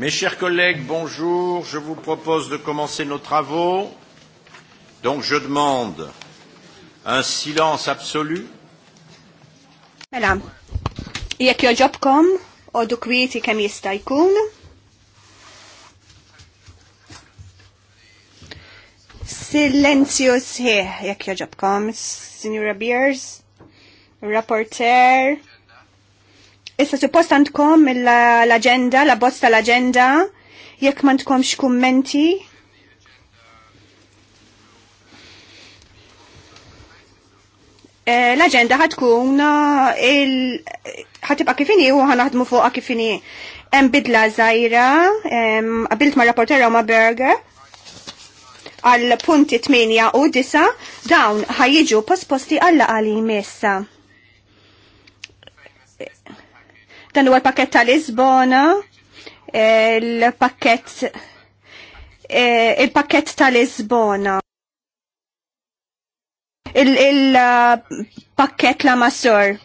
Mes chers collègues, bonjour. Je vous propose de commencer nos travaux. Donc je demande un silence absolu. Mela, jekk joġobkom, odu kwieti kemm jista' jkun. Silenzju sħiħ jekk joġobkom, Signora Beers, Rapporteur, Issa suppost għandkom l-agenda, la bosta l-agenda, jekk ma x kummenti. Eh, l-agenda ħatkun eh, ħatibqa kifini u ħanaħdmu fuqa kifini. Hemm bidla żgħira, qabilt ma' rapporter ma' Berger għal punti 8 u 9 dawn ħajjiġu posposti għall għali messa. Dan huwa l-pakket ta' Lisbona, il-pakket eh, il-pakket ta' Lisbona. Il-pakket la' Masur.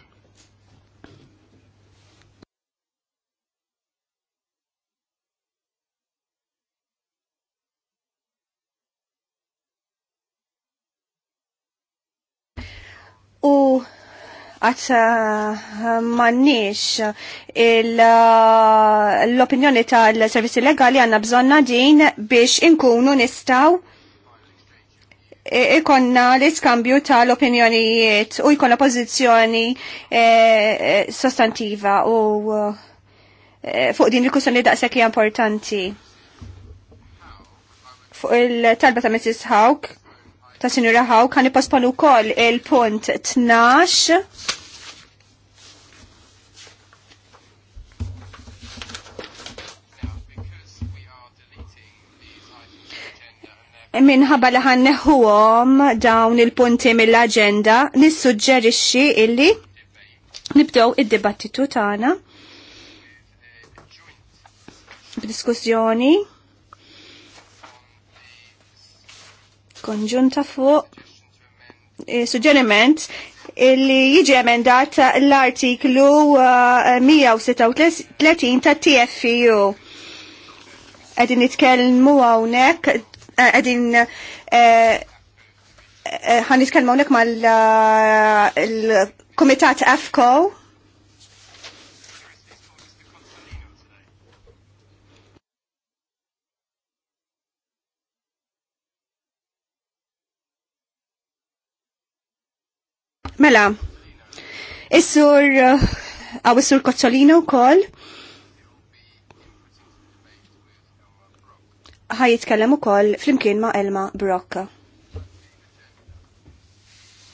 U għat eh, mannix eh, l-opinjoni tal-servizzi legali għanna bżonna din biex inkunu nistaw ikonna l-iskambju tal-opinjonijiet u jkonna pozizjoni eh, sostantiva u fuq din il-kussjoni daqsek importanti fuq il-talba ta' Mrs. Hawk ta' Sinjura Haw kani iposponu kol il-punt 12. Minħabba li ħanneħuhom dawn il-punti mill-aġenda, nissuġġerixxi illi nibdew id-dibattitu tagħna b'diskussjoni konġunta fuq eh, suġġeriment li jiġi emendat l-artiklu 136 eh, ta' TFU. Għedin nitkellmu għawnek, eh, għedin għan nitkellmu għawnek mal-Komitat AFCO Mela, is-sur għaw uh, is-sur Kozzolino wkoll ħaj jitkellem ukoll flimkien ma' Elma Brocca.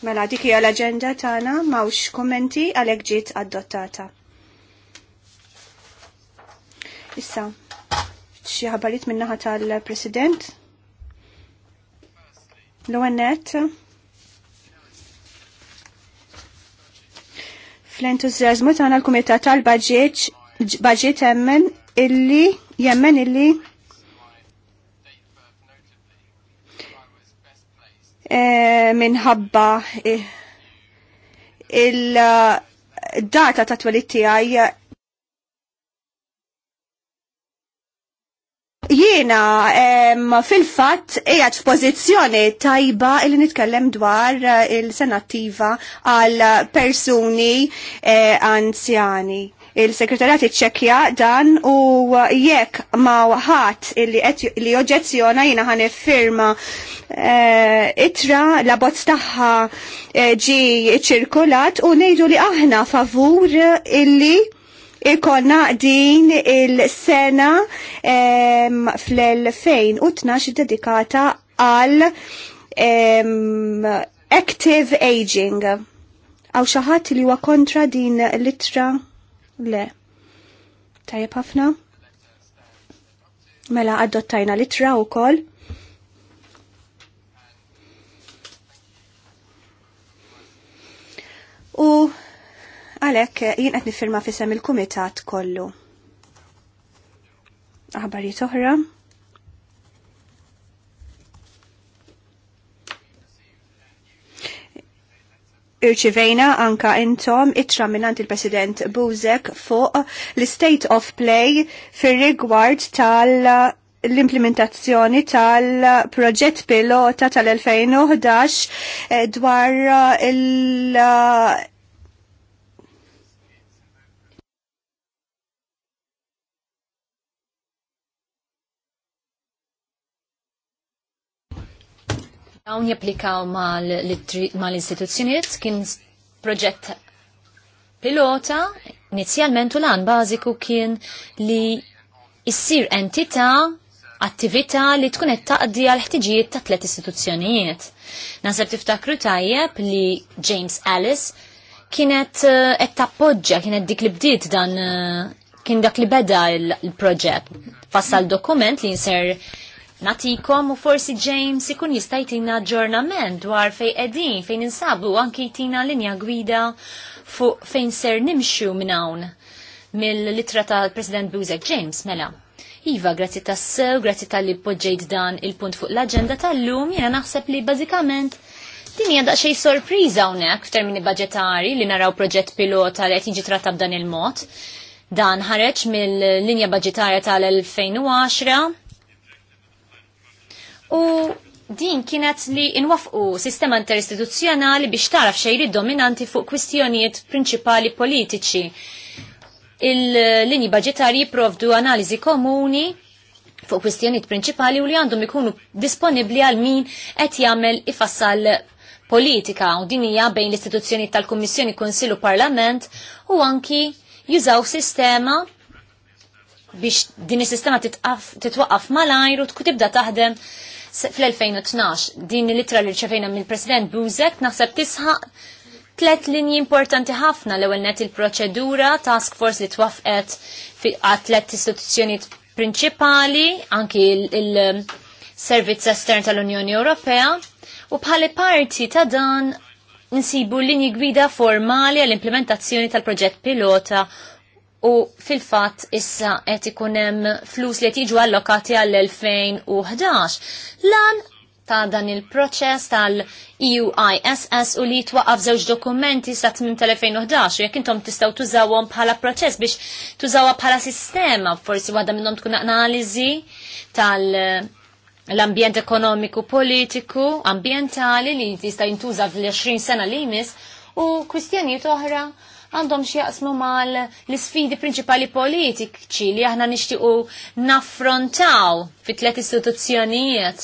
Mela dik hija l-aġenda tagħna m'hawnx kommenti għalhekk ġiet adottata. Issa, xi ħabarit min-naħa tal-President? L-għennet? fl entuzjazmu tagħna l tal tal-Baġġiet jemmen illi jemmen illi eh, minħabba eh, il-data eh, ta' twelit Jiena fil-fatt qiegħed f'pożizzjoni tajba li nitkellem dwar eh, il-senattiva għal persuni eh, anzjani. Il-sekretarjat iċċekkja dan u jekk ma ħadd li oġezzjona jiena ħan firma eh, itra la bozz tagħha eh, ġi ċirkulat u ngħidu li aħna favur illi ikonna din il-sena fl-2012 dedikata għal active aging. Għaw xaħat li huwa kontra din litra le. Tajjeb ħafna? Mela adottajna litra u kol. U Għalhekk jien qed nifirma fissem il-kumitat kollu. Aħbarijiet oħra. Irċivejna anka intom itra minnant il-President Buzek fuq l-State of Play fir-rigward tal- l-implementazzjoni tal-proġett pilota tal-2011 eh, dwar eh, il- Dawn japplikaw mal-istituzzjoniet kien proġett pilota, inizjalment u lan bażiku kien li issir entità attività li tkun qed taqdi għal ħtiġijiet ta' tliet istituzzjonijiet. Naseb tiftakru tajjeb li James Ellis kienet eh, qed tappoġġja kienet dik li bdiet dan eh, kien dak li beda l-proġett. Fassal dokument li jinser natikom u forsi James ikun jista' jtina aġġornament dwar fej qegħdin fejn insabu anke jtina linja gwida fuq fejn ser nimxu minn hawn mill-litra tal-President Buzek James mela. Iva, grazzi tassew, grazzi tal-li poġġejt dan il-punt fuq l-agenda tal-lum, jena naħseb li bażikament din hija daqsxejn sorpriża hawnhekk f'termini budġetari li naraw proġett pilota li qed jiġi trattab dan il-mod. Dan ħareġ mill-linja budġetarja tal-2010 U din kienet li inwafqu sistema interistituzzjonali biex taraf xejri dominanti fuq kwistjonijiet prinċipali politiċi. Il-linji budgetari provdu analizi komuni fuq kwistjonijiet prinċipali u li għandhom ikunu disponibli għal min qed jagħmel ifassal politika u din hija bejn l-istituzzjoni tal-Kummissjoni Konsilu Parlament u anki jużaw sistema biex din is-sistema titwaqqaf malajr u tibda taħdem fl-2012 din il-litra li rċevejna mill-President Buzek naħseb tisħaq tlet linji importanti ħafna l ewwel net il-proċedura task force li twafqet għat tlet istituzzjoni prinċipali, anki il-Servizz Estern tal-Unjoni Ewropea, u bħali parti ta' dan nsibu linji gwida formali għall-implementazzjoni tal-proġett pilota u fil-fat issa qed ikun hemm flus li qed jiġu allokati għall-2011. Lan ta' dan il-proċess tal-EUISS u li twaqaf żewġ dokumenti sa' tmim tal-2011 u jekk intom tistaw tużawhom bħala proċess biex tużawha bħala sistema, forsi waħda minnhom tkun analiżi tal- l-ambjent ekonomiku, politiku, ambientali li jista' jintuża fl-20 sena li jmiss u kwistjoni oħra għandhom xjaqsmu mal l-sfidi prinċipali politiċi li aħna nixtiequ naffrontaw fit tliet istituzzjonijiet.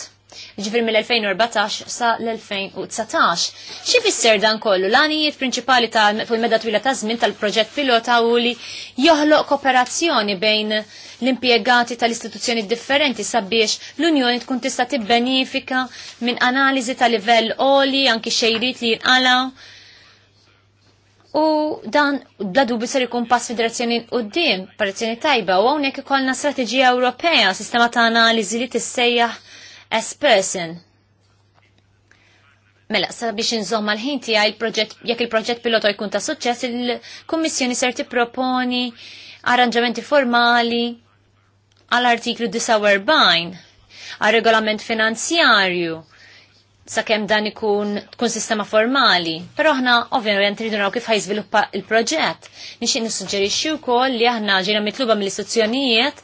ġifri mill-2014 sa l-2019. Xi fisser dan kollu? L-għanijiet prinċipali ta' fuq meda twila ta' żmien tal-proġett pilota u li joħloq kooperazzjoni bejn l-impjegati tal-istituzzjoni differenti sabiex l-Unjoni tkun tista' tibbenifika minn analiżi ta' livell oli anki xejrit li jinqalaw U dan bla dubi ser ikun pass fid-direzzjoni din, parazzjoni tajba, u hawnhekk ikollna strategija Ewropea, sistema ta' analiżi li tissejjaħ as person. Mela, sabiex nżomma l-ħin tiegħi il-proġett jekk il-proġett pilota jkun ta' suċċess, il-Kummissjoni ser tipproponi arranġamenti formali għall-artiklu 49 għal regolament finanzjarju sakemm dan ikun tkun sistema formali, però aħna ovvjament rridu naraw kif ħajżviluppa l proġett Nixtieq nissuġġerixxi wkoll li aħna ġejna mitluba mill-istituzzjonijiet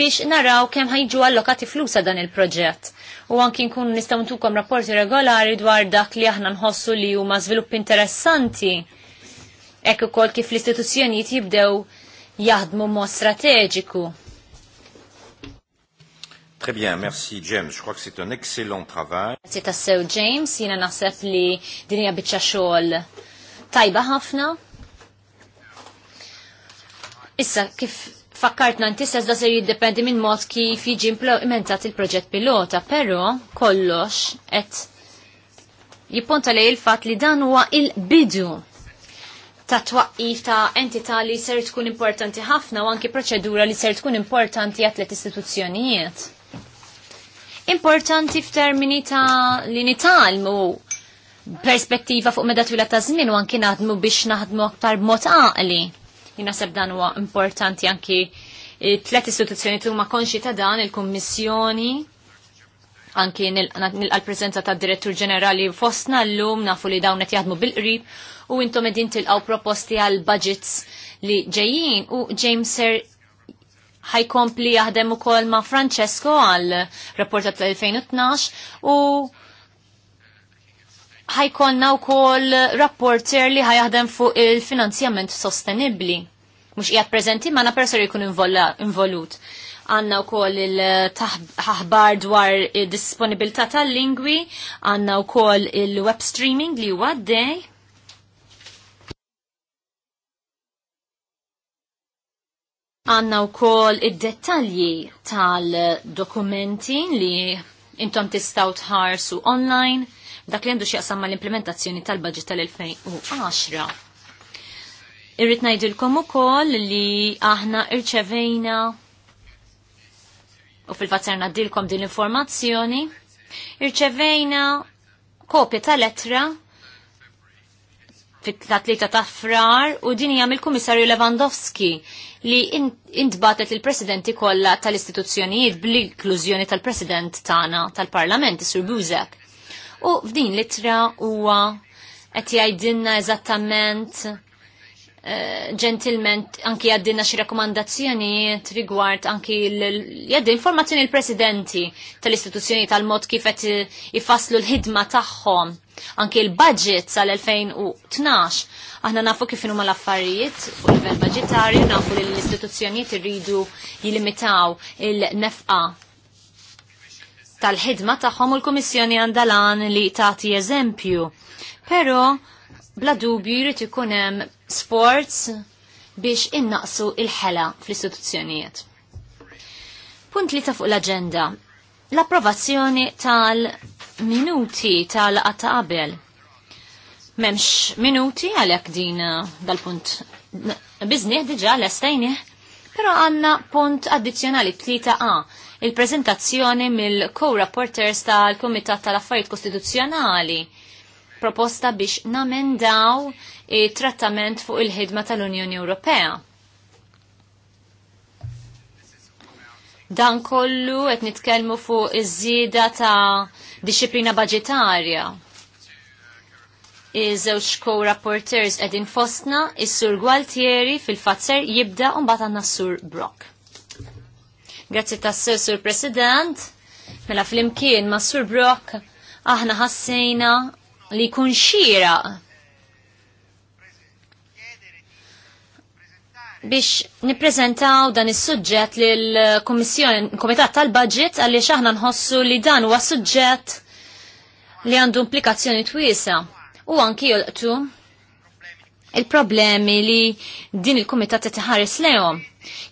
biex naraw kemm ħajġu allokati flusa dan il-proġett. U anki nkun nistgħu ntukom rapporti regolari dwar dak li aħna nħossu li huma żvilupp interessanti. Hekk ukoll kif l-istituzzjonijiet jibdew jaħdmu mod strateġiku Très bien, merci James. Je crois que c'est un excellent travail. à ce James, jina naħseb li a bieċa xogħol tajba ħafna. Issa kif fakkartna ntissas da ser jiddependi minn mod kif jiġi implementat il-proġett pilota, però kollox qed jipponta lej il-fatt li dan huwa il-bidu ta' twaqqif ta' entità li ser tkun importanti ħafna u anki proċedura li ser tkun importanti għat l-istituzzjonijiet importanti f'termini ta' li nitalmu perspettiva fuq meda twila ta' żmien u anki naħdmu biex naħdmu aktar b'mod għaqli. Jinaseb dan huwa importanti anki tlet istituzzjoni huma konxi ta' dan il-Kummissjoni anki nil-prezenza ta' direttur ġenerali fostna l-lum nafu li dawn qed jaħdmu bil-qrib u intom edin tilqaw proposti għal budgets li ġejjin u James ser ħajkompli jaħdem ukoll ma' Francesco għal rapporta tal-2012 u ħajkonna wkoll rapporter li ħajaħdem fuq il-finanzjament sostenibli. Mhux qiegħed preżenti ma' na persor jkun involut. Għanna u koll il-taħbar dwar il disponibilità tal-lingwi, għanna u koll il-web streaming li huwa għaddej. Għanna u kol id-detalji tal-dokumenti li intom tistaw tħarsu online, dak li għandu xieqsam ma l-implementazzjoni tal-budget tal-2010. Irrit najdilkom u kol li aħna irċevejna u fil-fazzerna dilkom din l-informazzjoni, irċevejna kopja tal-letra fit tatlita ta' frar u din hija mill-Kummissarju Lewandowski li intbatet il-presidenti kollha tal-istituzzjonijiet bl-inklużjoni tal-president tagħna tal-Parlament, Sur Buzek. U f'din litra huwa qed jgħidilna eżattament eh, ġentilment uh, anki għaddinna xi rakkomandazzjonijiet rigward anki jgħaddi informazzjoni l-presidenti tal-istituzzjoni tal-mod kif qed ifasslu l-ħidma tagħhom Anke l-budget sal-2012, aħna nafu kif huma l-affarijiet fuq livell budgetarju, nafu li l-istituzzjonijiet irridu jilimitaw il-nefqa tal-ħidma tagħhom u l-Kummissjoni għandalan li tagħti eżempju. Però bla dubju jrid ikun hemm sports biex innaqsu il-ħela fl-istituzzjonijiet. Punt li ta' fuq l-agenda. L-approvazzjoni tal- minuti tal-laqa ta' qabel. Memx minuti għalek din eh, dal-punt bizniħ diġa l-estajnieh, pero għanna punt addizjonali tlita a il il-prezentazzjoni mill-co-rapporters tal-Komitat tal-Affarijiet Kostituzzjonali proposta biex namendaw eh, trattament fuq il-ħidma tal-Unjoni Ewropea. Dan kollu qed nitkellmu fuq iż-żieda ta' disciplina budgetarja. Iż-żewġ co-rapporters qegħdin fostna, is-Sur Gualtieri fil-Fazzer jibda u mbagħad għandna sur Brock. Grazzi tas-Sur Sur President, mela flimkien imkien ma' Sur Brock aħna ħassejna li kun xira biex nippreżentaw dan is-suġġett lil kummissjoni Kumitat tal-Budget għaliex aħna nħossu li dan huwa suġġett li għandu implikazzjoni twiesa u anki jolqtu il-problemi li din il-kumitat tħares lejhom.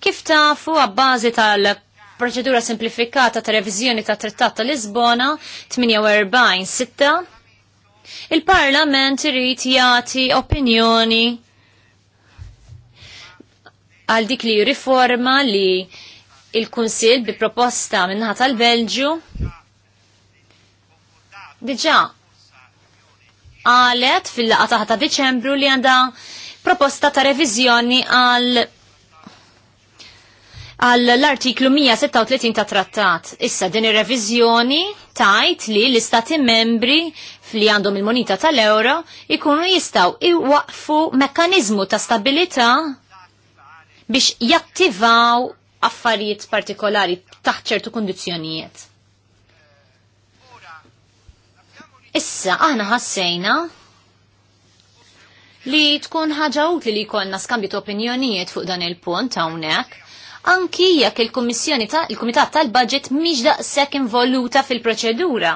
Kif tafu għabbażi tal proċedura simplifikata ta' reviżjoni ta' Trattat tal Lisbona 48-6, il-Parlament irid jagħti opinjoni għal dik li riforma li il-Kunsil bi proposta minnaħa tal-Belġu diġa għalet fil-laqa taħta ta' Deċembru li għanda proposta ta' revizjoni għal għal l-artiklu 136 ta' trattat. Issa din ir-reviżjoni tajt li l-istati membri fli għandhom il-monita tal-euro ikunu jistaw iwaqfu mekkanizmu ta' stabilità biex jattivaw affarijiet partikolari taħt ċertu kondizjonijiet. Issa, aħna ħassejna li tkun ħaġa utli li jkollna skambju ta' opinjonijiet fuq dan il-punt hawnhekk, anki jekk il-Kummissjoni ta' il-Kumitat tal-Budget mhix daqshekk involuta fil-proċedura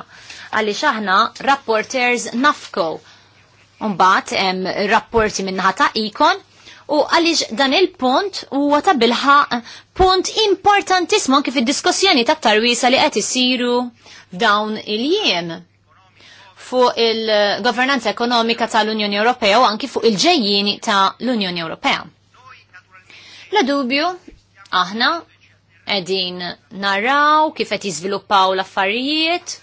għaliex aħna rapporters nafko. Mbagħad hemm rapporti minnaħa ta' ikon u għaliex dan il-punt huwa ta' punt importantismu kif il diskussjoni ta' tarwisa li qed isiru dawn il-jiem fuq il-governanza ekonomika tal-Unjoni Ewropea u anki fuq il-ġejjini tal-Unjoni Ewropea. La dubju, aħna edin naraw kif qed jiżviluppaw l-affarijiet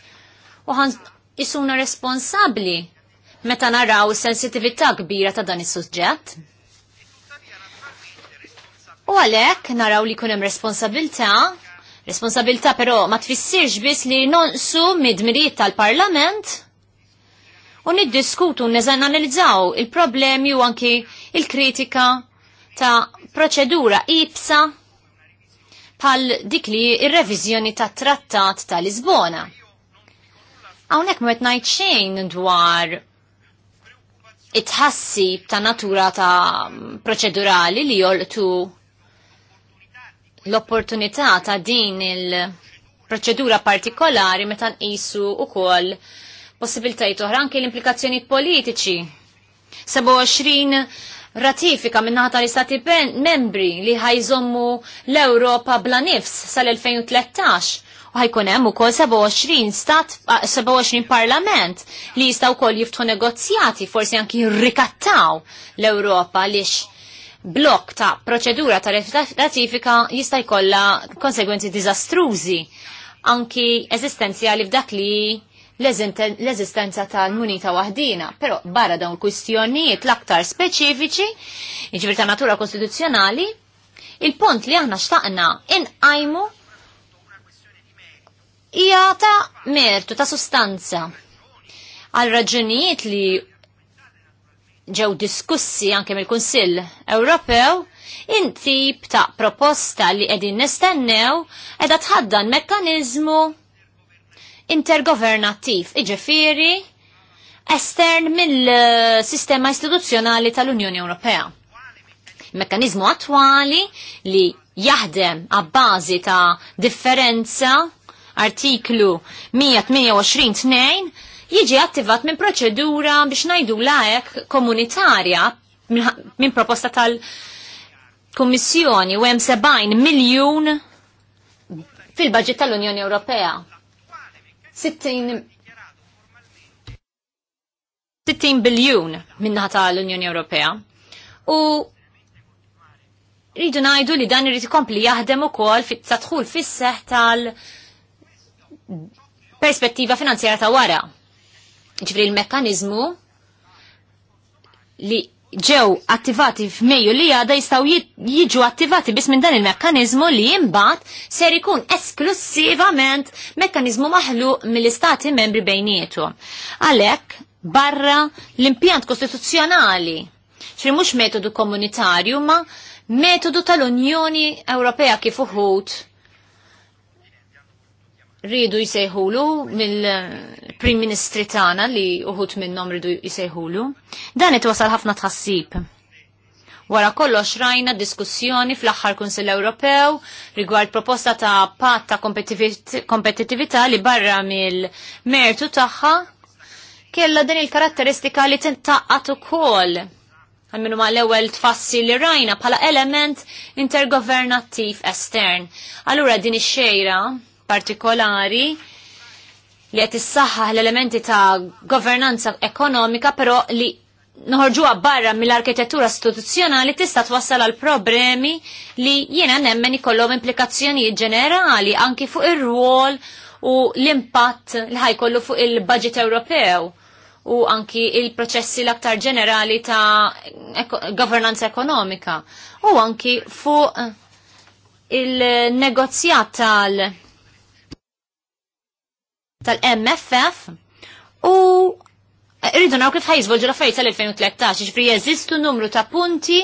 u ħan jisuna responsabbli meta naraw sensitività kbira ta' dan is-suġġett. U għalhekk naraw li jkun hemm responsabilità Responsabilità però ma tfissirx biss li nonqsu mid-dmirijiet tal-Parlament u niddiskutu neżanalizzaw il-problemi u anki il-kritika ta' proċedura ibsa pal dik li il reviżjoni ta' trattat ta' Lisbona. Hawnhekk ma qed ngħid xejn dwar it-ħassib ta' natura ta' proċedurali li jolqtu l-opportunità ta' din il-proċedura partikolari meta nqisu wkoll possibiltajiet oħra anke l-implikazzjonijiet politiċi. 27 ratifika minnaħa tal-istati membri li ħajżommu l-Ewropa bla nifs sal-2013 u ħajkun hemm ukoll 27 stat 27 parlament li jistgħu wkoll jiftħu negozjati forsi anki jirrikattaw l-Ewropa lix blok ta' proċedura ta' ratifika jista' jkollha konsegwenzi diżastrużi anki eżistenzjali f'dak li l-eżistenza tal-munita waħdina, però barra dawn kwistjonijiet l-aktar speċifiċi, jiġifier ta' natura kostituzzjonali, il-punt li aħna xtaqna inqajmu hija ta' mertu ta' sustanza għal raġunijiet li ġew diskussi anke mill-Kunsill Ewropew, intib ta' proposta li qegħdin nistennew qiegħda tħaddan mekkaniżmu intergovernattiv, iġifieri estern mill-sistema istituzzjonali tal-Unjoni Ewropea. Mekkaniżmu attwali li jaħdem għabbażi ta' differenza artiklu 128 jiġi attivat minn proċedura biex najdu laek komunitarja minn proposta tal-Kommissjoni u hemm 70 miljun fil-budget tal-Unjoni Ewropea. 60 biljun minnaħa tal-Unjoni Ewropea. U rridu najdu li dan irrid ikompli jaħdem ukoll fit-tadħul fis-seħ tal- perspettiva finanzjera ta' wara ġifri l-mekkanizmu li ġew attivati f'Mejju li għada jistaw jiġu attivati biss minn dan il mekanizmu li jimbat ser ikun esklusivament mekanizmu maħlu mill-istati membri bejnietu. Għalek, barra l-impjant kostituzzjonali, xri mux metodu komunitarju, ma metodu tal-Unjoni Ewropea kif uħut rridu jsejħulu mill-Prim Ministri tagħna li uħut minnhom rridu jsejħulu. Dan itwasal ħafna tħassib. Wara kollox rajna diskussjoni fl-aħħar Kunsill Ewropew rigward proposta ta' patt ta' kompetittività li barra mill-mertu tagħha kella din il-karatteristika li tintaqqat ukoll għalminu ma l-ewel tfassi li rajna pala element intergovernattiv estern. Allura din ix-xejra partikolari li qed saxħa l-elementi ta' governanza ekonomika però li noħorġuha barra mill-arkitettura istituzzjonali tista' twassal għal problemi li jiena nemmen ikollhom implikazzjonijiet ġenerali anki fuq ir-rwol u l-impatt li ħajkollu fuq il-budget Ewropew u anki il-proċessi l-aktar ġenerali ta' governanza ekonomika u anki fuq il-negozjat tal- tal-MFF u rridu naw kif ħajżvolġu l-affarijiet tal-2013, ġifri jeżistu numru ta' punti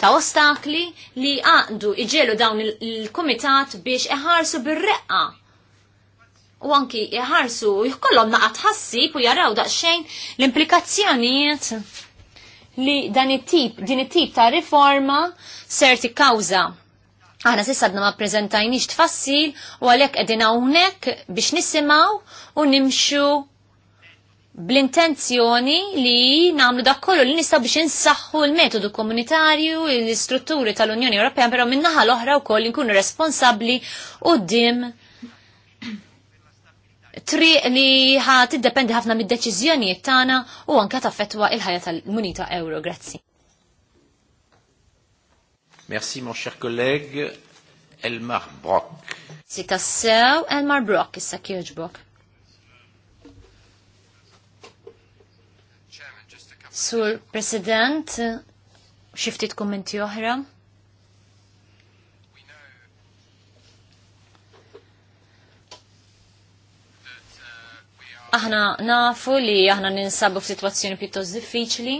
ta' ostakli li għandu iġelu dawn il-komitat biex iħarsu bir-reqqa u anki jħarsu jkollhom naqat ħassib u jaraw daqsxejn l-implikazzjonijiet li dan it-tip, din it-tip ta' riforma serti kawza Aħna sissa għadna ma prezentajniex tfassil u għalek għedina hawnhekk biex nisimaw u nimxu bl-intenzjoni li namlu dak kollu li nistaw biex insaħħu l-metodu komunitarju, l-istrutturi tal-Unjoni Ewropea, però minnaħal l-oħra wkoll nkunu responsabbli u dim triq li id-dependi ħafna mid-deċiżjonijiet tagħna u anke taffettwa il-ħajja tal-Munita Euro. Grazzi. Merci, mon cher collègue. Elmar Brock. Si tassew Elmar Brock, et issa kieġbok. Sur President, xiftit kommenti oħra? Aħna nafu li aħna ninsabu f'sitwazzjoni pjuttost diffiċli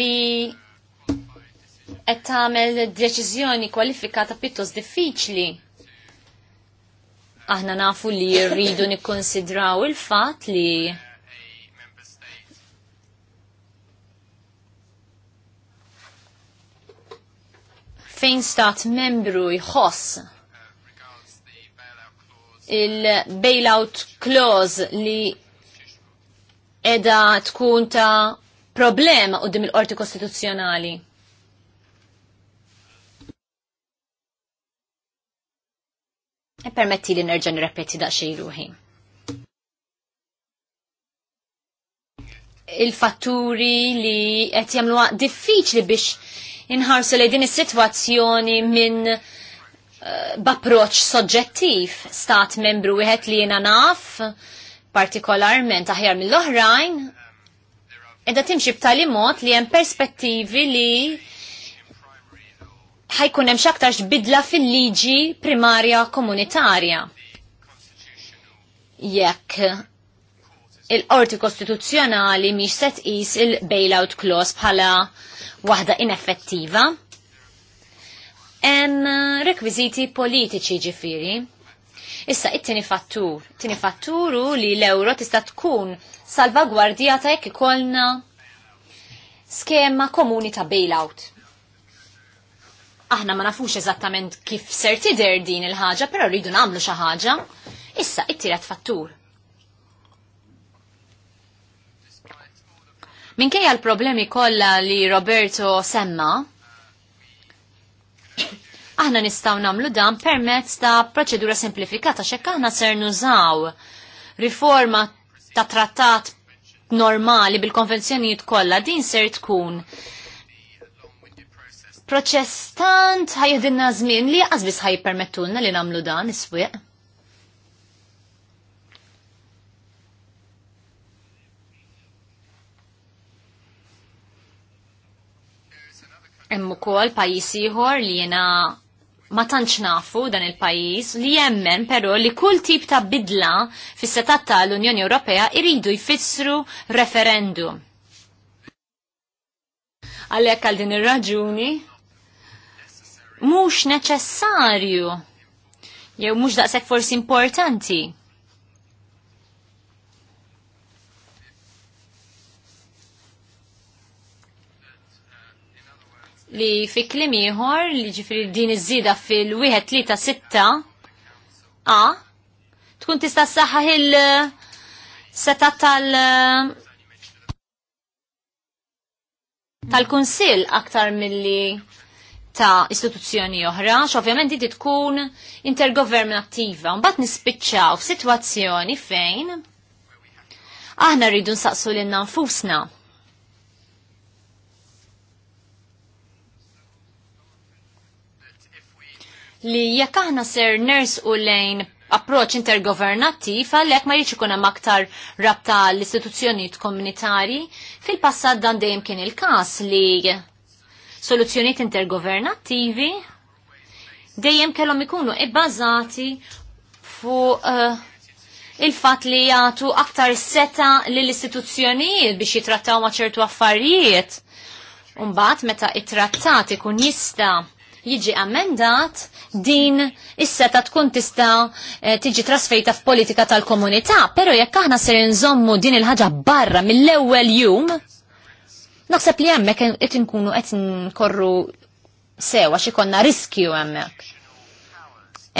li qed tagħmel deċiżjoni kwalifikata pjuttost diffiċli. Aħna nafu li rridu nikkonsidraw il-fatt li fejn stat membru jħoss il-bailout clause li edha tkun ta' problema dim il-qorti kostituzzjonali. Permetti li nerġa' nirrepeti daqsxejn ruħi. Il-fatturi li qed jagħmluha diffiċli biex inħarsu lejn din is-sitwazzjoni minn eh, b'approċċ soġġettiv stat membru wieħed li jiena naf partikolarment aħjar mill-oħrajn edha timxi b'tali mod li hemm perspettivi li ħajkun hemm x'aktarx bidla fil-liġi primarja komunitarja. Jekk il-qorti kostituzzjonali mhix se tqis il-bailout clause bħala waħda ineffettiva. Hemm rekwiżiti politiċi ġifieri. Issa it-tieni fattur, tieni fatturu li l-euro tista' tkun salvagwardjata jekk ikollna skema komuni ta' bailout Aħna ma nafux eżattament kif ser tider din il-ħaġa, però rridu nagħmlu xi ħaġa. Issa ittiret fattur. Minkejja l-problemi kollha li Roberto semma, aħna nistaw namlu dan permezz ta' proċedura semplifikata xekk aħna ser nużaw riforma ta' trattat normali bil-konvenzjonijiet kollha din ser tkun Proċestant ħajedinna żmien li għazbis ħajpermettulna li namlu dan iswiq? Hemm ukoll pajjiż ieħor li jiena ma tantx nafu dan il-pajjiż li jemmen però li kull tip ta' bidla fis-setat l unjoni Ewropea iridu jfissru referendum. Għalhekk għal din ir-raġuni mhux neċessarju jew mhux daqshekk forsi importanti. li fi klim ieħor li ġifri din iż-żida fil-wieħed tlieta sitta a tkun tista' saħħaħ il seta tal tal-kunsil aktar milli ta' istituzzjoni oħra, x'ovvjament inti tkun intergovernattiva, mbagħad nispiċċaw f'sitwazzjoni fejn aħna rridu nsaqsu lil nfusna. Li jekk aħna ser ners u lejn approċ intergovernattiv għalhekk ma jieċi kuna hemm aktar rabta l-istituzzjonijiet komunitari, fil-passat dan dejjem kien il-każ li soluzzjonijiet intergovernattivi dejjem kellhom ikunu ibbażati fuq uh, il-fat li jagħtu aktar seta lill istituzzjonijiet biex jitrattaw ma' ċertu affarijiet. Umbagħad meta it-trattat ikun jista' jiġi ammendat din is-seta tkun tista' eh, tiġi trasfejta f'politika tal-komunità, però jekk aħna ser nżommu din il-ħaġa barra mill-ewwel jum, Naħseb li hemmhekk qed nkunu qed nkorru sewa xi konna riskju hemmhekk.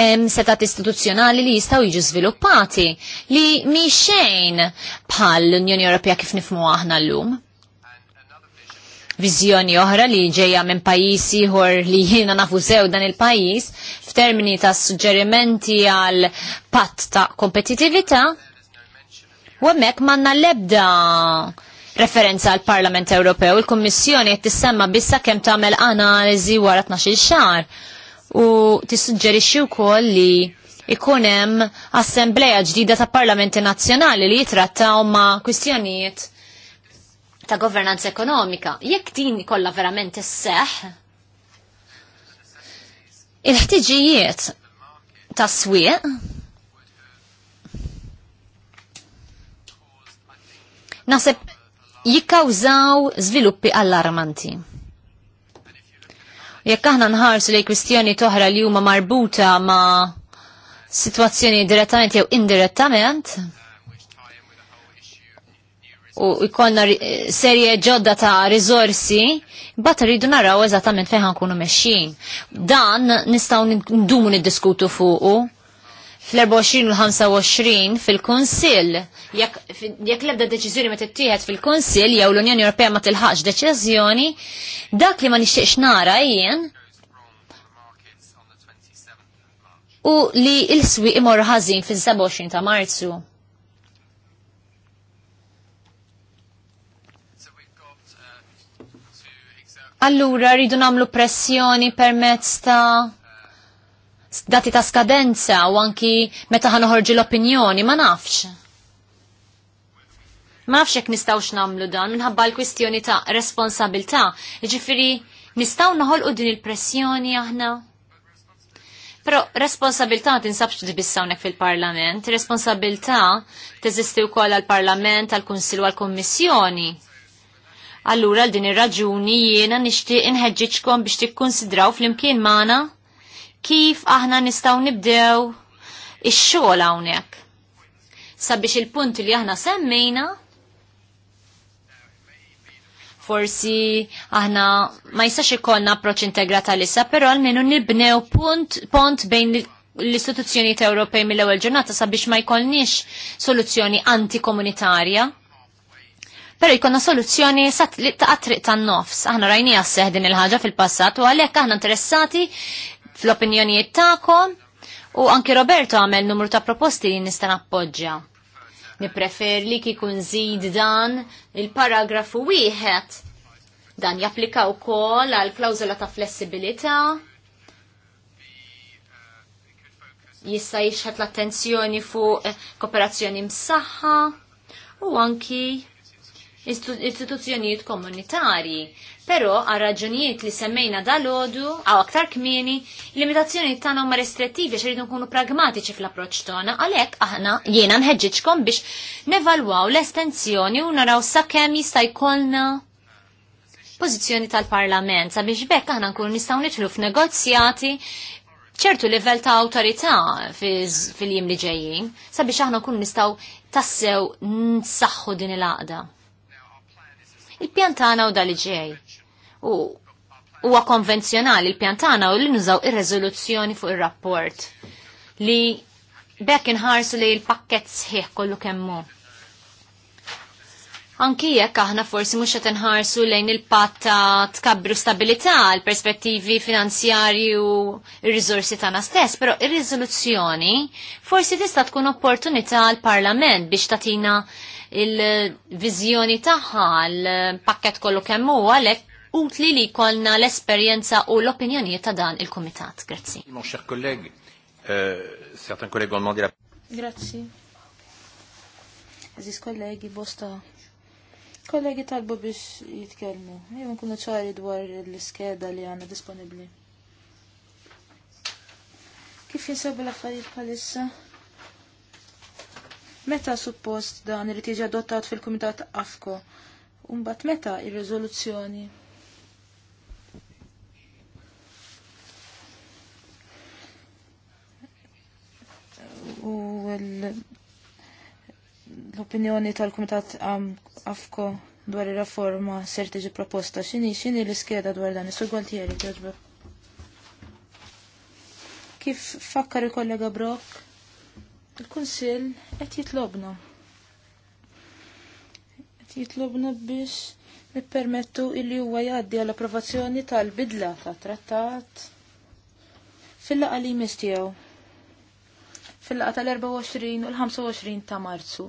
Hemm setat istituzzjonali li jistgħu jiġu żviluppati li mi xejn bħal l-Unjoni Ewropea kif nifmu aħna llum. Viżjoni oħra li ġejja minn pajjiż ieħor li jiena nafu sew dan il-pajjiż f'termini ta' suġġerimenti għal patt ta' kompetitività u hemmhekk m'għandna l-ebda referenza għal Parlament Ewropew. Il-Kommissjoni qed tissemma bissa kemm tagħmel analiżi wara 12 xahar u tissuġġerixxi wkoll li ikun hemm assembleja ġdida ta' parlamenti nazzjonali li jitrattaw ma' kwistjonijiet ta' governanza ekonomika. Jekk din kollha verament isseħ, il-ħtiġijiet ta' swieq Naseb jikkawżaw żviluppi allarmanti. Jekk aħna nħarsu li kwistjoni toħra li huma marbuta ma' situazzjoni direttament jew indirettament, u jkollna serje ġodda ta' rizorsi, bat rridu naraw eżattament fejn ħankunu mexxin. Dan nistgħu ndumu niddiskutu fuqu fl-24 u l-25 fil-Kunsill. Jekk l-ebda deċiżjoni ma tittieħed fil-Kunsill jew l-Unjoni Ewropea ma tilħax deċiżjoni, dak li ma nixtieqx nara jien u li il-swi imur ħażin fil-27 ta' Marzu. Allura rridu namlu pressjoni permezz ta' dati ta' skadenza u anki meta uħorġi l-opinjoni, ma nafx. Ma nafx jek nistawx namlu dan minħabba l-kwistjoni ta' responsabilta. Ġifiri, nistaw naħolqu din il-pressjoni aħna? Pero responsabilta tinsabx dibissawnek fil-parlament, responsabilta teżisti u koll għal-parlament, għal-kunsil u għal-kommissjoni. Allura l-din ir-raġuni jiena nixtieq inħedġiċkom biex tikkonsidraw fl-imkien magħna kif aħna nistaw nibdew ix-xogħol hawnhekk. Sabiex il-punti li aħna semmejna forsi aħna ma jistax ikollna approċ integrata lissa, però almenu nibnew punt, pont bejn l-istituzzjonijiet Ewropej mill-ewwel ġurnata sabiex ma jkollniex soluzzjoni antikomunitarja. Pero jkonna soluzzjoni sat li ta' triq tan nofs. Aħna rajnija seħdin il ħaġa fil-passat u għalhekk aħna interessati fl-opinjonijiet tagħkom u anki Roberto għamel numru ta' proposti li nista' nappoġġja. Nipprefer li kikun zid dan il-paragrafu wieħed. Dan japplika wkoll għal klawżola ta' flessibilità jista' jixħet l-attenzjoni fuq kooperazzjoni msaħħa u anki istituzzjonijiet komunitarji. Pero għal raġunijiet li semmejna dal-ħodu, għaw aktar kmini, limitazzjoni tana ma restrittivi xeridu nkunu pragmatiċi fl-approċ tona, għalek aħna jiena nħedġiċkom biex nevalwaw l-estenzjoni u naraw sa' kem jista' jkollna pozizjoni tal-parlament, sabiex bekk aħna nkunu nistaw nitlu f'negozjati ċertu livell ta' autorità fil-jiem li ġejjin, sabiex aħna nkunu nistaw tassew nsaħħu din il għada Il-pjan tagħna u dal ġej u huwa konvenzjonali l-pjantana u l nużaw ir rezoluzzjoni fuq ir-rapport li bekk inħarsu li l-pakket sħiħ kollu kemmu. Anki jekk aħna forsi mhux qed inħarsu lejn il-patt ta' tkabbru stabilità, l-perspettivi finanzjari u r rizorsi tagħna stess, però ir-riżoluzzjoni forsi tista' tkun opportunità għall parlament biex tagħtina il-viżjoni tagħha l-pakkett kollu kemm huwa għalhekk utli li kolna l-esperjenza u l-opinjonijiet ta' dan il-Kumitat. Grazzi. Euh, Grazzi. Aziz kollegi, bosta. Kollegi talbu biex jitkellmu. Jew nkunu ċari dwar l skeda li għanna disponibli. Kif jinsabu l-affarijiet bħalissa? Meta suppost dan irid jiġi adottat fil-Kumitat AFCO? Umbat meta ir-riżoluzzjoni u l-opinjoni tal-Kumitat Afko dwar ir-reforma ser tiġi proposta Xini, x'inhi l-iskeda dwar dan is-sur Gualtieri ġoġba. Kif fakkar il-kollega Brock, il-Kunsill qed jitlobna. Qed jitlobna biex nippermettu illi huwa jgħaddi għall approvazzjoni tal-bidla ta' trattat fil-laqgħa li jmiss tiegħu fil-laqa tal-24 u l-25 ta' marzu.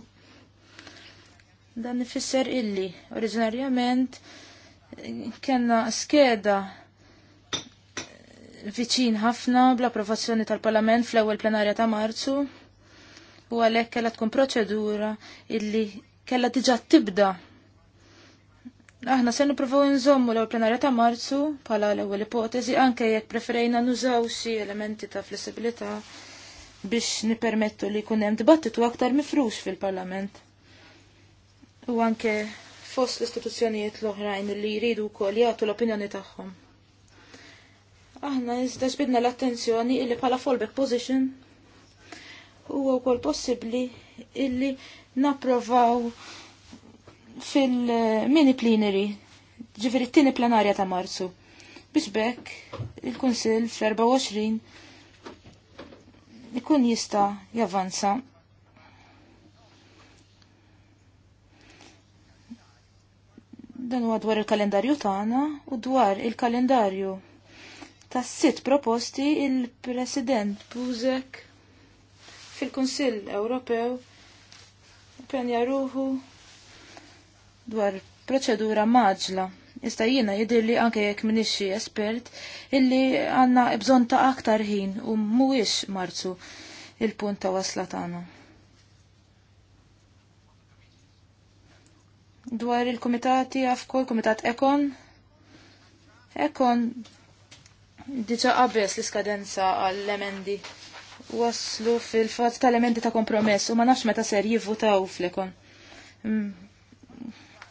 Dan ifisser illi oriġinarjament eh, kena skeda eh, viċin ħafna bl-approvazzjoni tal-Parlament fl-ewwel plenarja ta' Marzu u għalhekk kellha tkun proċedura illi kellha diġà tibda. Aħna se nippruvaw nżommu l-ewwel plenarja ta' Marzu bħala l-ewwel ipotezi anke jekk preferejna nużaw xi elementi ta' flessibilità biex nipermettu li kunem dibattitu aktar mifrux fil-parlament. U anke fost l-istituzzjonijiet l-oħrajn li jridu wkoll jagħtu l-opinjoni tagħhom. Aħna iżda ġbidna l-attenzjoni illi bħala fallback position huwa wkoll possibbli illi napprovaw fil-mini plenary, ġifieri t-tieni plenarja ta' Marzu. Biex bekk il-Kunsill fl-24 ikun jista javanza. Dan huwa dwar il-kalendarju tagħna u dwar il-kalendarju tas sitt proposti il-President Buzek fil-Kunsill Ewropew penja ruħu dwar proċedura maġla Ista' jiena jidirli anke jekk minixi espert illi għandna bżonn ta' aktar ħin u mhuwiex marzu il-punt ta' wasla tagħna. Dwar il-kumitati għafkol, komitat kumitat Ekon. Ekon diċa qabes l-iskadenza għall-emendi waslu fil-fat tal-emendi ta' kompromess u ma nafx meta ser jivvutaw fl-ekon mm,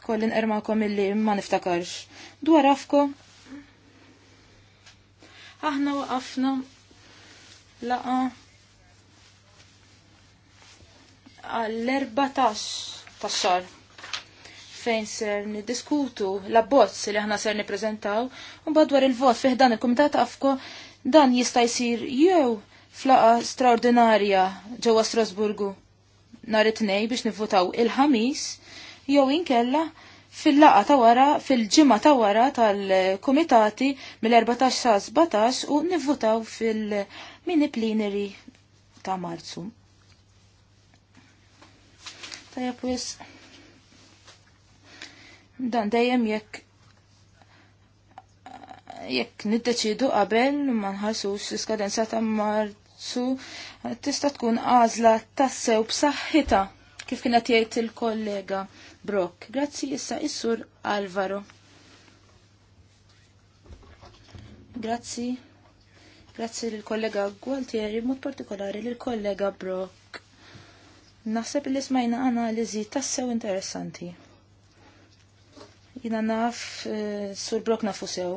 kollin ermakom illi ma niftakarx. Dwar afko, aħna waqafna laqa għall-14 tax xar fejn ser niddiskutu l-abbozz li aħna ser niprezentaw un dwar il-vot fih dan il-komitat afko dan jista' jsir jew flaqa straordinarja ġewwa Strasburgu nhar it-tnejn biex nivvotaw il-ħamis jew inkella fil-laqa ta' wara, fil-ġimma ta' wara tal-komitati mill-14 sa' 17 u nivvutaw fil-mini plenary ta' marzu. Tajja pwis, dan dejjem jekk jekk niddeċidu qabel ma nħarsux l-iskadenza ta' marzu tista' tkun għażla tassew b'saħħitha kif kienet jgħid il-kollega Brock. Grazzi issa is-Sur Alvaro. Grazzi. Grazzi lill-kollega Gualtieri, mod partikolari lill-kollega Brock. Naħseb li smajna analiżi tassew interessanti. Jina naf uh, Sur Brock nafu sew.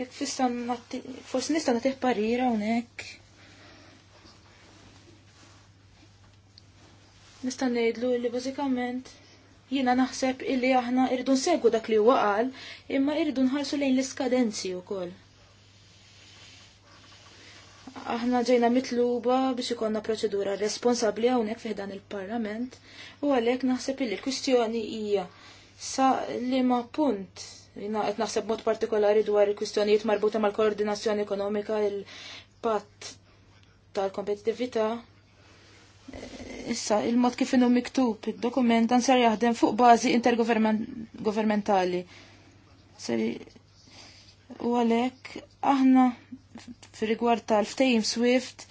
Jek fistan, forse nistan għatih parira unek nista' ngħidlu li bażikament jiena naħseb illi aħna irridu nsegwu dak li huwa qal, imma irridu nħarsu lejn l-iskadenzi wkoll. Aħna ġejna mitluba biex ikonna proċedura responsabbli hawnhekk fih dan il-Parlament u għalhekk naħseb illi l-kwistjoni hija sa li ma punt qed naħseb mod partikolari dwar il-kwistjonijiet marbuta mal-koordinazzjoni ekonomika il-patt tal-kompetitività Issa, il-mod kif inhu miktub, id-dokument dan ser jaħdem fuq bażi intergovernmentali. Ser u għalhekk aħna fir-rigward tal-ftehim Swift,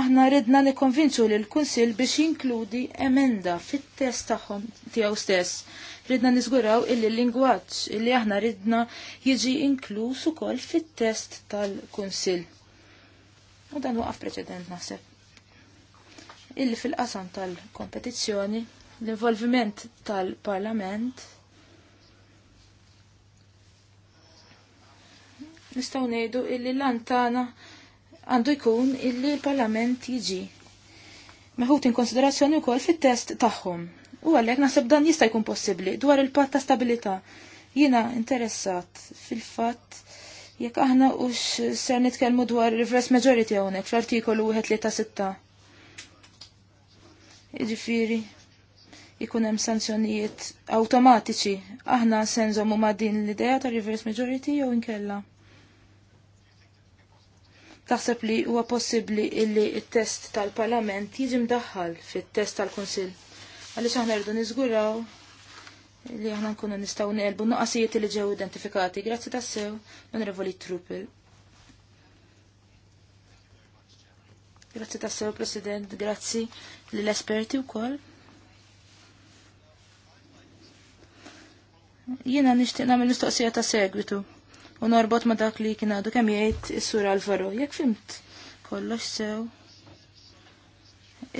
aħna ridna nikkonvinċu lil kunsill biex jinkludi emenda fit-test tagħhom tiegħu stess. Ridna niżguraw illi l-lingwaġġ illi aħna ridna jiġi inkluż ukoll fit-test tal-kunsill. U dan waqaf preċedent naħseb illi fil-qasam tal-kompetizzjoni l-involviment tal-parlament nistaw nejdu illi l-antana għandu jkun illi l-parlament jiġi meħut in konsiderazzjoni wkoll fit-test tagħhom. U għalhekk naħseb dan jista' jkun possibbli dwar il-patt ta' stabilità. Jiena interessat fil-fatt jekk aħna ux ser nitkellmu dwar reverse majority hawnhekk fl-artikolu 136. Iġifiri, ikun hemm sanzjonijiet awtomatiċi. Aħna senżom u din l-idea ta' reverse majority jew inkella. Taħseb li huwa possibbli illi t-test tal-Parlament jiġi mdaħħal fit-test tal-Kunsill. Għaliex aħna rridu niżguraw li aħna nkunu nistgħu nelbu noqasijiet li ġew identifikati. Grazzi tassew, Onorevoli Truppel. Grazzi ta' sew President, grazzi l-esperti u koll. Jiena nixtieq nagħmel mistoqsija ta' segwitu u norbot ma' dak li kien għadu kemm jgħid is-sur Alvaro. Jekk fimt kollox sew.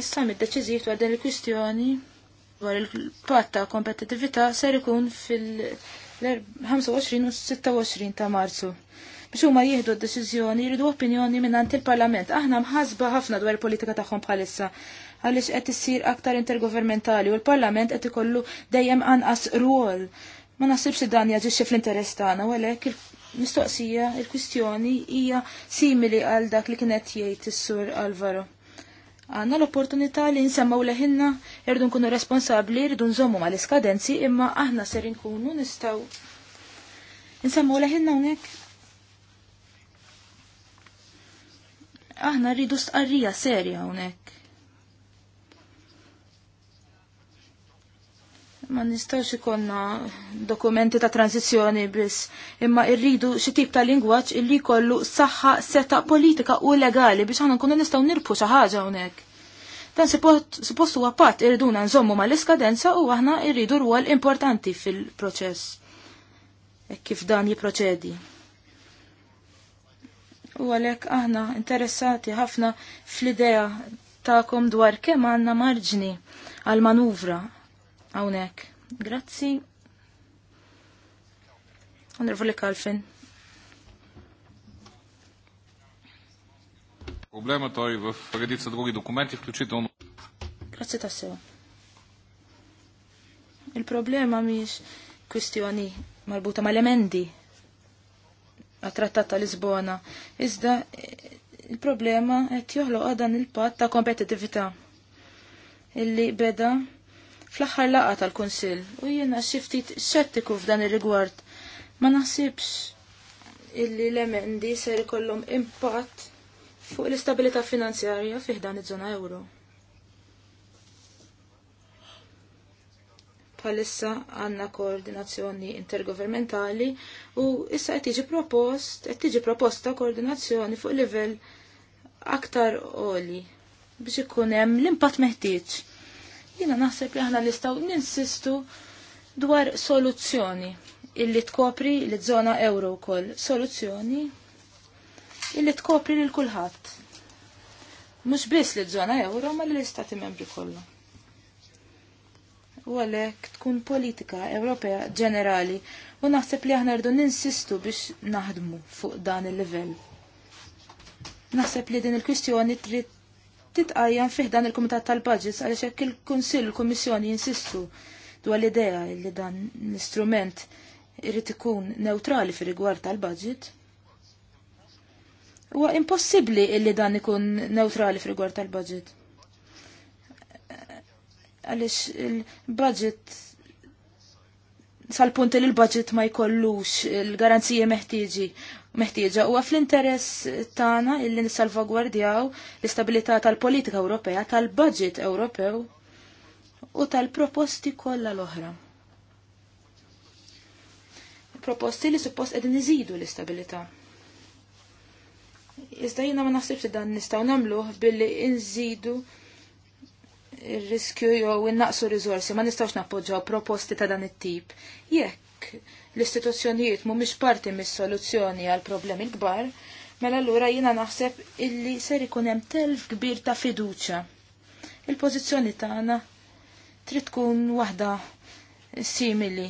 Issa mid-deċiżijiet dwar din il-kwistjoni dwar il ta' kompetitività ser ikun fil-25 u 26 ta' Marzu biex huma jieħdu d-deċiżjoni jridu opinjoni mingħand il-Parlament. Aħna mħasba ħafna dwar il-politika tagħhom bħalissa għaliex qed issir aktar intergovernmentali u l-Parlament qed ikollu dejjem anqas rwol. Ma naħsibx dan jaġixxi fl-interess tagħna u għalhekk mistoqsija, il-kwistjoni hija simili għal dak li kienet jgħid is-sur Alvaro. Għanna l-opportunità li nsemmaw leħinna, irdu nkunu responsabli, irdu nżommu ma l-iskadenzi, imma aħna ser nkunu nistaw. Nsemmaw leħinna unek Aħna rridu stqarrija serja hawnhekk. Ma nistax ikonna dokumenti ta' tranzizjoni biss, imma irridu xi tip ta' lingwaġġ illi jkollu saħħa seta' politika u legali biex aħna nkunu nistgħu nirpu xi ħaġa hawnhekk. Dan suppost huwa patt irriduna nżommu mal-iskadenza u aħna rridu rwol importanti fil-proċess. E kif dan jipproċedi u għalhekk aħna interessati ħafna fl-idea tagħkom dwar kemm għandna marġni għal manuvra hawnhekk. Grazzi. li Kalfin. sa drugi dokumenti, f други документи, Grazzi ta' sewa. Il-problema miex kwistjoni marbuta mal-emendi għatrattat trattat ta' Lisbona. Iżda il-problema qed joħloq dan il-patt ta' kompetitività illi beda fl-aħħar laqa tal-Kunsill u jiena xi ftit xettiku f'dan ir-rigward. Ma naħsibx illi l-emendi ser ikollhom impatt fuq l-istabilità finanzjarja fih dan iż-żona euro. bħalissa għanna koordinazzjoni intergovernmentali u issa qed tiġi propost, qed tiġi proposta koordinazzjoni fuq livell aktar oli biex ikun hemm l-impatt meħtieġ. Jiena naħseb li aħna nistgħu ninsistu dwar soluzzjoni illi tkopri l żona euro wkoll, soluzzjoni illi tkopri lil kulħadd. Mhux biss l żona euro ma l-istati membri kollha u għalhekk tkun politika Ewropea ġenerali u naħseb li aħna rdu ninsistu biex naħdmu fuq dan il-livell. Naħseb li din il-kwistjoni trid titqajjam fih dan il-Kumitat tal-Budgets għaliex hekk il-Kunsill il-Kummissjoni jinsistu dwar l-idea li dan l-istrument irid ikun neutrali fir-rigward tal-budget. Huwa impossibbli li dan ikun neutrali fir-rigward tal-budget għalix il-budget sal-punt li l-budget ma jkollux il-garanzija meħtieġi meħtieġa u fl-interess tagħna illi nissalvagwardjaw l-istabilità tal-politika Ewropea, tal-budget Ewropew u tal-proposti kollha l-oħra. Proposti li suppost qegħdin iżidu l-istabilità. Iżda jiena ma naħsibx dan nistgħu nagħmluh billi nżidu il-riskju jew innaqsu riżorsi ma nistgħux nappoġġaw proposti ta' dan it-tip. Jekk l-istituzzjonijiet mhumiex parti mis-soluzzjoni għal problemi kbar, mela allura jiena naħseb illi ser ikun hemm telf kbir ta' fiduċja. Il-pożizzjoni tagħna trid tkun waħda simili.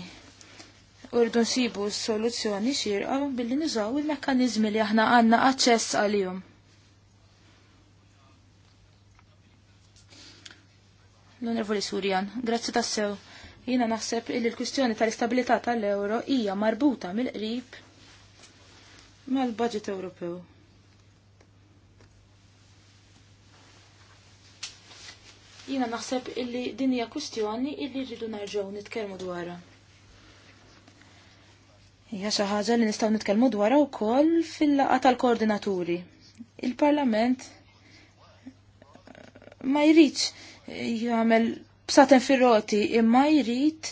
Urdu nsibu s-soluzzjoni xirqa billi niżaw il-mekkaniżmi li aħna għandna aċċess għalihom. l-Onorevoli Surjan, grazzi tassew. Jina naħseb illi l-kwistjoni tal-istabilità tal-euro hija marbuta mill-qrib mal-budget Ewropew. Jina naħseb illi din hija kwistjoni illi rridu narġgħu nitkellmu dwarha. Hija xi ħaġa li nistgħu nitkellmu dwarha wkoll fil-laqgħa tal-koordinaturi. Il-Parlament ma jridx jgħamil b'saten firroti imma jrid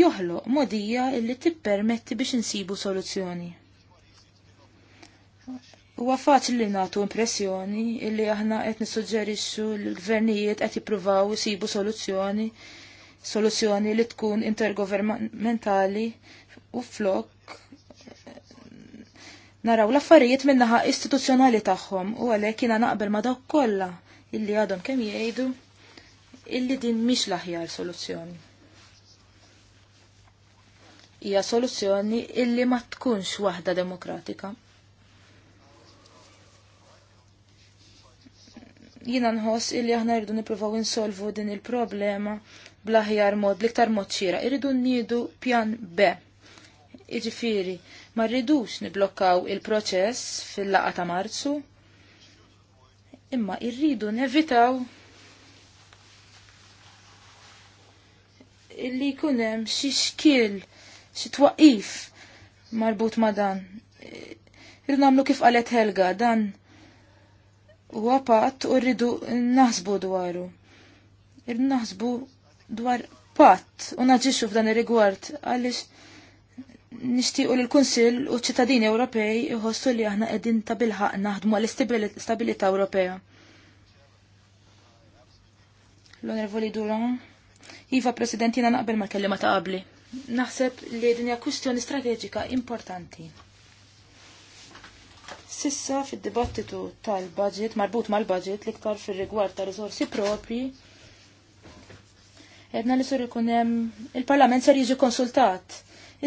joħloq modija illi tippermetti biex insibu soluzzjoni. Huwa faċli li nagħtu impressjoni illi aħna qed nissuġġerixxu l-gvernijiet qed jippruvaw isibu soluzzjoni soluzzjoni li tkun intergovernmentali u flok naraw l-affarijiet minnaħa istituzzjonali tagħhom u għalhekk jiena naqbel ma dawk kollha illi għadhom kemm jgħidu illi din mhix l-aħjar soluzzjoni. Hija soluzzjoni illi ma tkunx waħda demokratika. Jina nħoss illi aħna rridu nippruvaw insolvu din il-problema bl-aħjar mod, l-iktar mod xira. Irridu nniedu pjan B. Iġifiri, ma rridux niblokkaw il-proċess fil-laqa ta' marzu, imma irridu nevitaw illi kunem xi xkil, xi twaqif marbut ma dan. Irridu nagħmlu kif qalet Helga, dan huwa patt u rridu naħsbu dwaru. Irridu naħsbu dwar patt u naġixxu f'dan ir-rigward għaliex nixtiequ l kunsill u ċittadini Ewropej iħossu li aħna qegħdin ta' bilħaq naħdmu għall-istabilità Ewropea. L-Onorevoli Duran. Iva, Presidentina naqbel ma kellima ta' qabli. Naħseb li dinja kwistjoni strateġika importanti. Sissa fid-dibattitu tal-budget, marbut mal-budget, liktar fil-rigward ta' risorsi propri, edna li sur ikun il-parlament ser jiġi konsultat.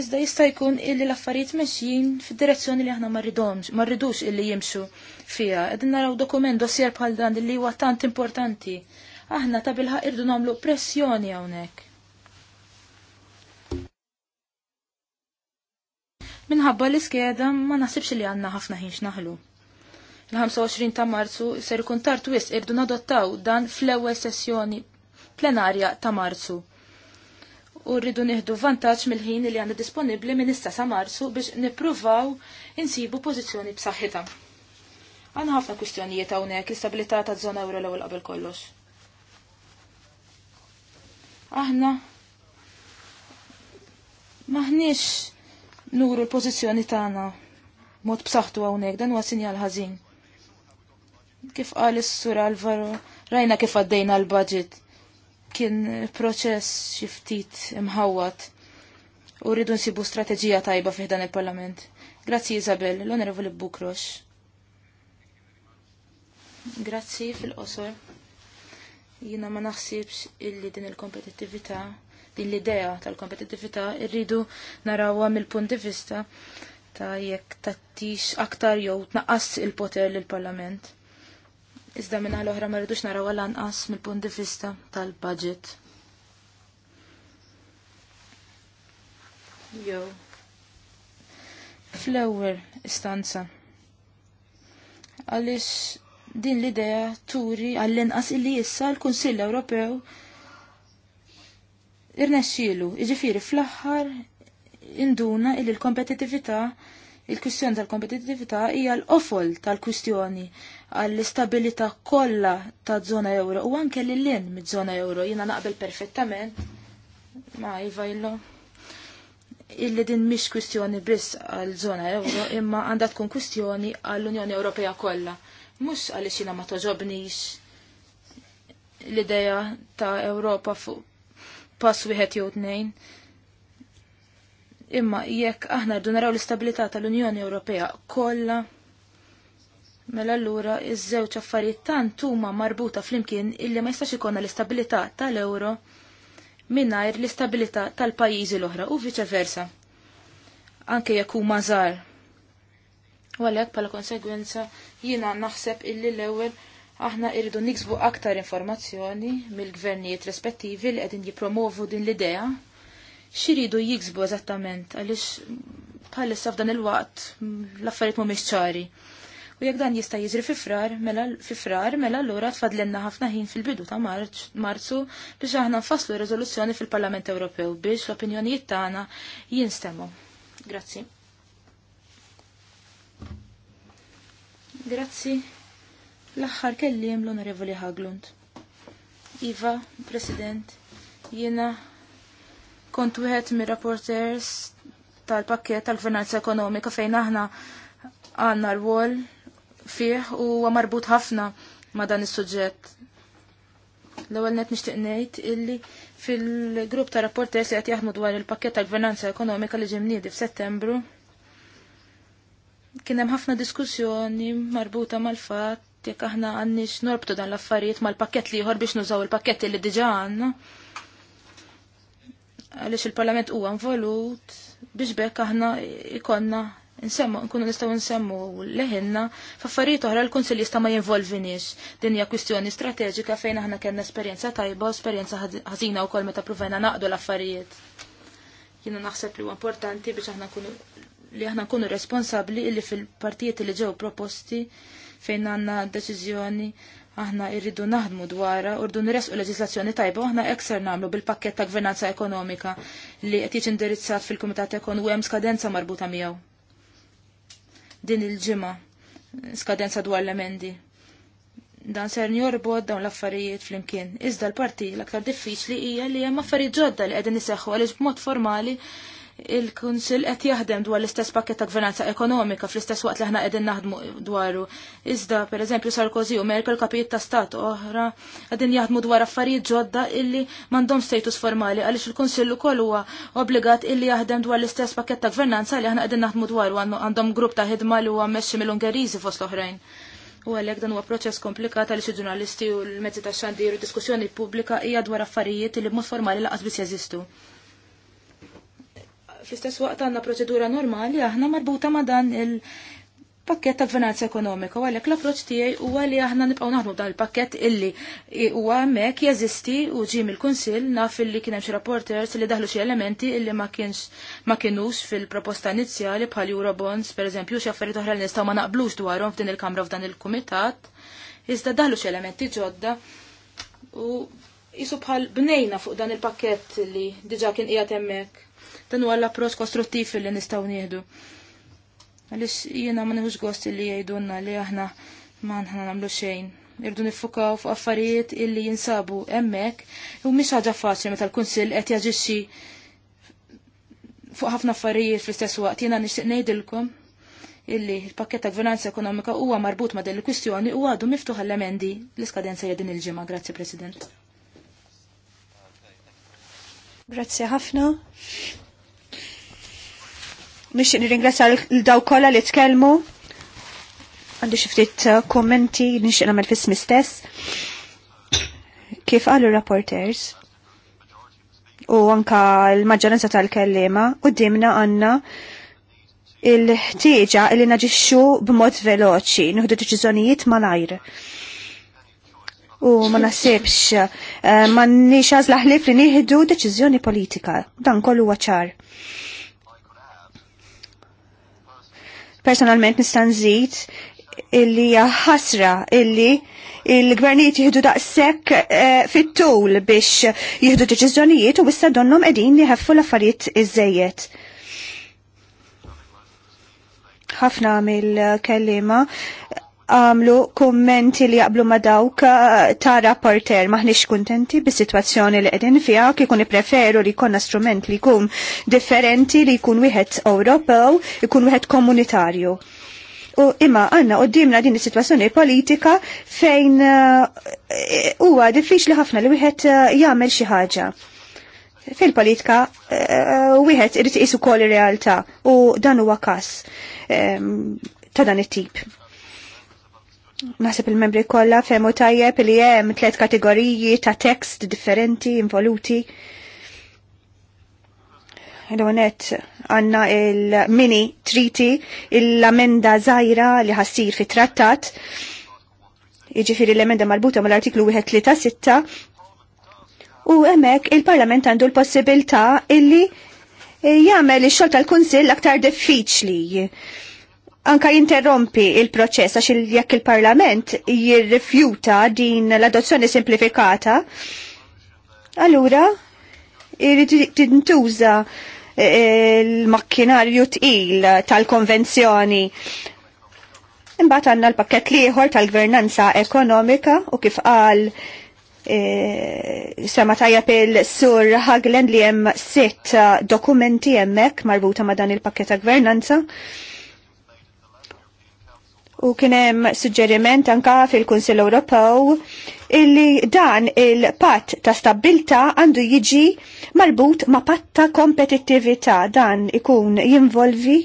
Iżda jista' jkun illi l-affarijiet mexjin fid-direzzjoni li aħna ma rridux illi jimxu fija. Qegħdin naraw dokument dossier bħal dan li huwa tant importanti aħna ta' bilħa irdu nagħmlu pressjoni hawnhekk. Minħabba l-iskeda ma naħsibx li għandna ħafna ħinx naħlu. Il-25 ta' Marzu ser ikun tard wis irdu nadottaw dan fl-ewwel sessjoni plenarja ta' Marzu. U rridu nieħdu vantaġġ mill-ħin li għandna disponibbli minn issa sa' Marzu biex nippruvaw insibu pożizzjoni b'saħħitha. Għandna ħafna kwistjonijiet hawnhekk l-istabilità taż-żona ewra l-ewwel qabel kollox. Aħna maħniex nuru l-pozizjoni tagħna mod b'saħħtu hawnhekk dan huwa sinjal ħażin. Kif qal is-sur Alvaro, rajna kif għaddejna l-budget. Kien proċess xi ftit imħawwat u rridu nsibu strateġija tajba fih dan il-Parlament. Grazzi Isabel, l-Onorevoli Bukrox. Grazzi fil-qosor. Jina ma naħsibx illi din il-kompetittività, din l-idea tal-kompetittività irridu narawha mill-punt di vista ta' jekk tattix aktar jew tnaqqas il-poter lill-Parlament. Iżda minn l-oħra ma rridux naraw lanqas mill-punt di vista tal-budget. Jew. Fl-ewwel istanza. Għaliex din l-idea turi għall-inqas illi issa l-Kunsill Ewropew irnexxielu, iġifieri fl-aħħar induna illi l-kompetitività il-kwistjoni tal-kompetitività hija l-qofol tal-kwistjoni għall-istabilità kollha taż żona euro u anke lil lin mid-żona euro jiena naqbel perfettament ma' jvajlo illi din mhix kwistjoni biss għal żona euro imma għandha tkun kwistjoni għall-Unjoni Ewropea kollha mhux għaliex jiena ma toġobnix l-idea ta' Ewropa fuq pass wieħed jew tnejn. Imma jekk aħna rdu naraw l-istabilità tal-Unjoni Ewropea kollha Mela allura iż-żewġ affarijiet tant huma marbuta flimkien illi ma jistax ikonna l-istabilità tal-euro mingħajr l-istabilità tal-pajjiżi l-oħra u viċeversa. versa. Anke jekk huma żgħar. U għalhekk bħala konsegwenza jiena naħseb illi l-ewwel aħna irridu niksbu aktar informazzjoni mill-gvernijiet respettivi li qegħdin jippromovu din l-idea. Xiridu jiksbu eżattament għaliex bħalissa f'dan il-waqt l-affarijiet mhumiex ċari. U jekk dan jista' jizri fifrar, mela fi frar, mela allura tfadlenna ħafna ħin fil-bidu ta' Marzu biex aħna nfasslu riżoluzzjoni fil-Parlament Ewropew biex l-opinjonijiet tagħna jinstemmu. Grazzi. Grazzi. L-aħħar kellim l-Onorevoli Haglund. Iva, President, jiena kont wieħed mir-rapporters tal-pakket tal gvernanza ekonomika fejn aħna għandna rwol fih u marbut ħafna ma dan is-suġġett. L-ewwel net nixtieq ngħid illi fil-grupp ta' rapporters li qed jaħdmu dwar il-pakket tal-gvernanza ekonomika li ġimniedi f'Settembru. settembru Kien hemm ħafna diskussjoni marbuta mal-fatt jekk aħna għandniex norbtu dan l-affarijiet mal-pakket jħor biex nużaw il-pakketti li diġa għandna. Għaliex il-Parlament huwa involut biex bekk aħna ikonna nsemmu, nkunu nistaw nsemmu leħenna, faffariet oħra l-Konsil jista' ma jinvolvinix. Din hija kwistjoni strateġika fejn aħna kellna esperjenza tajba, esperjenza ħażina wkoll meta provajna naqdu l-affarijiet. Jiena naħseb li huwa importanti biex aħna nkunu li aħna nkunu responsabli illi fil-partijiet li ġew proposti fejn għanna deċiżjoni aħna irridu naħdmu dwarha rridu nresqu leġislazzjoni tajba aħna ekser nagħmlu bil-pakket ta' gvernanza ekonomika li qed jiġi indirizzat fil-Kumitat Ekon u hemm skadenza marbuta miegħu. Din il-ġimgħa skadenza dwar l-emendi. Dan ser njorbod dawn l-affarijiet flimkien. Iżda l-parti l-aktar diffiċli hija li hemm affarijiet ġodda li qegħdin iseħħu għaliex b'mod formali il-Kunsil qed jaħdem dwar l-istess pakket ta' gvernanza ekonomika fl-istess waqt li ħna qegħdin naħdmu dwaru. Iżda, pereżempju Sarkozy u Merkel kapijiet ta' stat oħra qegħdin jaħdmu dwar affarijiet ġodda illi m'għandhom status formali għaliex il-Kunsill ukoll huwa obbligat illi jaħdem dwar l-istess pakket ta' gvernanza li aħna qegħdin naħdmu dwaru għandhom grupp ta' ħidma li huwa mmexxi mill-Ungeriżi fost l-oħrajn. U għalhekk dan huwa proċess komplikat għaliex il-ġurnalisti u l-mezzi tax-xandir u diskussjoni pubblika hija dwar affarijiet li b'mod formali laqas biss jeżistu fl-istess waqt għandna proċedura normali aħna marbuta ma' dan il- pakket ta' finanza ekonomika, u għalek l-approċ tijaj u għalli aħna nibqaw naħdmu dan il-pakket illi u għamek jazisti u ġim il-konsil naf illi kienem xie rapporters illi daħlu xie elementi illi ma kienux fil-proposta inizjali bħal Eurobonds, per eżempju, xie affarijiet oħra li nistaw ma naqblux dwarhom f'din il-kamra f'dan il-kumitat, iżda daħlu xie elementi ġodda u jisu bħal bnejna fuq dan il-pakket li diġa kien qiegħed hemmhekk dan huwa l-approċċ kostruttiv li nistgħu nieħdu. Għaliex jiena ma nieħux gost li jgħidulna li aħna ma aħna nagħmlu xejn. Irdu nifukaw fuq affarijiet illi jinsabu hemmhekk u mhix ħaġa faċli meta l-kunsill qed jaġixxi fuq ħafna affarijiet fl-istess waqt jiena nixtieq ngħidilkom illi il-pakket ta' gvernanza ekonomika huwa marbut ma' din il-kwistjoni u għadu miftuħ l-emendi l-iskadenza hija din il-ġimgħa. Grazzi President. Grazzi ħafna. Mix nirringrazzja l-daw kolla li tkellmu. Għandu xiftit uh, kommenti, nix namel fismi stess. Kif għallu rapporters? U anka l-maġġoranza tal-kellima, u dimna għanna il-ħtieġa li naġixxu b'mod veloċi, nieħdu deċiżjonijiet malajr. U ma nasibx, uh, ma nix għazlaħlif li nieħdu deċiżjoni politika, dan kollu waċar. ċar personalment nista' nżid illi ħasra illi il-gvernijiet jihdu daqsek eh, fit-tul biex jihdu deċiżjonijiet u issa donnom qegħdin jħeffu l-affarijiet iżejjed. Ħafna mill-kellima għamlu kummenti li jaqblu ma dawk eh, ta' rapporter maħniex kuntenti bis situazzjoni li qegħdin fiha kikun preferu li jkollna strument li jkun differenti li jkun wieħed Ewropew, jkun wieħed komunitarju. U imma għanna dimna din is-sitwazzjoni politika fejn eh, huwa uh, diffiċli ħafna li wieħed eh, jagħmel xi ħaġa fil-politika uh, wieħed irid iqisu kol ir-realtà u dan huwa każ um, ta' dan it-tip. Nasib il-membri kollha femu tajjeb li hemm tliet kategoriji ta' tekst differenti involuti. Il-għonet għanna il-mini triti, il-amenda zaħira li ħassir fi trattat, iġifiri l-emenda marbuta mal-artiklu 136, u emek il-parlament għandu l-possibilta illi jagħmel il xogħol tal-kunsill aktar diffiċli anka jinterrompi il-proċess għax jekk il-Parlament jirrifjuta din l-adozzjoni simplifikata, allura jrid tintuża il-makkinarju e, e, tqil tal-konvenzjoni. Imbagħad għandna l-pakket liħor tal-gvernanza ekonomika u kif qal se sema tajja il sur Haglen li jem sitt dokumenti jemmek marbuta ma dan il ta' gvernanza u kienem suġġeriment anka fil-Kunsill Ewropew illi dan il-patt ta' stabilta għandu jiġi marbut ma' patt ta' kompetittività dan ikun jinvolvi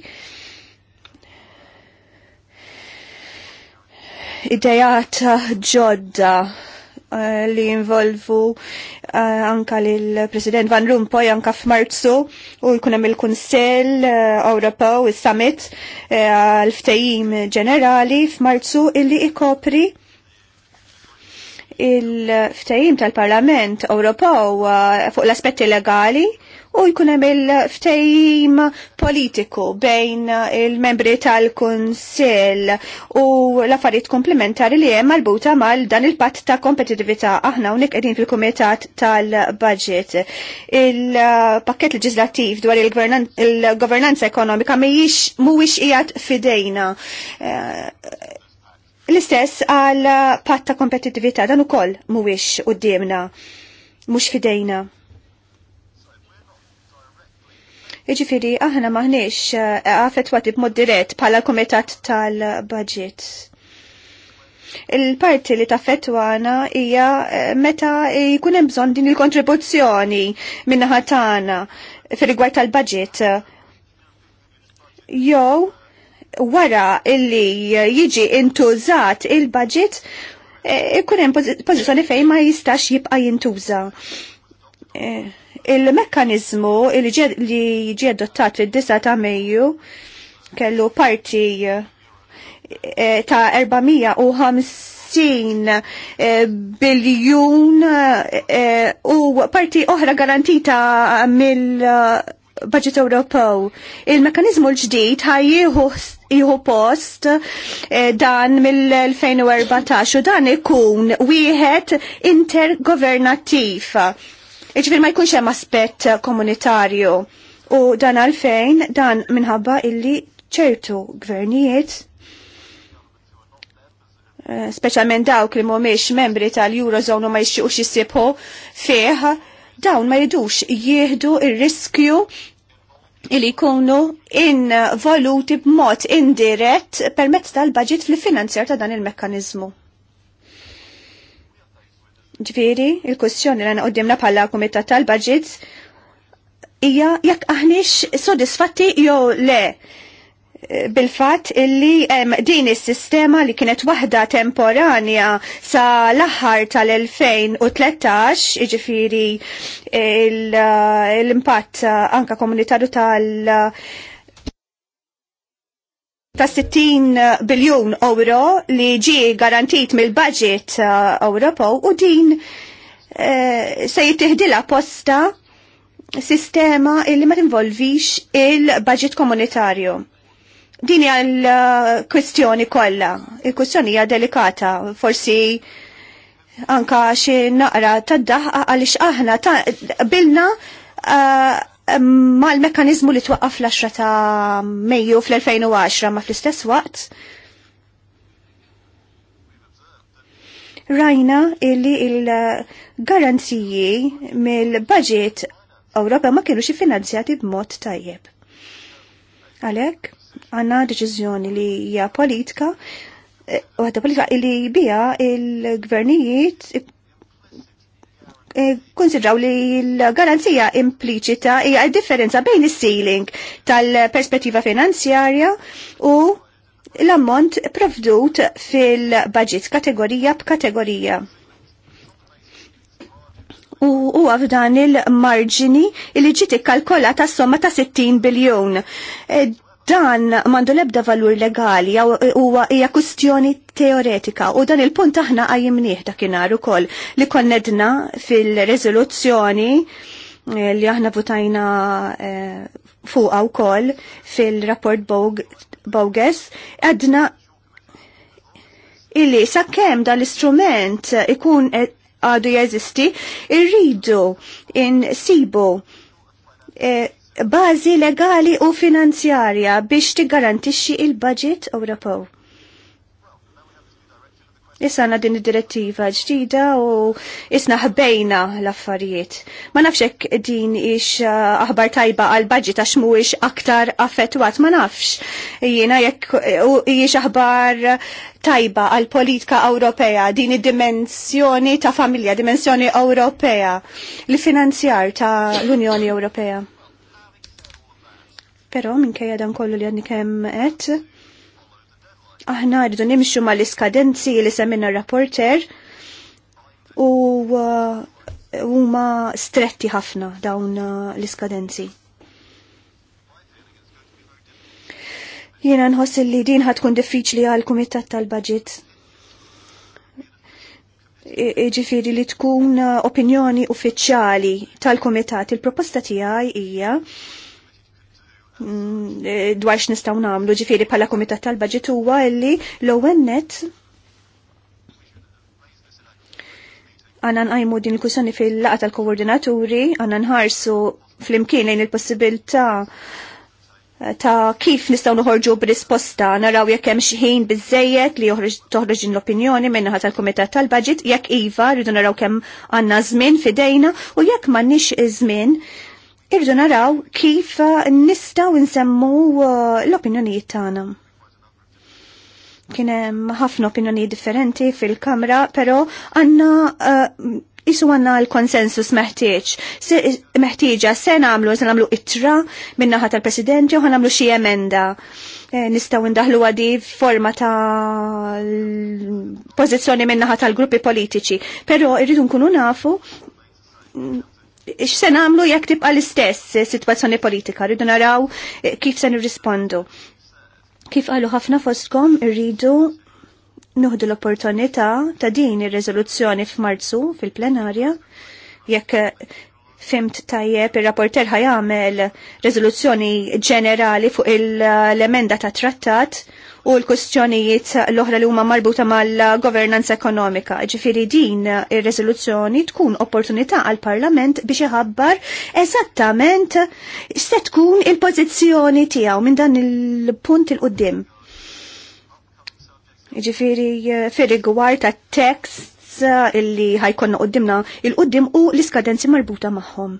idejat ġodda Eh, li involvu eh, anka l-President Van Rompuy anka f'Marzu u jkunem il-Kunsell eh, Ewropew is-Summit għal-ftehim ġenerali f'Marzu illi ikopri il-ftehim tal-Parlament Ewropew fuq l-aspetti legali u jkun hemm il-ftejim politiku bejn il-membri tal-Kunsill u l-affarijiet komplementari li hemm malbuta mal dan il-patt ta' kompetitività aħna hawnhekk qegħdin fil-Kumitat tal-Budget. Il-pakket leġislattiv dwar il-governanza ekonomika mhijiex mhuwiex qiegħed fidejna. Eh, l-istess għal patta kompetitività dan ukoll mhuwiex qudiemna mhux fidejna. Iġifiri, aħna maħniex għafetwati eh, b'mod dirett pala komitat tal-budget. Il-parti li għana hija eh, meta jkun hemm bżonn din il-kontribuzzjoni minnaħa tagħna fir-rigward tal-budget. Jew wara illi jiġi intużat il-budget eh, ikun hemm pożizzjoni fejn ma jistax jibqa' jintuża. Eh Il-mekkanizmu li ġie adottat fid-9 ta' Mejju kellu parti eh, ta' 450 eh, biljun eh, u parti oħra garantita mill budget Ewropew. Il-mekanizmu l-ġdid ħajjieħu jieħu post dan mill-2014 u dan ikun wieħed intergovernattiv Iġvir ma jkunx hemm aspett komunitarju u dan għalfejn dan minħabba illi ċertu gvernijiet eh, speċjalment dawk li mhumiex membri tal-Eurozone u ma jixtiequx jisibħu fih, dawn ma jidux jieħdu ir-riskju illi jkunu involuti b'mod indirett permezz tal-budget fil-finanzjar ta' dan il-mekkaniżmu. Ġviri, il kussjoni l għana qoddimna bħala kumitat tal budgets hija jekk aħniex sodisfatti jew le bil-fat illi em, din is-sistema li kienet waħda temporanja sa l-aħħar tal-2013, iġifiri eh, l-impatt anka komunitaru tal- ta' 60 eh, biljon euro li ġi garantit mill-budget eh, Ewropew u din uh, se jittihdila posta sistema illi ma tinvolvix il-budget komunitarju. Din hija l-kwestjoni kollha, il-kwestjoni hija delikata, forsi anka xi naqra tad-daħqa għaliex aħna bilna uh, mal-mekanizmu li twaqqaf l-10 ta' Mejju fl-2010 ma fl-istess waqt rajna illi il-garanziji mill-budget Ewropa ma kienux finanzjati b'mod tajjeb. Għalek, għanna deċiżjoni li hija politika, u eh, waħda politika illi bija il-gvernijiet konsidraw li l-garanzija impliċita hija differenza bejn is-ceiling tal-perspettiva finanzjarja u l-ammont provdut fil-budget kategorija b'kategorija. U huwa f'dan il-marġini li ġiet ikkalkolata somma ta' 60 biljun dan mandu lebda valur legali huwa hija kustjoni teoretika u dan il-punt aħna għajimnieh dakinhar ukoll li konnedna fil-reżoluzzjoni eh, li aħna votajna eh, fuqa wkoll fil-rapport Boges għadna illi dan l istrument ikun għadu jeżisti irridu insibu sibu eh, bażi legali u finanzjarja biex tigarantixxi il-budget Ewropew. Issa għandna din id-direttiva ġdida u isna ħbejna l-affarijiet. Ma nafx din ix uh, aħbar tajba għal budget għax mhuwiex aktar affettwat, ma nafx. Jiena jekk uh, hijiex aħbar tajba għal politika Ewropea, din id-dimensjoni ta' familja, dimensjoni Ewropea, l-finanzjar ta' l-Unjoni Ewropea. Però minkejja dan kollu li għadni kemm qed, aħna rridu nimxu mal-iskadenzi li semmina rapporter u uh, huma stretti ħafna dawn uh, l-iskadenzi. Jiena nħoss li din ħatkun diffiċli għal kumitat tal-budget. Ġifiri li tkun uh, opinjoni uffiċjali tal-kumitat. Il-proposta tiegħi hija Mm, eh, dwar x'nistgħu nagħmlu ġifieri bħala kumitat tal-baġit huwa li l-ewwel net għanna nqajmu din il-kussjoni fil-laqa tal-koordinaturi, għanna nħarsu fl-imkien lejn il-possibilità ta' kif nistaw noħorġu b'risposta naraw jekk hemm xi ħin biżejjed li toħroġ l-opinjoni min-naħa tal-Kumitat tal-Baġit jekk iva rridu naraw kemm għandna żmien fidejna u jekk m'għandniex żmien irridu naraw kif uh, nistaw nsemmu uh, l-opinjonijiet tagħna. Kien hemm ħafna opinjonijiet differenti fil-kamra, però għandna uh, Isu għanna l-konsensus meħtieġ. Meħtieġa se namlu, se namlu itra minnaħat tal-president, u għanamlu xie emenda. nistgħu eh, nistaw indaħlu għadi forma ta' pozizjoni minnaħat tal-gruppi politiċi. Pero irridu nkunu nafu x'se nagħmlu jekk tibqa' l-istess sitwazzjoni politika, rridu naraw eh, kif se nirrispondu. Kif qalu ħafna fostkom irridu nuħdu l-opportunità ta' din ir rezoluzzjoni f'Marzu fil-plenarja jekk eh, fimt tajjeb ir-rapporter ħajamel rezoluzzjoni ġenerali fuq l-emenda ta' trattat u l-kustjonijiet l-oħra li huma marbuta mal-governanza ekonomika. Ġifiri din ir-rezoluzzjoni tkun opportunità għal-Parlament biex iħabbar eżattament se tkun il-pożizzjoni tiegħu minn dan il-punt il-qudiem. Ġifiri fir-rigward tat-tekst illi ħajkonna qoddimna il-qoddim u l-iskadenzi marbuta magħhom.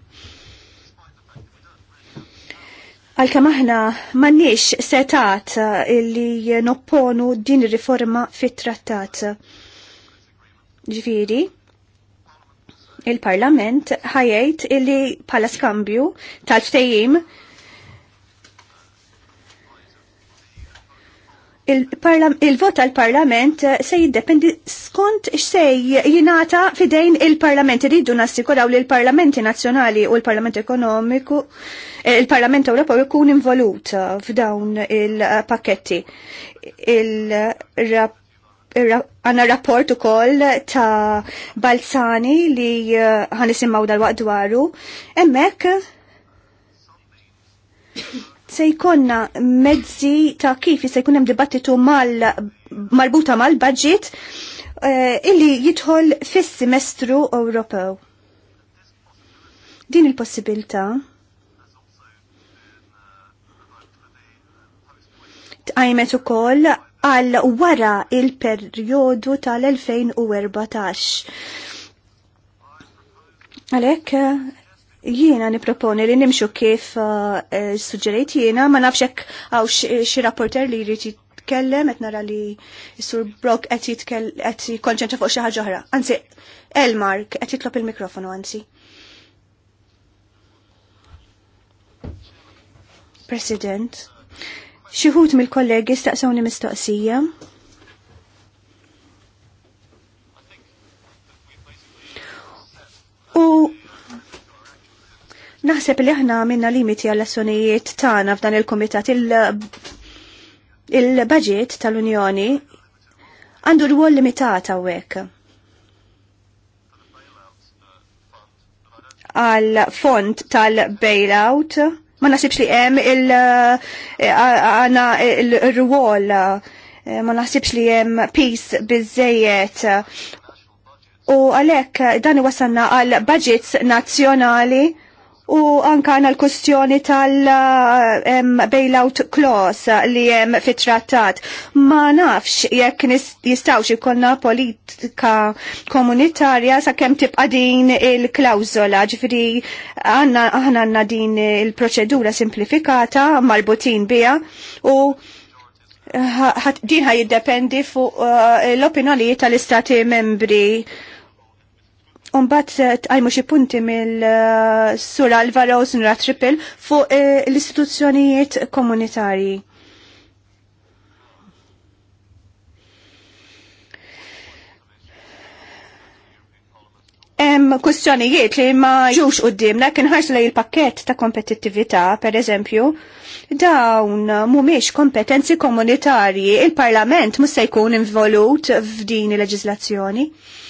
Għalkemm aħna m'għandniex setat eh, illi nopponu din ir-riforma fit-trattat. Ġifieri, il-Parlament ħajjejt illi bħala skambju tal-ftehim il-vot għal-parlament eh, se jiddependi skont xsej jinata fidejn il-parlament. Rridu nassikuraw li l-parlamenti nazjonali u l-parlament ekonomiku, eh, il-parlament Ewropew ikun involut eh, f'dawn il-pakketti. Għanna rapport u koll ta' Balzani li għanisimaw dal-waqt dwaru. Emmek, se jkonna mezzi ta' kif se jkun hemm dibattitu mal marbuta mal-budget uh, illi jidħol fis-semestru Ewropew. Din il-possibilità tqajmet ukoll għal wara il-perjodu tal-2014. Għalhekk Jiena niproponi li nimxu kif eh, suġġerejt jiena, ma nafx hekk xi rapporter li jrid jitkellem qed nara li sur Brock qed jitkellem qed jikkonċentra fuq xi ħaġa oħra. Anzi, Elmar qed jitlob il-mikrofonu anzi. President, xi ħut mill-kollegi staqsawni mistoqsija. U Naħseb li aħna minna limiti għall-azzjonijiet tagħna f'dan il-Kumitat il-budget tal-Unjoni għandu rwol limitat hawnhekk. għal font tal-bailout, ma nasibx li hemm il il-rwol, ma nasibx li hemm peace bizzejiet U għalek dan wasanna għal budgets nazjonali U anka għana l-kustjoni tal-bailout eh, clause li jem fit-trattat. Ma nafx jekk jistawx ikonna politika komunitarja sa' kem tibqa din il-klawzola. Ġifiri għanna għanna din il-proċedura simplifikata marbutin bija u din ħaj jiddependi fuq eh, l-opinjoni tal-istati membri Umbat eh, tqajmu xi punti mill-Sura eh, l u Sunra Triple fuq eh, l-istituzzjonijiet komunitarji. Hemm kwistjonijiet li ma ġewx dimna kien ħarsu lej il-pakkett ta' kompetittività, per eżempju, dawn mhumiex kompetenzi komunitarji, il-Parlament mhux se jkun involut f'din il-leġiżlazzjoni. il leġizlazzjoni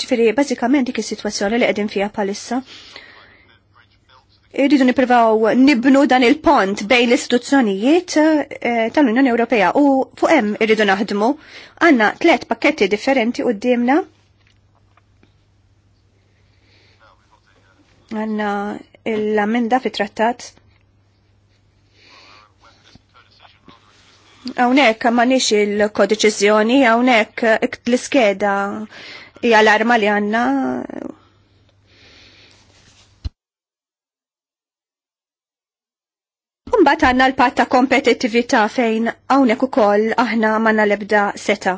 Ġifiri, bazzikament dik is-sitwazzjoni li qegħdin fija palissa. Irridu nippruvaw nibnu dan il-pont bejn l-istituzzjonijiet eh, tal-Unjoni Ewropea u fuq hemm irridu naħdmu. Għandna tliet pakketti differenti quddiemna. Għandna l-amenda fit-trattat Għawnek ma nix il-kodeċizjoni, għawnek l-iskeda Ija l-arma li għandna Umbat għandna l-patt ta' fejn fejn hawnhekk ukoll aħna manna lebda seta.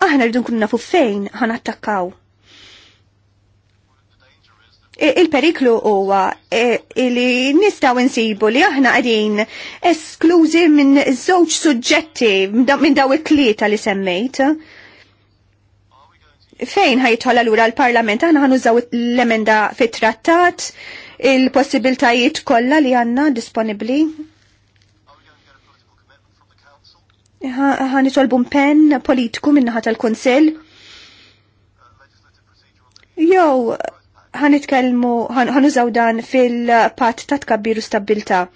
Aħna rridu nkunu nafu fejn għan attakkaw. Il-periklu huwa e, li nistgħu insibu li aħna għadin esklużi minn żewġ suġġetti minn daw it-tlieta li semmejt fejn ħajtħol lura l-Parlament aħna ħanużaw l-emenda fit-trattat il-possibiltajiet kollha li għandna disponibbli. Ħanitolbu pen politiku minnaħa tal Jow, Jew ħanitkellmu ħanużaw dan fil-patt ta' tkabbiru stabilta'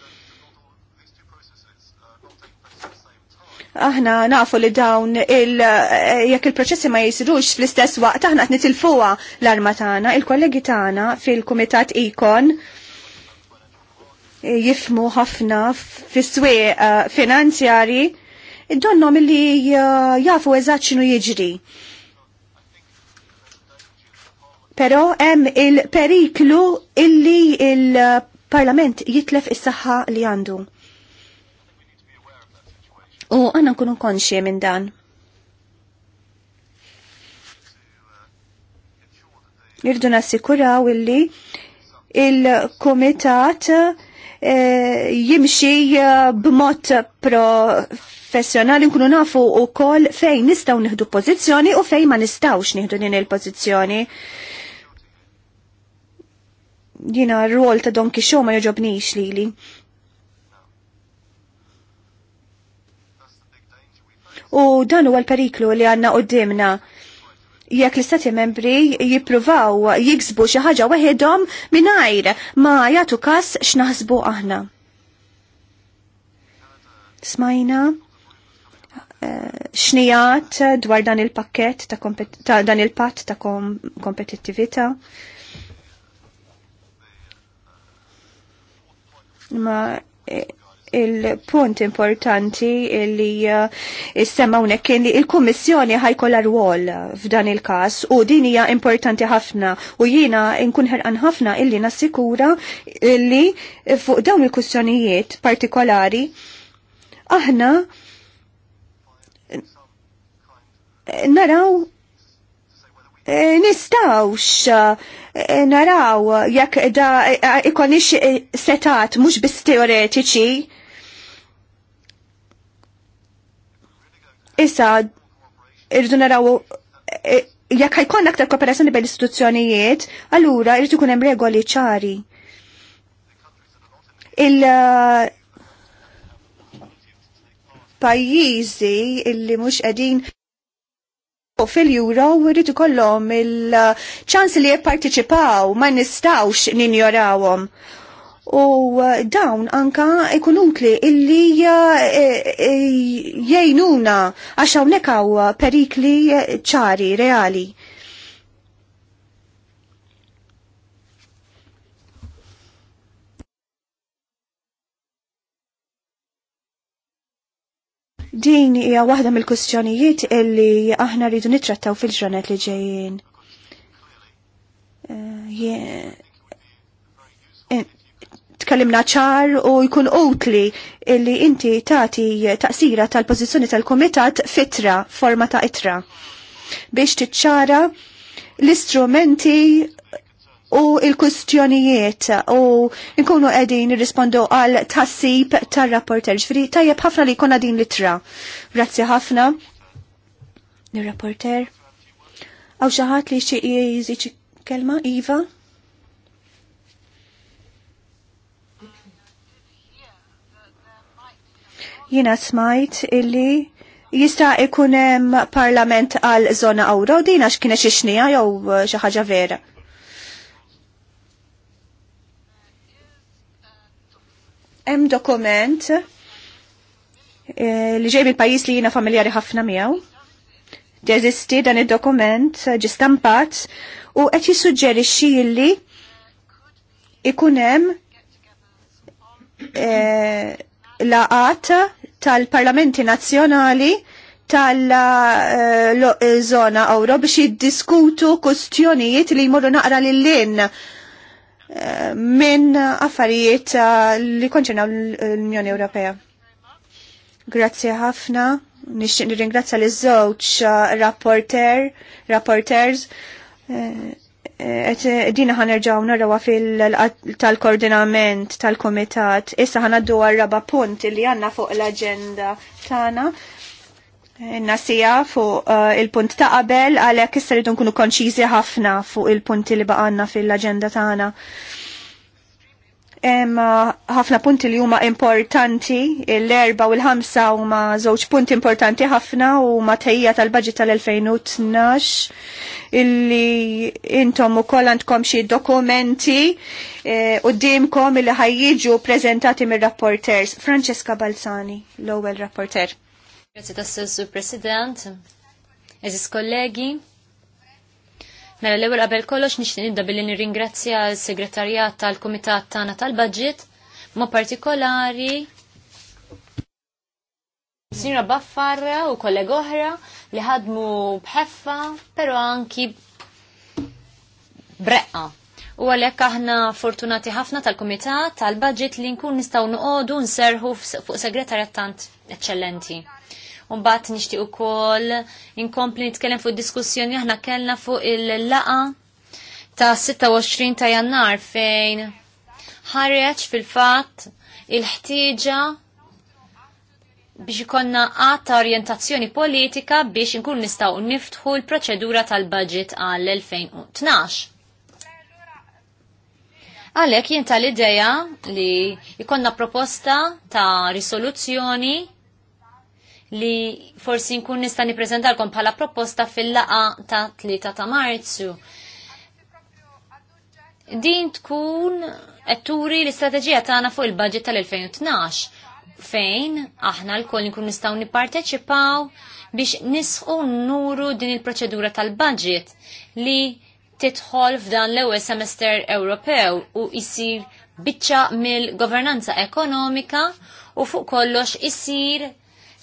aħna nafu li dawn il eh, jekk il-proċessi ma jisirux fl-istess waqt aħna qed nitilfuha l-arma tagħna, il-kollegi tagħna fil-kumitat ikon jifmu ħafna fis-swieq eh, finanzjari donnom li eh, jafu eżatt x'inhu jiġri. Però hemm il-periklu illi il-Parlament jitlef is-saħħa li għandu. U għanna nkunu konxie minn dan. Nirdu nassikuraw illi il-komitat eh, jimxi eh, b'mod professjonali nkunu nafu u kol fejn nistaw nieħdu pozizjoni u fejn ma nistawx nieħdu din il-pozizjoni. Jina r-rol ta' Don Kisho ma joġobnix li li. U dan huwa l-periklu li għanna qoddimna jekk l-istati membri jippruvaw jiksbu xi ħaġa weħidhom mingħajr ma jagħtu każ x'naħsbu aħna. Smajna eh, xnijat dwar dan il-pakket ta', ta dan il-patt ta' kom kompetittività. Ma eh, il-punt importanti li jissema eh, unek kien li il-Kommissjoni ħajkolla rwol f'dan il-kas u din hija importanti ħafna u jiena nkun ħerqan ħafna illi nassikura illi fuq dawn il-kussjonijiet partikolari aħna naraw eh, nistawx eh, naraw jekk da ikonix setat mhux bis teoretiċi Issa, irridu naraw e, jekk ħajkun aktar kooperazzjoni bejn istituzzjonijiet, allura irridu ikun hemm regoli ċari. Il uh, pajjiżi illi mhux qegħdin fil-juro irrid kollhom il-ċans li jipparteċipaw ma nistgħux ninjorawhom u uh, dawn anka ekonunkli illi uh, e, e, jgħinuna għax hawnhekk hawn perikli uh, ċari reali. Din hija waħda mill-kustjonijiet illi aħna rridu nittrattaw fil-ġranet li ġejjin. Uh, yeah tkellimna ċar u jkun utli illi inti tati taqsira tal-pozizjoni tal-komitat fitra, forma ta' itra. Biex tiċċara l-istrumenti u il-kustjonijiet u nkunu edin rispondu għal tassib tar-rapporter. Ġifri, tajjeb ħafna li kuna din litra. Grazzi ħafna. Il-rapporter. Għaw xaħat li xie kelma, Iva? Jina smajt illi jista' ikunem hemm parlament għal żona Ewro din għax xkine xixnija jow jew uh, xi ħaġa vera. Hemm dokument eh, li ġej mill-pajjiż li jiena familjari ħafna miegħu. Jeżisti dan id-dokument eh, ġi stampat u qed jissuġġerixxi li ikun hemm eh, laqat tal-Parlamenti Nazzjonali tal-zona Ewro biex jiddiskutu kustjonijiet li jmorru naqra lil-lin eh, minn affarijiet eh, li konċerna l-Unjoni Ewropea. Grazzi ħafna. Nixtieq nirringrazzja l żewġ eh, rapporter, rapporters dina ħanerġaw narawa fil-tal-koordinament tal-komitat. Issa ħanaddu għarraba punt li għanna fuq l-agenda tana. Nasija fuq uh, il-punt ta' qabel għalek issa rridu nkunu konċizi ħafna fuq il-punti li baqanna fil-agenda tana. Ah, ħafna punti li huma importanti, l-erba u l-ħamsa huma żewġ punti importanti ħafna u ma tejja tal-budget tal-2012 illi intom ukoll għandkom xi dokumenti eh, u dimkom illi ħajjiġu prezentati mir-rapporters. Francesca Balzani, l-ewwel rapporter. Grazie tas-President, eżis kollegi, Mela l-ewwel qabel kollox nixtieq nibda billi nirringrazzja l-segretarjat tal-Kumitat tagħna tal-Budget, ma partikolari Sinra Baffarra u kolleg oħra li ħadmu bħeffa, però anki breqqa u għalhekk aħna fortunati ħafna tal-Kumitat tal-Budget li nkun nistgħu noqogħdu nserħu fuq segretarjat tant eċċellenti. Mbagħad nixtieq ukoll inkompli nitkellem fuq diskussjoni aħna kellna fuq il-laqa ta' 26 ta' Jannar fejn ħareġ fil-fatt il-ħtieġa biex ikonna għata orientazzjoni politika biex nkun nistaw niftħu l-proċedura tal-budget għall-2012. Għalek jien tal-ideja li jikonna proposta ta' risoluzzjoni li forsi nkun nista' niprezentalkom bħala proposta fil-laqa ta' 3 ta' Marzu. Din tkun qed turi l-istrateġija tagħna fuq il-budget tal-2012 fejn aħna lkoll nkun nistgħu nipparteċipaw biex nisqu nuru din il-proċedura tal-budget li titħol f'dan l-ewwel semester Ewropew u jsir biċċa mill-governanza ekonomika u fuq kollox isir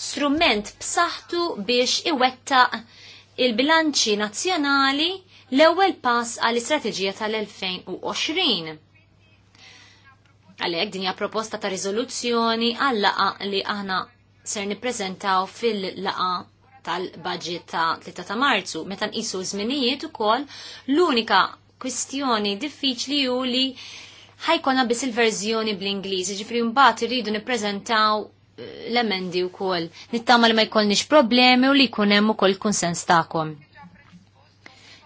strument b'saħħtu biex iwettaq il-bilanċi nazzjonali l-ewwel pass għall istrateġija tal-2020. Għalhekk din hija proposta ta' rizoluzzjoni għal laqa li aħna ser nippreżentaw fil-laqa tal-budget ta' 3 ta' Marzu. Meta nqisu żminijiet ukoll l-unika kwistjoni diffiċli hu li ħajkonna biss il-verżjoni bl ingliżi ġifri mbagħad irridu nippreżentaw eh, l-emendi wkoll. Nittama li ma jkollniex problemi u li jkun hemm ukoll kunsens tagħkom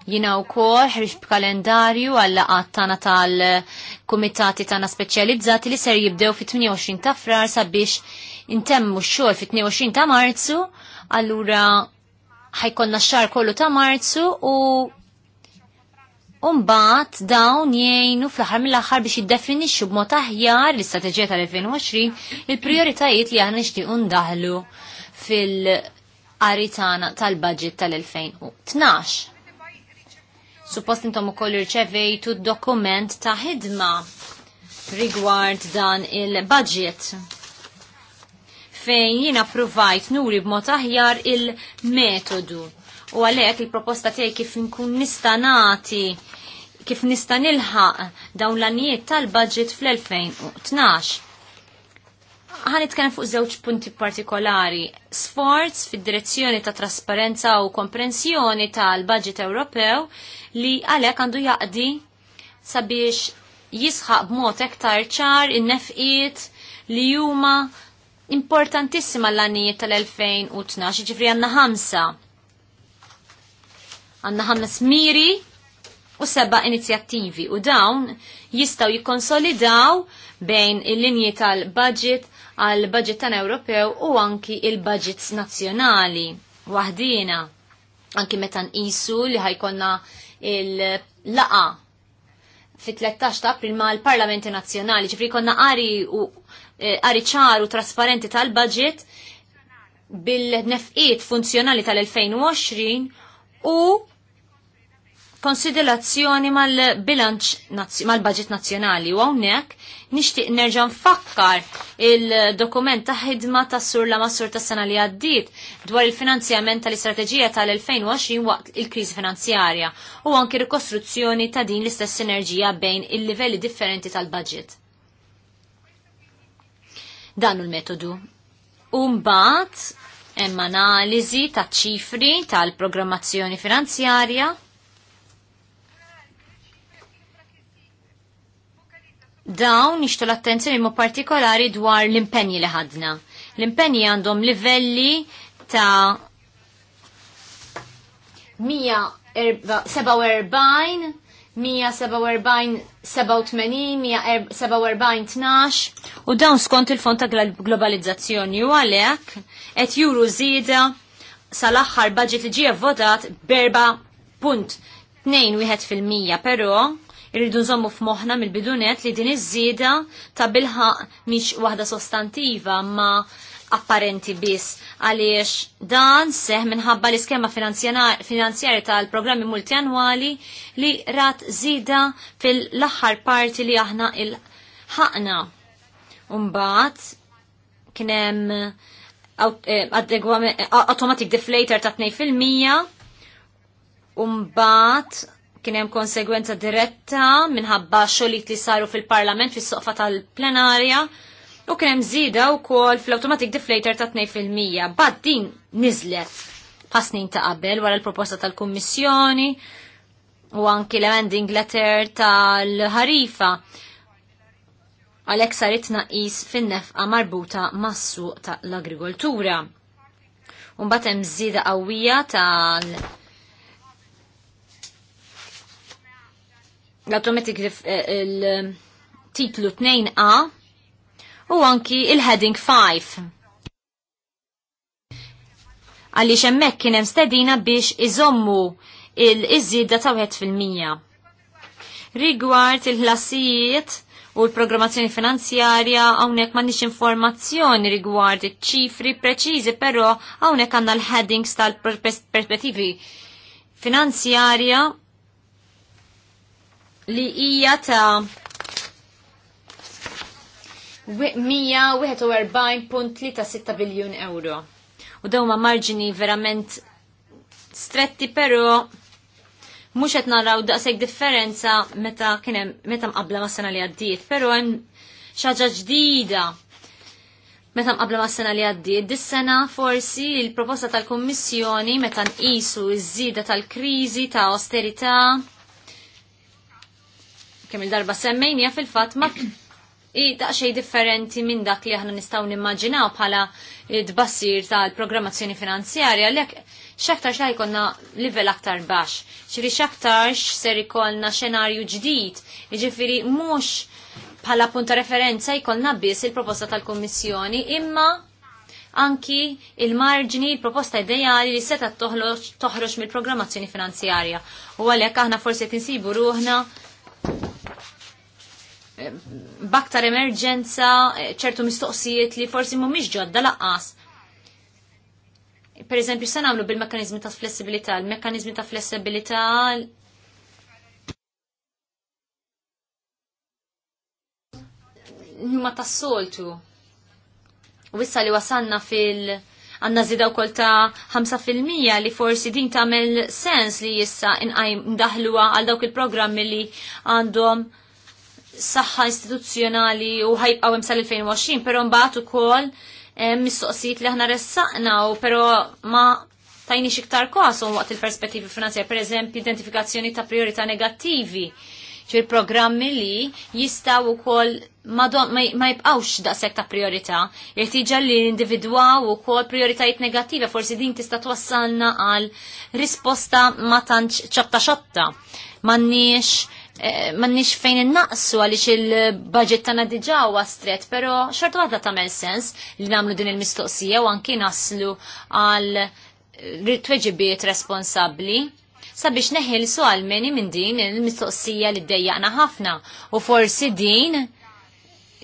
jina u kol ħriġ b'kalendarju għalla għattana tal-komitati tana speċjalizzati li ser jibdew fit-28 ta' frar sabiex intemmu xol fit-22 ta' marzu allura ħajkonna xar kollu ta' marzu u Umbat dawn jgħinu fl-ħar mill-ħar biex jiddefinixxu b'mod aħjar l-istrateġija tal-2020 il-prioritajiet li aħna nixtiequ ndaħlu fil-qari tal-budget tal-2012. Suppost intom ukoll irċevejtu d-dokument ta' ħidma rigward dan il-budget fejn jina provajt nuri b'mod aħjar il-metodu. U għalhekk il-proposta tiegħi kif nkun nista' nagħti kif nista' nilħaq dawn l-anijiet tal-budget fl-2012. Ħan nitkellem fuq żewġ punti partikolari. Sforz fid-direzzjoni ta' trasparenza u komprensjoni tal-budget Ewropew li għalhekk għandu jaqdi sabiex jisħaq b'mod ektar ċar in-nefqiet li huma importantissima l-għanijiet tal-2012, ġifri għanna ħamsa. Għanna ħames smiri u seba inizjattivi u dawn jistaw jikonsolidaw bejn il-linji tal-budget għal budget tan Ewropew u anki il-budgets nazzjonali waħdina. Anki meta nqisu li ħajkonna il-laqa fit-13 ta' april ma' l-Parlamenti Nazzjonali, ġifri konna qari u Eh, qariċar u trasparenti tal-budget bil-nefqiet funzjonali tal-2020 u konsiderazzjoni mal-bilanċ mal-budget nazzjonali u hawnhekk nixtieq nerġa' nfakkar il-dokument ta' ħidma ta' sur la massur ta' sena li għaddiet dwar il-finanzjament tal-istrateġija tal-2020 waqt il-kriżi finanzjarja u anki rikostruzzjoni ta' din l-istess sinerġija bejn il-livelli differenti tal-budget dan il-metodu. Umbat, hemm analiżi ta' ċifri tal-programmazzjoni finanzjarja. Dawn nixtu l-attenzjoni mu partikolari dwar l-impenji li ħadna. L-impenji għandhom livelli ta' 147 147-12 u dawn skont il-fond ta' globalizzazzjoni u għalek et juru zida sal-axħar budget li ġie votat b-4.21% pero irridu nżommu f'moħna mill-bidunet li din iż-żieda ta' bilħa miex waħda sostantiva ma' apparenti biss għaliex dan seħ minħabba l-iskema finanzjari tal-programmi multianwali li rat zida fil-laħħar parti li aħna il-ħaqna. Umbat kienem eh, automatic deflator ta' 2% umbat kienem konsegwenza diretta minħabba xolit li saru fil-parlament fis-soqfa tal-plenarja u kien hemm żieda wkoll fl-automatic deflator ta' 2%. Bad din niżlet pa' snin ta' qabel wara l-proposta tal-Kummissjoni u anki l-ending letter tal-ħarifa Għalhekk sarit naqis fin-nefqa marbuta mas-suq ta' l-agrikoltura. Unbat hemm żieda qawwija tal l-automatic l titlu 2A u anki il-heading 5. Għaliex hemmhekk kien hemm stedina biex iżommu il izzida ta' wieħed fil-mija. Rigward il-ħlasijiet u l-programmazzjoni finanzjarja hawnhekk m'għandniex informazzjoni rigward iċ-ċifri preċiżi, però hawnhekk għandna l-headings tal-perspettivi finanzjarja li hija ta' 141.36 biljun euro. U dawma marġini verament stretti, pero mux qed naraw daqshekk differenza meta kienem meta mqabbla mas sena li għaddiet, però hemm xi ħaġa ġdida. Meta mqabbla mas sena li għaddiet, dis-sena forsi l-proposta tal-Kummissjoni meta nqisu iż-żieda tal-kriżi ta' austerità kemm il-darba semmejnija fil-fatt ma daqxej differenti minn dak li aħna nistaw nimmaġinaw bħala id bassir tal-programmazzjoni finanzjarja li xaktar xaj konna livell aktar bax. ċiri xaktar ser jkonna xenarju ġdid, iġifiri mux bħala punta referenza jkollna biss il-proposta tal-Kommissjoni imma anki il-marġni, il-proposta ideali li seta toħroġ mill-programmazzjoni finanzjarja. U għalek aħna forsi tinsibu ruħna baktar emerġenza eh, ċertu mistoqsijiet li forsi mhumiex ġodda laqqas. Per eżempju, se nagħmlu bil-mekkanizmi ta' flessibilità, il mekkaniżmi ta' flessibilità ma ta' soltu. U issa li wasanna fil- għanna zida u kol ta' 5% li forsi din tamel sens li jissa in-għaj mdaħluwa għal dawk il-programmi li għandhom saħħa istituzzjonali u ħajbqaw hemm sal-2020, però mbagħad ukoll eh, mistoqsijiet li aħna ressaqna u però ma tajni xiktar kosom waqt il-perspettivi finanzjar, per eżempju, identifikazzjoni ta' priorità negattivi, ċir programmi li jistaw u kol ma, ma jibqawx daqsek ta' priorità, jirtiġa li individwaw u kol prioritajiet negattiva, forsi din tista' twassalna għal risposta ma tantx ċatta ċatta. Mannix Eh, mannix fejn innaqsu għaliex il-budget tagħna diġà huwa stret, però xorta waħda tagħmel sens li nagħmlu din il-mistoqsija u għanki naslu għal tweġibiet responsabbli sabiex neħilsu għal meni minn din il-mistoqsija li ddejjaqna ħafna u forsi din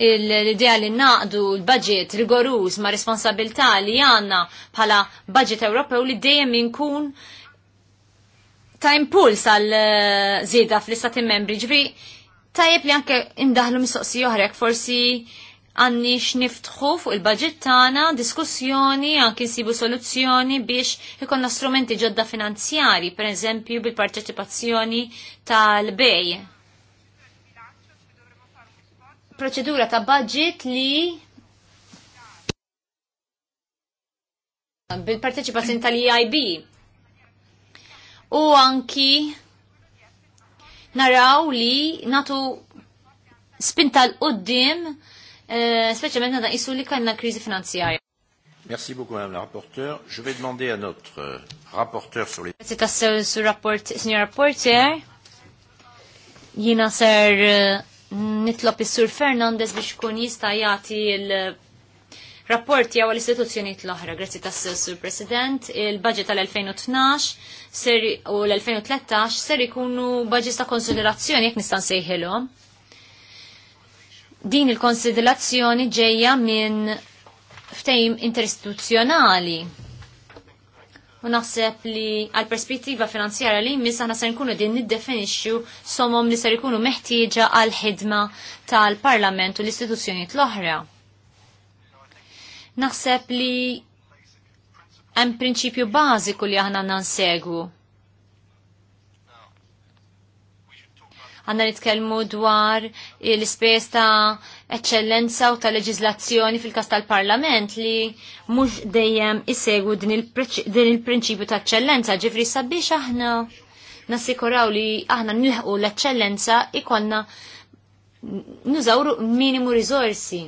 l-idea li naqdu l-budget rigorus ma' responsabilta li għanna bħala budget Ewropew li dejjem kun ta' impuls għal eh, zida fl-istati membri ta' tajjeb li anke mis-soqsi oħrek forsi għanni xniftħu fuq il-budget tagħna diskussjoni anke nsibu soluzzjoni biex ikonna strumenti ġodda finanzjari, per eżempju bil-parteċipazzjoni tal-bej. Proċedura ta' budget li bil-parteċipazzjoni tal-EIB u anki naraw li natu spinta l-qoddim, eh, speċjalment nada isu li kanna krizi finanzjarja. Merci beaucoup, Madame la rapporteure. Je vais demander à notre euh, rapporteur sur les... Grazie tassew su signor rapporteur. Jina ser uh, eh, sur Fernandez biex kun jista' jagħti l rapporti għaw l-istituzzjoniet l-oħra. Grazzi tas-Sur President, il-budget tal-2012 u l-2013 ser ikunu budget ta' konsiderazzjoni jek nistan sejħilhom. Din il-konsiderazzjoni ġejja minn ftejm interistituzzjonali u naħseb li għal perspettiva finanzjara li jmiss aħna se ikunu din niddefinixxu somom li ser ikunu meħtieġa għal ħidma tal-Parlament u l-istituzzjonijiet l-oħra. Naħseb li hemm prinċipju bażiku li aħna nansegwu. Għanna nitkellmu dwar l ispejs ta' eċċellenza u ta' leġizlazzjoni fil-kas tal-Parlament li mhux dejjem isegwu din il-prinċipju ta' eċċellenza, ġifri sabiex aħna nassikuraw li aħna nilħu l-eċċellenza ikonna nużawru minimu risorsi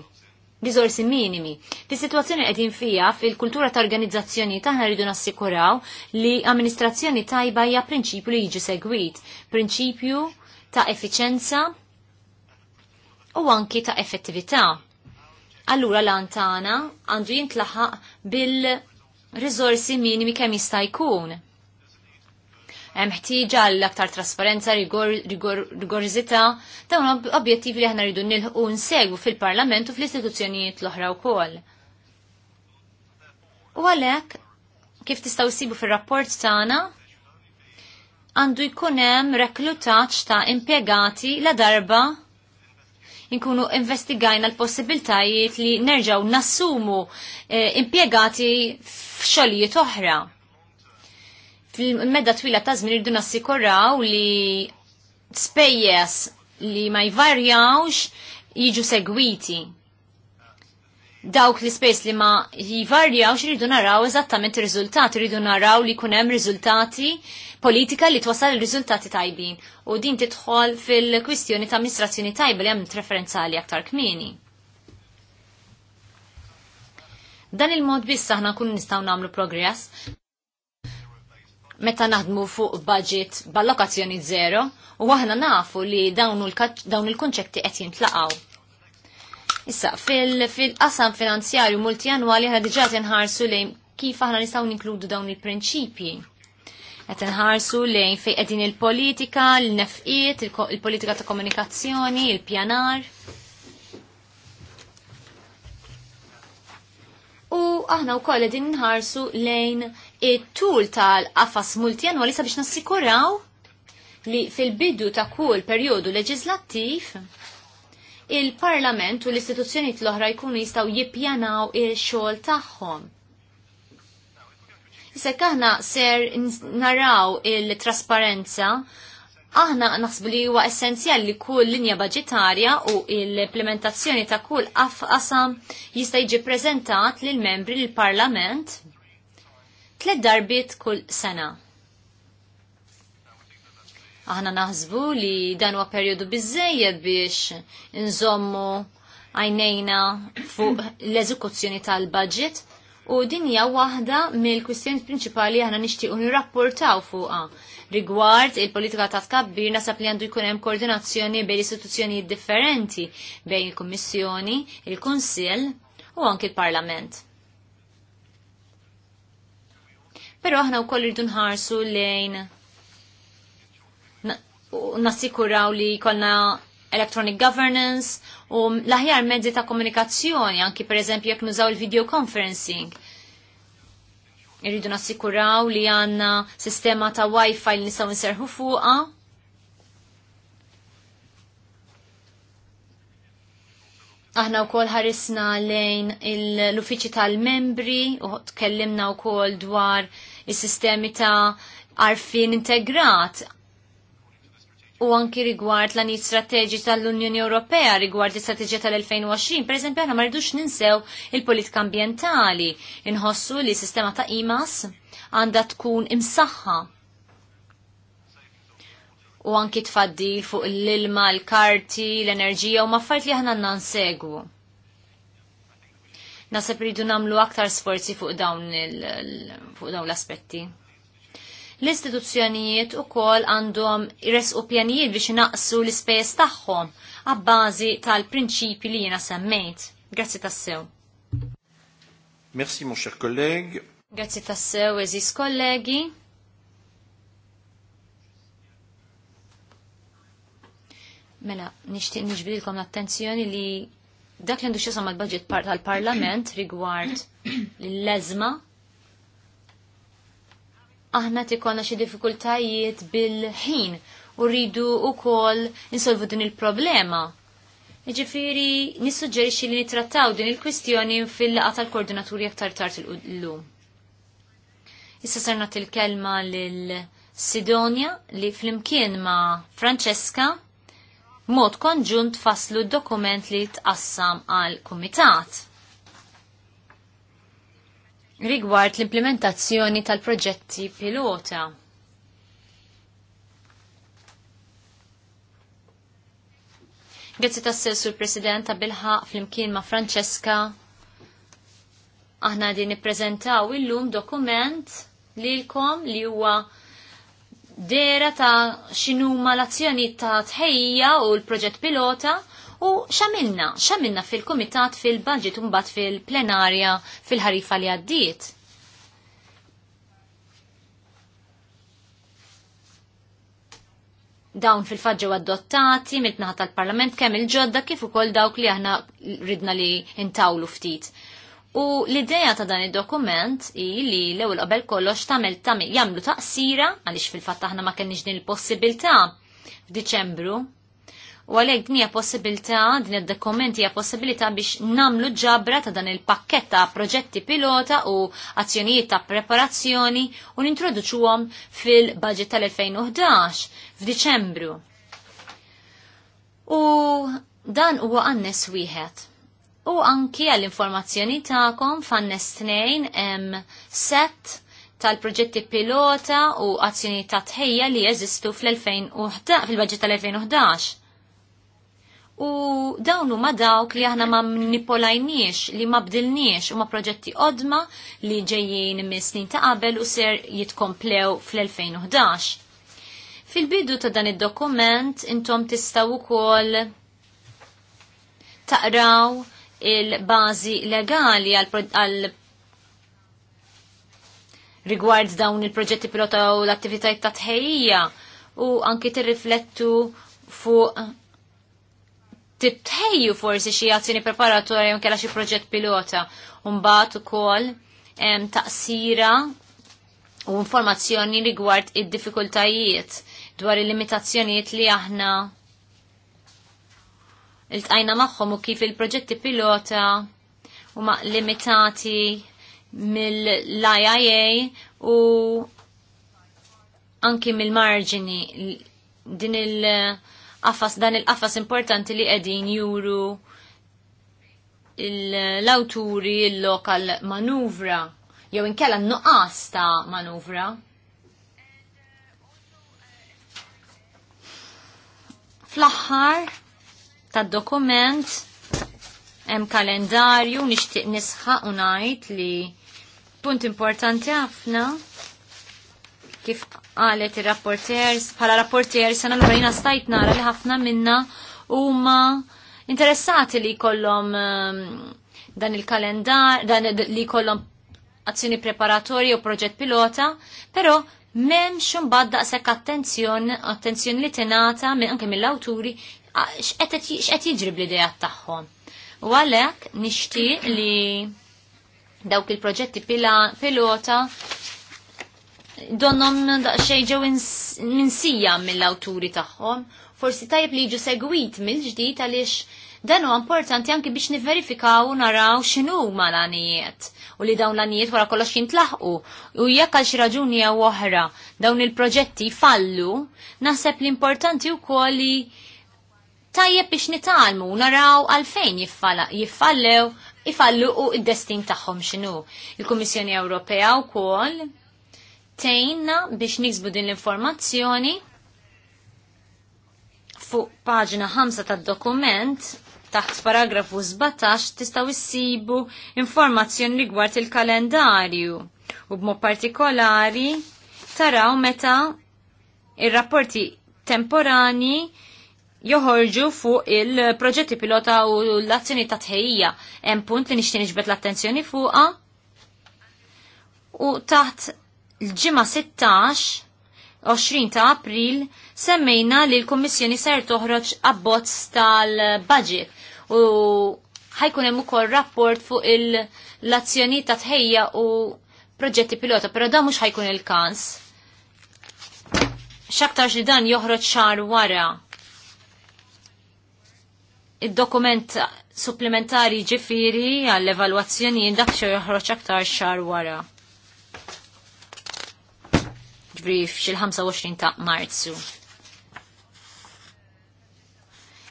riżorsi minimi. Di situazzjoni qegħdin fija fil-kultura ta' organizzazzjoni taħna rridu nassikuraw li amministrazzjoni tajba hija prinċipju li jiġi segwit, prinċipju ta' efficienza u anki ta' effettività. Allura l-antana għandu jintlaħaq bil-rizorsi minimi kemm jista' jkun hemm ħtieġa għall aktar trasparenza, rigorizita, dawn objettivi li aħna rridu nilħu nsegwu fil-Parlament u fl-istituzzjonijiet l-oħra wkoll. U għalhekk, kif tistgħu sibu fir-rapport tagħna, għandu jkun hemm reklutaġġ ta' impjegati la darba inkunu investigajna l-possibiltajiet li nerġaw nassumu eh, impiegati f'xogħlijiet oħra medda twila ta' żmien irridu nassikuraw li spejjeż li ma jvarjawx jiġu segwiti. Dawk li spejs li ma jivarjawx irridu naraw eżattament ir rizultat irridu naraw li kunem hemm riżultati politika li twasal ir-riżultati tajbin. U din tidħol fil-kwistjoni ta' amministrazzjoni tajba li hemm referenzali aktar kmieni. Dan il-mod biss aħna kun nistgħu nagħmlu progress meta naħdmu fuq budget ballokazzjoni zero u aħna nafu li dawn il-konċetti qed jintlaqgħu. Issa, fil-qasam fil finanzjarju multijanwali ħad diġà tinħarsu lejn kif aħna nistgħu ninkludu dawn il-prinċipji. Qed inħarsu lejn fejn qegħdin il-politika, l-nefqiet, il-politika ta' komunikazzjoni, il-pjanar. U aħna wkoll qegħdin inħarsu lejn it-tul tal-qafas multjanwali sabiex nassikuraw li fil-bidu ta' kull perjodu leġislattiv il-Parlament u l-istituzzjonijiet l-oħra jkunu jistgħu jippjanaw il-xogħol tagħhom. Issa aħna ser naraw il-trasparenza aħna naħsbu li huwa essenzjali li kull linja budgetarja u l-implementazzjoni ta' kull qasam jista' jiġi preżentat lill membri l-Parlament tlet darbit kull sena. Aħna naħsbu li dan huwa perjodu biżejjed biex nżommu għajnejna fuq l-eżekuzzjoni tal-budget u din hija waħda mill-kwistjoni prinċipali aħna nixtiequ nirrapportaw fuqha rigward il-politika ta' tkabbir nasab li għandu jkun hemm koordinazzjoni bejn istituzzjonijiet differenti bejn il-Kummissjoni, il-Kunsill u anke il-Parlament. Pero aħna wkoll irridu nħarsu lejn nassikuraw li kolna electronic governance u laħjar l-aħjar mezzi ta' komunikazzjoni, anki per eżempju jek nużaw il-video conferencing. Irridu nassikuraw li għanna sistema ta' wifi li nistaw nserħu fuqa. Aħna u koll ħarisna lejn l-uffiċi tal-membri u tkellimna u koll dwar is-sistemi ta' arfin integrat u anki rigward l anit strateġi tal-Unjoni Ewropea rigward l-istrateġija tal-2020, per eżempju, għana marridux ninsew il-politika ambientali, inħossu li sistema ta' IMAS għanda tkun imsaħħa u anki tfaddil fuq l-ilma, l-karti, l-enerġija u maffajt li ħana nansegwu. Nasab rridu namlu aktar sforzi fuq dawn, fuq dawn l-aspetti. L-istituzzjonijiet u kol għandhom res u pjanijiet biex naqsu l-ispejs tagħhom ab'bażi tal-prinċipi li jena semmejt. Grazzi tassew. Merci, mon cher collègue. Grazzi tassew, eżis kollegi. Mela, nishtiq nixbidilkom l-attenzjoni li dak li ndux jisam l budget tal-parlament rigward l-lezma aħna tikonna xi diffikultajiet bil-ħin u rridu u kol insolvu din il-problema. Iġifiri, nissuġġerixi li nitrattaw din il-kwistjoni fil-laqa tal-koordinaturi aktar tard l-lum. Issa sarnat il-kelma l Sidonia li fl-imkien ma' Francesca mod konġunt faslu dokument li tqassam għal kumitat. Rigward l-implementazzjoni tal-proġetti pilota. ta' s sessu l-President ta' bilħaq fl-imkien ma' Francesca aħna din nippreżentaw illum dokument lilkom li huwa dera ta' xinuma l-azzjoni ta' tħejja u l-proġett pilota u xamilna, xamilna fil-komitat fil-budget umbat fil-plenarja fil-ħarifa li għaddiet. Dawn fil-faġġew adottati mitnaħat tal-Parlament kemm il-ġodda kif ukoll dawk li aħna ridna li intawlu ftit. U l-ideja ta' dan id-dokument i li l-ewwel qabel kollox tagħmel tagħmel jagħmlu taqsira għaliex fil-fatt aħna ma kenniex din il-possibilità f'Diċembru. U għalhekk din hija possibilità, din id-dokument hija possibilità biex namlu ġabra ta' dan il-pakket ta' proġetti pilota u azzjonijiet ta' preparazzjoni u nintroduċuhom fil-budget tal-2011 f'Diċembru. U dan huwa għannes wieħed u anki għall-informazzjoni ta'kom fan-nestnejn hemm set tal-proġetti pilota u azzjoni ta' tħejja li jeżistu fl-2011 fil-budget tal-2011. U dawn huma dawk li aħna ma manipolajniex, li ma bdilniex huma proġetti qodma li ġejjin mis-snin ta' qabel u ser jitkomplew fl-2011. Fil-bidu ta' dan id-dokument intom tistgħu wkoll taqraw il-bazi legali għal rigward dawn il-proġetti pilota u l-attivitajiet ta' tħejja u anki tirriflettu fuq titħejju forsi xi azzjoni preparatorja jew kellha xi proġett pilota. Mbagħad ukoll taqsira u informazzjoni rigward id-diffikultajiet dwar il-limitazzjonijiet li aħna il-tajna maħħom u kif il-proġetti pilota u ma' limitati mill-IIA u anki mill-marġini din il affas dan il-qafas importanti li qegħdin juru l-awturi l il-lokal manuvra jew inkella nuqqas ta' manuvra. Fl-aħħar tad-dokument hemm kalendarju nixtieq nisħaq u ngħid li punt importanti ħafna kif qalet ir-rapporters bħala rapporters sena l jina stajt nara li ħafna minna huma interessati li kollhom ehm, dan il-kalendar, dan li kollhom azzjoni preparatorji u proġett pilota, però memx mbagħad daqshekk attenzjon, attenzjoni li tingħata anke mill-awturi x'qed jiġri bl idea tagħhom. U għalhekk nixtieq li dawk il-proġetti pilota donnom daqsxejn ġew minsija mill-awturi tagħhom, forsi tajjeb li jiġu segwit mill-ġdid għaliex dan huwa importanti anki biex niverifikaw naraw x'inhu ma l-għanijiet u li dawn l-għanijiet wara kollox jintlaħqu u jekk għal xi raġuni oħra dawn il-proġetti fallu, naħseb l-importanti wkoll li tajjeb biex nitalmu, naraw għalfejn jiffallew, jifallu u id-destin tagħhom x'inhu. Il-Kummissjoni Ewropea wkoll tejna biex niksbu din l-informazzjoni fuq paġna 5 tad-dokument taħt paragrafu 17 tistaw issibu informazzjoni rigward il-kalendarju u b'mod partikolari taraw meta ir-rapporti temporani joħorġu fuq il-proġetti pilota u l-azzjoni ta' tħejja. Hemm punt li nixtieq niġbed l-attenzjoni fuqha. U taħt l-ġimgħa 16 20 ta' April semmejna li l-Kummissjoni ser toħroġ abbozz tal-budget u ħajkun hemm ukoll rapport fuq l-azzjoni ta' tħejja u proġetti pilota, però dan mhux ħajkun il kans X'aktarx li dan joħroġ xar wara il dokument supplementari ġifiri għall-evalwazzjoni dak xo joħroġ aktar xar wara. Brief xil-25 ta' marzu.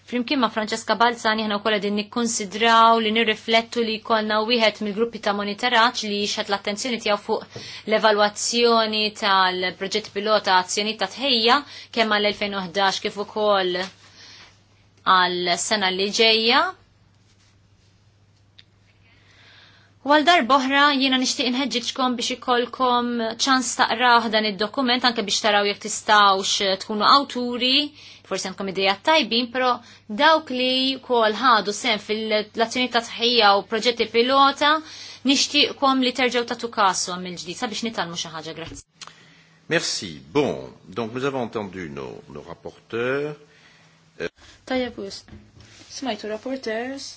Flimkien ma' Franceska Balzani ħna wkoll din nikkonsidraw li nirriflettu li jkollna wieħed mill-gruppi ta' monitoraġġ li xed l-attenzjoni tiegħu fuq l-evalwazzjoni tal-proġett pilota azzjoni ta' tħejja kemm għal 2011 kif ukoll għal sena li ġejja. Wal dar darboħra jiena nixtieq inħeġġitkom biex ikollkom ċans taqraħ dan id-dokument anke biex taraw jekk tistgħux tkunu awturi, forsi għandkom idea tajbin, però dawk li kol ħadu sen fil-azzjoni ta' tħija u proġetti pilota nixtieqkom li terġgħu tagħtu kasom mill ġdid sabiex nitalmu xi ħaġa grazzi. Merci. Bon, donc nous avons entendu nos, nos rapporteurs. Tajja us, Smajtu rapporters,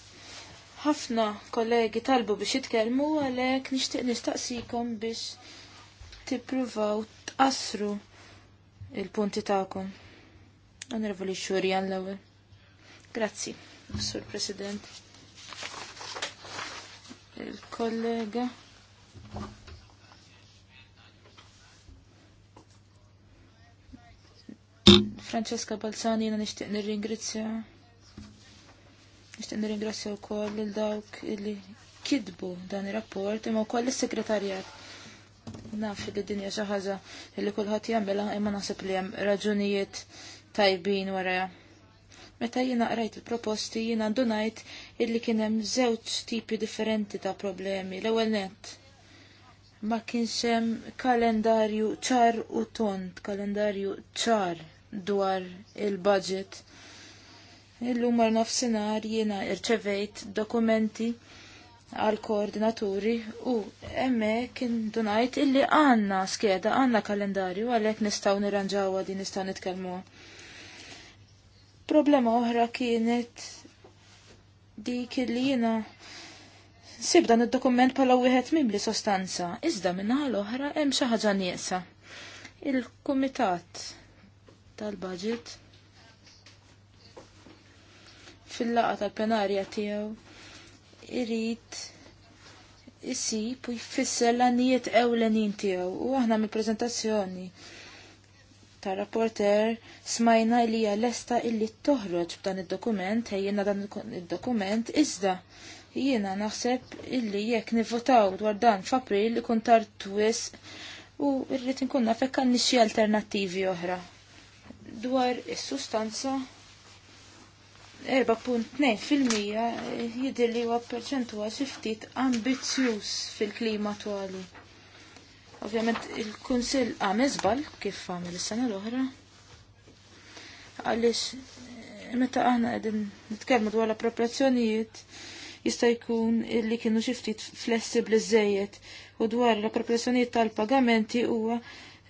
ħafna kollegi talbu biex jitkellmu għalhekk nixtieq nistaqsikom biex tippruvaw tqassru il-punti tagħkom. Onorevoli Xurjan l-ewwel. Grazzi, Sur President. Il-kollega Francesca Balzani jena nishtiq nir-ringrazzja. Nishtiq nir-ringrazzja u koll l-dawk li kidbu dan il-rapport imma u koll il-segretarjat. Naf li dinja xaħġa li kullħat jammela imma nasib li jem raġunijiet tajbin waraja. Meta jina qrajt il-proposti jina ndunajt illi kienem zewċ tipi differenti ta' problemi. L-ewel net ma kienx hemm kalendarju ċar u tont, kalendarju ċar dwar il-budget. Illum mar nofsinhar jiena irċevejt dokumenti għal koordinaturi u emme kien dunajt illi għanna skeda, għanna kalendarju għalek nistaw nirranġawa għadi nistaw nitkelmu. Problema oħra kienet dik illi jina sib dan dokument pala wieħed mimli sostanza, iżda minna l-oħra hemm xi ħaġa nieqsa. Il-kumitat tal-budget fil-laqa tal-plenarja tiegħu irid isib u jfisser l-għannijiet ewlenin tiegħu u aħna mill-preżentazzjoni ta' rapporter smajna li hija lesta illi toħroġ b'dan id-dokument, ejjena dan id-dokument, iżda jiena naħseb illi jekk nivvotaw dwar dan f'April ikun tard twis u rrid inkun nafek hekk alternattivi oħra dwar is-sustanza 4.2% jidir li huwa perċentwal xi ftit ambizzjuż fil-klima twali. Ovvjament il-Kunsill għamel żball kif għamel is-sena l-oħra. Għaliex eh, meta aħna qegħdin nitkellmu dwar l-appropriazzjonijiet jista' jkun li kienu xi ftit flessibbli żejjed u dwar l-appropriazzjonijiet tal-pagamenti huwa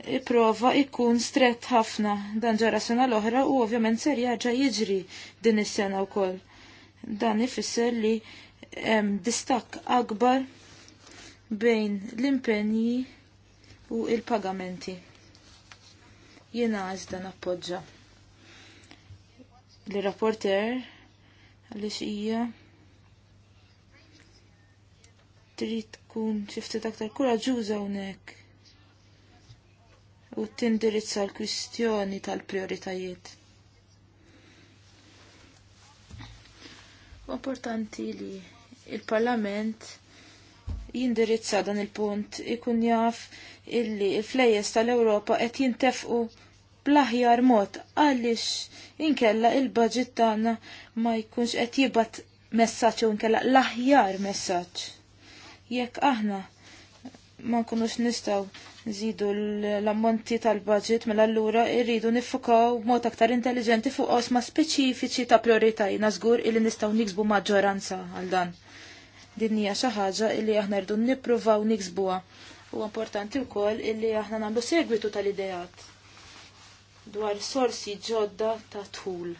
iprova ikun stret ħafna dan ġara sena l-oħra u ovvjament ser jaġa jiġri din is-sena wkoll. Dan ifisser li hemm distakk akbar bejn l-impenji u il-pagamenti. Jiena dan appoġġa. l rapporter għaliex hija trid tkun xi ftit aktar kuraġuża hawnhekk u tindirizza l-kwistjoni tal-prioritajiet. Importanti li il-Parlament jindirizza dan il-punt ikun jaf illi il-flejjes tal-Ewropa qed jintefqu bl-aħjar mod għaliex inkella il-budget tagħna ma jkunx qed jibgħat messaġġ u nkella l-aħjar messaġġ. Jekk aħna ma nkunux nistgħu nżidu l-ammonti tal-budget mela allura irridu nifukaw mod aktar intelligenti fuq osma speċifiċi ta' prioritajna żgur illi nistgħu niksbu maġġoranza għal dan. Din hija xi ħaġa illi aħna rridu nippruvaw niksbuha. U importanti wkoll illi aħna nagħmlu segwitu tal-ideat dwar sorsi ġodda ta' tul.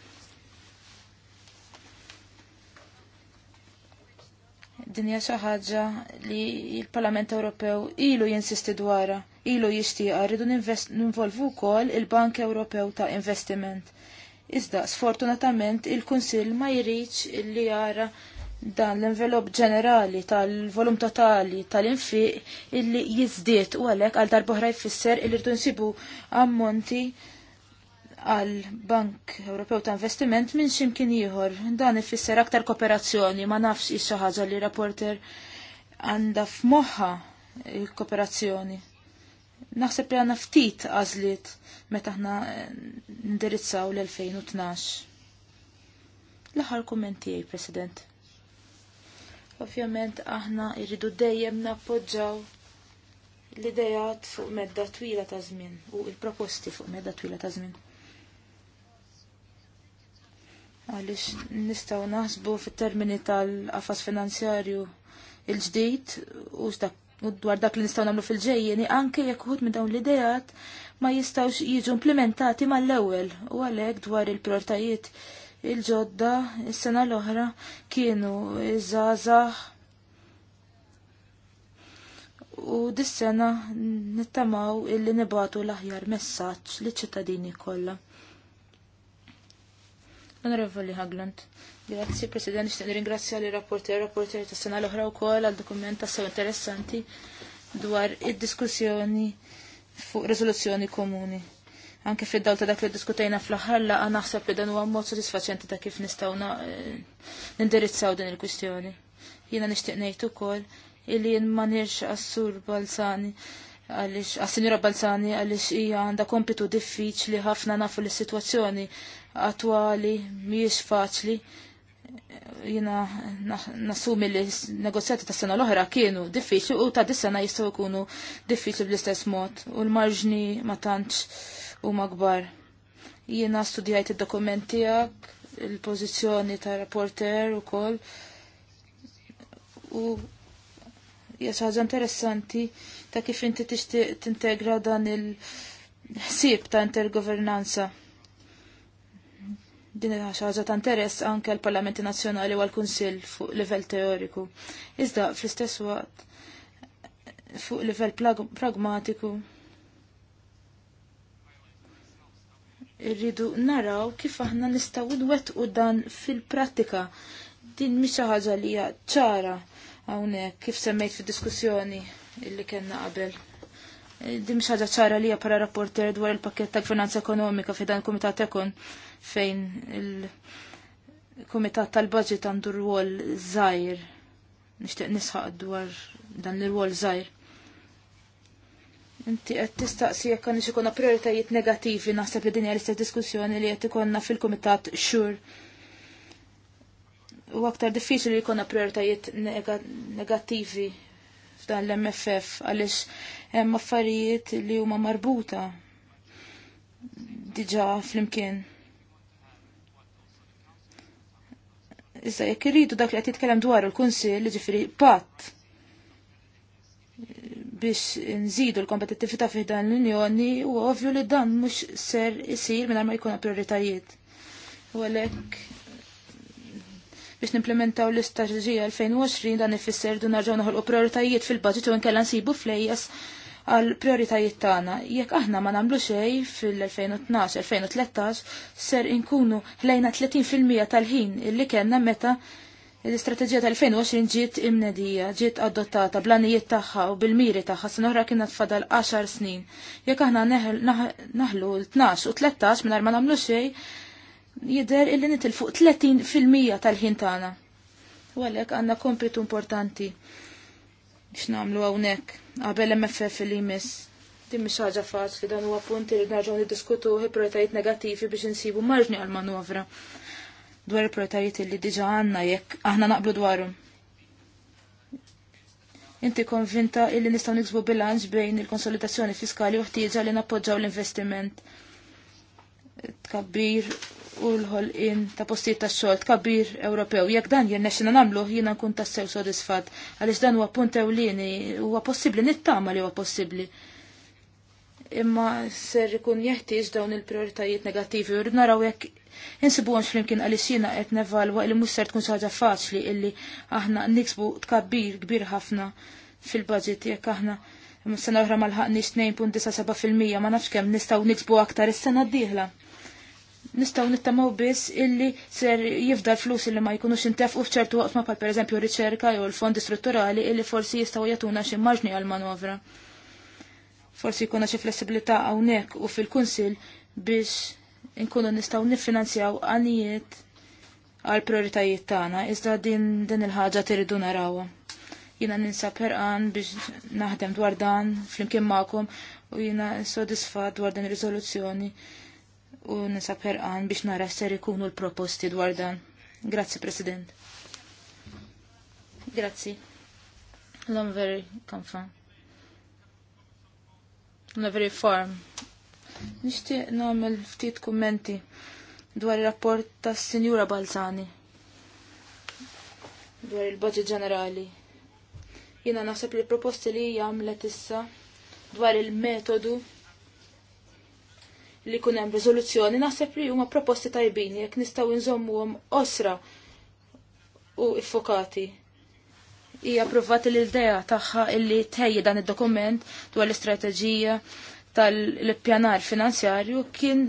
Din hija xi ħaġa li l-Parlament Ewropew ilu jinsisti dwarha ilu jistieqa rridu ninvolvu wkoll il-Bank Ewropew ta' Investiment. Iżda sfortunatament il-Kunsill ma jridx li jara dan l-envelop ġenerali tal-volum totali tal-infiq illi jizdiet u għalek għal darbohra jfisser illi rridu nsibu ammonti għal Bank Ewropew ta' Investiment minn ximkien ieħor. Dan ifisser aktar kooperazzjoni ma nafx ix ħaġa li rapporter għandha f'moħħa il-kooperazzjoni. Naħseb li għanna ftit għazliet meta ħna eh, ndirizzaw l-2012. L-aħħar kommenti għaj, President. Ovvjament aħna irridu dejjem nappoġġaw l-idejat fuq medda twila ta' żmien u il-proposti fuq medda twila ta' żmien. Għaliex nistgħu naħsbu fit-termini tal-qafas finanzjarju il-ġdid u dak u dwar dak li nistgħu nagħmlu fil-ġejjeni anke jekk uħud minn dawn l-idejat ma jistgħux jiġu implementati mal-ewwel u għalhekk dwar il-prioritajiet il-ġodda is-sena l-oħra kienu iż-żgħażagħ u dis-sena nittamaw illi nibatu l-aħjar messaġġ liċ ċittadini kollha. Onorevoli Hagland, Grazzi, President, nixtieq ringrazzja li rapporter, rapporter ta' sena l-oħra wkoll għal dokument tassew interessanti dwar id-diskussjoni fuq riżoluzzjoni komuni. Anke fid-dawl ta' dak li diskutejna fl-aħħar laqa naħseb li dan huwa mod sodisfaċjenti ta' kif nistgħu eh, nindirizzaw din il-kwistjoni. Jiena nixtieq ngħid ukoll illi ma nirx assur Balzani għalix, għas-sinjura Balzani għalix hija għanda kompitu diffiċli ħafna nafu l-situazzjoni attwali miex faċli jina nasumi li negozjati ta' sena l-oħra kienu diffiċli u ta' dis-sena jistaw kunu diffiċli bl-istess mod u l-marġni ma tantx u magbar. Jina studijajt id-dokumentijak, il-pozizjoni ta' rapporter u kol u jesħaġa interessanti ta' kif inti tixtieq tintegra dan il-ħsieb ta' intergovernanza din ħaġa ta' interess anke l-Parlamenti Nazzjonali u l-Kunsill fuq livell teoriku. Iżda fl-istess waqt fuq livell pragmatiku irridu naraw kif aħna nistgħu u dan fil-prattika. Din mhix xi ħaġa li hija ċara hawnhekk kif semmejt fid-diskussjoni illi kellna qabel. Din mhix ħaġa ċara li hija para rapporter dwar il-pakket tal-finanza ekonomika fi dan kumitat ekon fejn il-Kumitat tal-Budget għandu rwol żgħir. Nixtieq nisħaq dwar dan l-rwol żgħir. Inti qed tistaqsi jekk għandix ikolna prioritajiet negativi naħseb li din hija l-istess diskussjoni li qed ikollna fil-Kumitat xhur. U aktar diffiċli li jkollna prioritajiet negattivi f'dan l-MFF għaliex hemm affarijiet li huma marbuta diġà flimkien. Issa jekk irridu dak li qed jitkellem dwar il-kunsill ġifieri patt biex nżidu l-kompetittività fih dan l-Unjoni u ovvju li dan mhux ser isir mingħajr ma jkun prioritajiet. U għalhekk biex nimplementaw l-istraġija 2020 dan ifisser du narġgħu naħolqu prioritajiet fil-budget u nkella nsibu flejjes għal prioritajiet tagħna. Jekk aħna ma nagħmlu xejn fil-2012-2013 ser inkunu ħlejna 30% tal-ħin illi kellna meta l-istrateġija tal-2020 ġiet imnedija, ġiet adottata blanijiet tagħha u bil-miri tagħha se noħra kienet fadal 10 snin. Jekk aħna naħlu l-12 u 13 mingħajr ma nagħmlu xejn, jidher illi nitil fuq 30% tal-ħin tagħna. U għalhekk għandna kompitu importanti nagħmlu hawnhekk qabel MFF li jmiss. Din mhix ħaġa faċli dan huwa punti li nerġgħu niddiskutu prioritajiet negattivi biex insibu marġni għal manovra dwar il-prioritajiet li diġa għandna jekk aħna naqblu dwarhom. Inti konvinta illi nistgħu niksbu bilanċ bejn il-konsolidazzjoni fiskali u ħtieġa li nappoġġaw l-investiment tkabbir u l-ħolqin ta' postijiet ta' xogħol kabir Ewropew. Jekk dan jirnexxina nagħmlu jiena nkun tassew sodisfatt għaliex dan huwa punt ewlieni huwa possibbli nittama li huwa possibbli. Imma ser ikun jeħtieġ dawn il-prioritajiet negattivi u naraw jekk insibuhom flimkien għaliex jiena qed nevalwa li mhux ser tkun xi ħaġa faċli illi aħna niksbu tkabbir kbir ħafna fil-budget jekk aħna s-sena oħra malħaqni 2.97% ma nafx kemm nistgħu niksbu aktar is-sena d-dieħla nistaw nittamaw biss illi ser jifdal flus illi ma jkunux intef u fċertu waqt ma pal per eżempju riċerka jew l-fondi strutturali illi forsi jistaw jatuna xi marġni għal manovra. Forsi jkunna xi flessibilità hawnhekk u fil-kunsil biex inkunu nistaw niffinanzjaw għanijiet għal prioritajiet tagħna iżda din din il-ħaġa tiridu narawha. Jiena ninsab ħerqan biex naħdem dwar dan flimkien magħkom u jiena sodisfat dwar din ir-riżoluzzjoni u nisab ħerqan biex nara s ser ikunu l-proposti dwar dan. Grazzi, President. Grazzi. L-om veri kanfan. L-om veri farm. Nishtiq namel ftit kommenti dwar il-rapport tas Sinjura Balzani. Dwar il-budget ġenerali. Jina naħseb li proposti li jamlet issa dwar il-metodu li kunem hemm naħseb li huma proposti tajbin jekk nistgħu nżommuhom osra u iffokati. Hija provat li l-idea tagħha illi tejji dan id-dokument dwar l-istrateġija tal-pjanar finanzjarju kien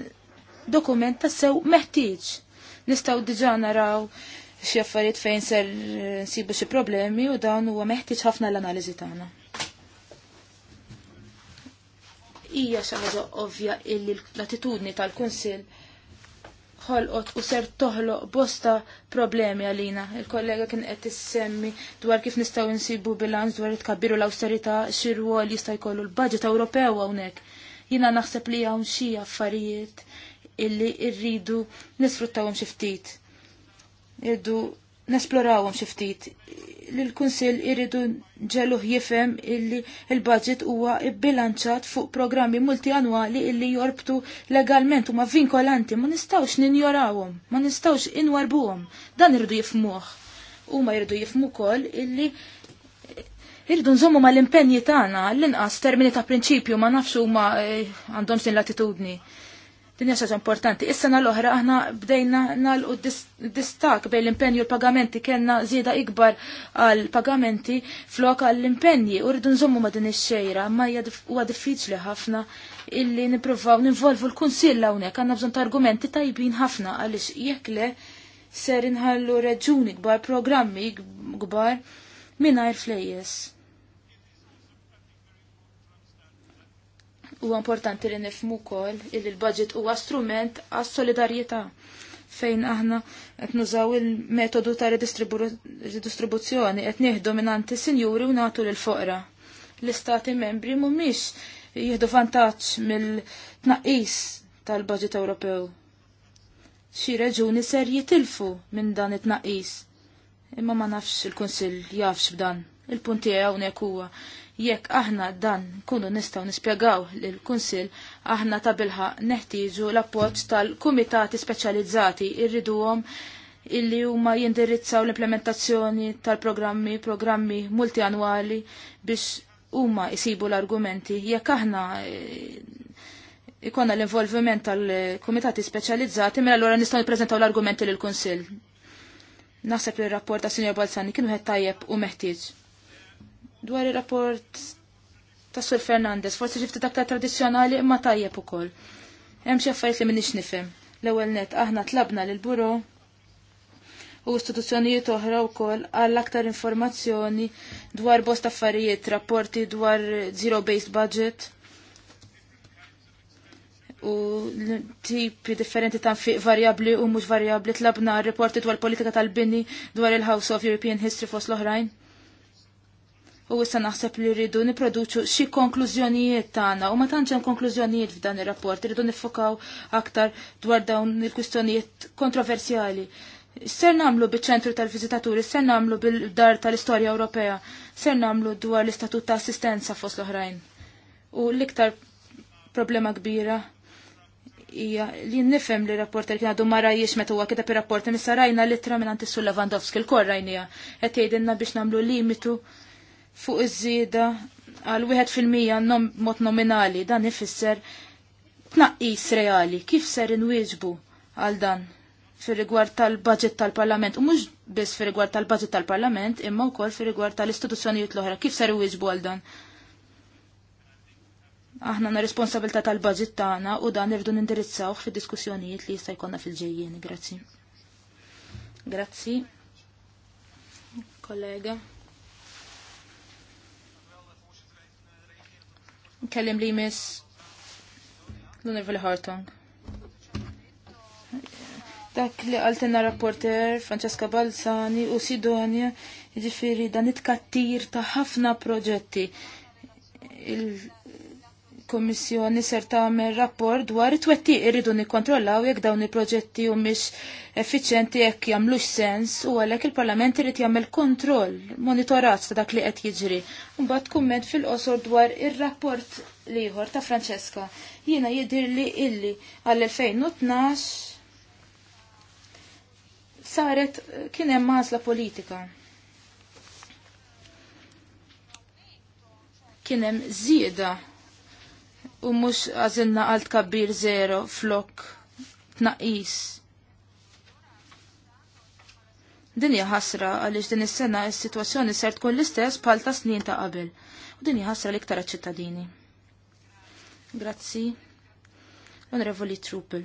dokument tassew meħtieġ. Nistgħu diġà naraw xi affarijiet fejn ser nsibu xi problemi u dan huwa meħtieġ ħafna l-analiżi tagħna. hija xi ħaġa ovvja illi l-attitudni tal-Kunsill ħolqot u ser toħloq bosta problemi għalina. Il-kollega kien qed issemmi dwar kif nistgħu nsibu bilanz dwar itkabbiru l-awsterità xi rwol jista' jkollu l-budget Ewropew hawnhekk. Jiena naħseb li hawn xi affarijiet illi rridu nisfruttawhom xi ftit. Irdu nesplorawhom xi ftit. L-Kunsill iridu ġeluh jifhem illi il-budget huwa bilanċat fuq programmi multianwali illi jorbtu legalment huma vinkolanti ma nistgħux ninjorawhom, ma nistgħux inwarbuhom. Dan irridu jifmuh. ma jridu jifmu wkoll illi Irridu nżommu ma l-impenji tagħna l-inqas termini ta' prinċipju ma nafx huma eh, għandhomx din l-attitudni. Din hija importanti. Is-sena l-oħra aħna bdejna nagħlqu distak bejn l-impenju l-pagamenti kellna żieda ikbar għal pagamenti flok għall impenji u rridu nżommu ma' din ix-xejra, ma huwa diffiċli ħafna illi nippruvaw ninvolvu l-kunsill hawnhekk għandna bżonn ta' argumenti tajbin ħafna għaliex jekk le ser inħallu reġuni kbar, programmi kbar mingħajr flejjes U importanti li nifmu kol il l budget huwa strument għas solidarjetà fejn aħna qed nużaw il-metodu ta' redistribuzzjoni qed nieħdu minn sinjuri u nagħtu lill foqra. L-istati membri mhumiex jieħdu vantaġġ mill-tnaqqis tal-budget Ewropew. Xi reġuni ser jitilfu minn dan it-tnaqqis. Imma ma nafx il-Kunsill jafx b'dan. Il-punti hawnhekk huwa Jekk aħna dan kunu nistaw nispjegaw lil kunsil aħna tabilħa bilħa neħtieġu l-appoġġ tal-kumitati speċjalizzati irriduhom illi huma jindirizzaw l-implementazzjoni tal-programmi, programmi multianwali biex huma jisibu l-argumenti jekk aħna eh, ikonna l-involviment tal kumitati speċjalizzati mela allura nistgħu nippreżentaw l-argumenti lil kunsill Naħseb li r-rapport ta' Sinjor Balzani kienu qed tajjeb u meħtieġ. Dwar il-rapport ta' Sur Fernandez, forsi ġifti ta' tradizjonali imma tajjeb ukoll. Hemm xi affarijiet li minix nifhem. L-ewwel net aħna tlabna lil buro u istituzzjonijiet oħra wkoll għall aktar informazzjoni dwar bost affarijiet, rapporti dwar zero-based budget u tipi differenti ta' fiq varjabli u mhux varjabli tlabna r dwar politika tal-bini dwar il-House of European History fost l-oħrajn U issa naħseb li rridu niproduċu xi konklużjonijiet tagħna u ma tantx hemm konklużjonijiet f'dan ir-rapport, irridu nifokaw aktar dwar dawn il-kwistjonijiet kontroversjali. Ser namlu biċ-ċentru tal-viżitaturi, ser namlu bil-dar tal-istorja Ewropea, ser namlu dwar l-istatut ta' assistenza fost l-oħrajn. U l-iktar problema kbira hija li nifhem li rapporter kien għadu mara jiex meta huwa kiteb ir-rapport issa rajna l-ittra minn antissu Lewandowski l korrajnija qed jgħidilna biex nagħmlu limitu fuq iż-żieda għal 1% nom mod nominali dan ifisser tnaqqis reali. Kif ser inwieġbu għal dan fir-rigward tal-budget tal-Parlament u mhux biss fir-rigward tal-budget tal-Parlament imma wkoll fir-rigward tal-istituzzjonijiet l-oħra. Kif ser inwieġbu għal dan? Aħna na responsabilità tal-budget tagħna u dan irdu nindirizzaw fid-diskussjonijiet li jista' jkollna fil-ġejjien. Grazzi. Grazzi. Kollega. Kellim li miss l-Univel Dak li għaltena rapporter Francesca Balzani u Sidonia ġifiri dan it-kattir ta' ħafna proġetti il-Kommissjoni ser tagħmel rapport dwar it twetti irridu nikkontrollaw jekk dawn il-proġetti u mhix effiċjenti jekk jagħmlux sens u għalhekk il-Parlament irid jagħmel kontroll, monitorat ta' dak li qed jiġri. Mbagħad kumment fil-qosor dwar ir-rapport liħor ta' Francesca. Jiena jidhirli illi għall-2012 saret kien hemm għażla politika. kien hemm żieda u mux għazinna għalt kabir zero flok tnaqis. Dinja ħasra għaliex din is-sena s-sitwazzjoni ser tkun l-istess bħal ta' snin ta' qabel u dinja ħasra l-iktar ċittadini. Grazzi. Onorevoli Trupel.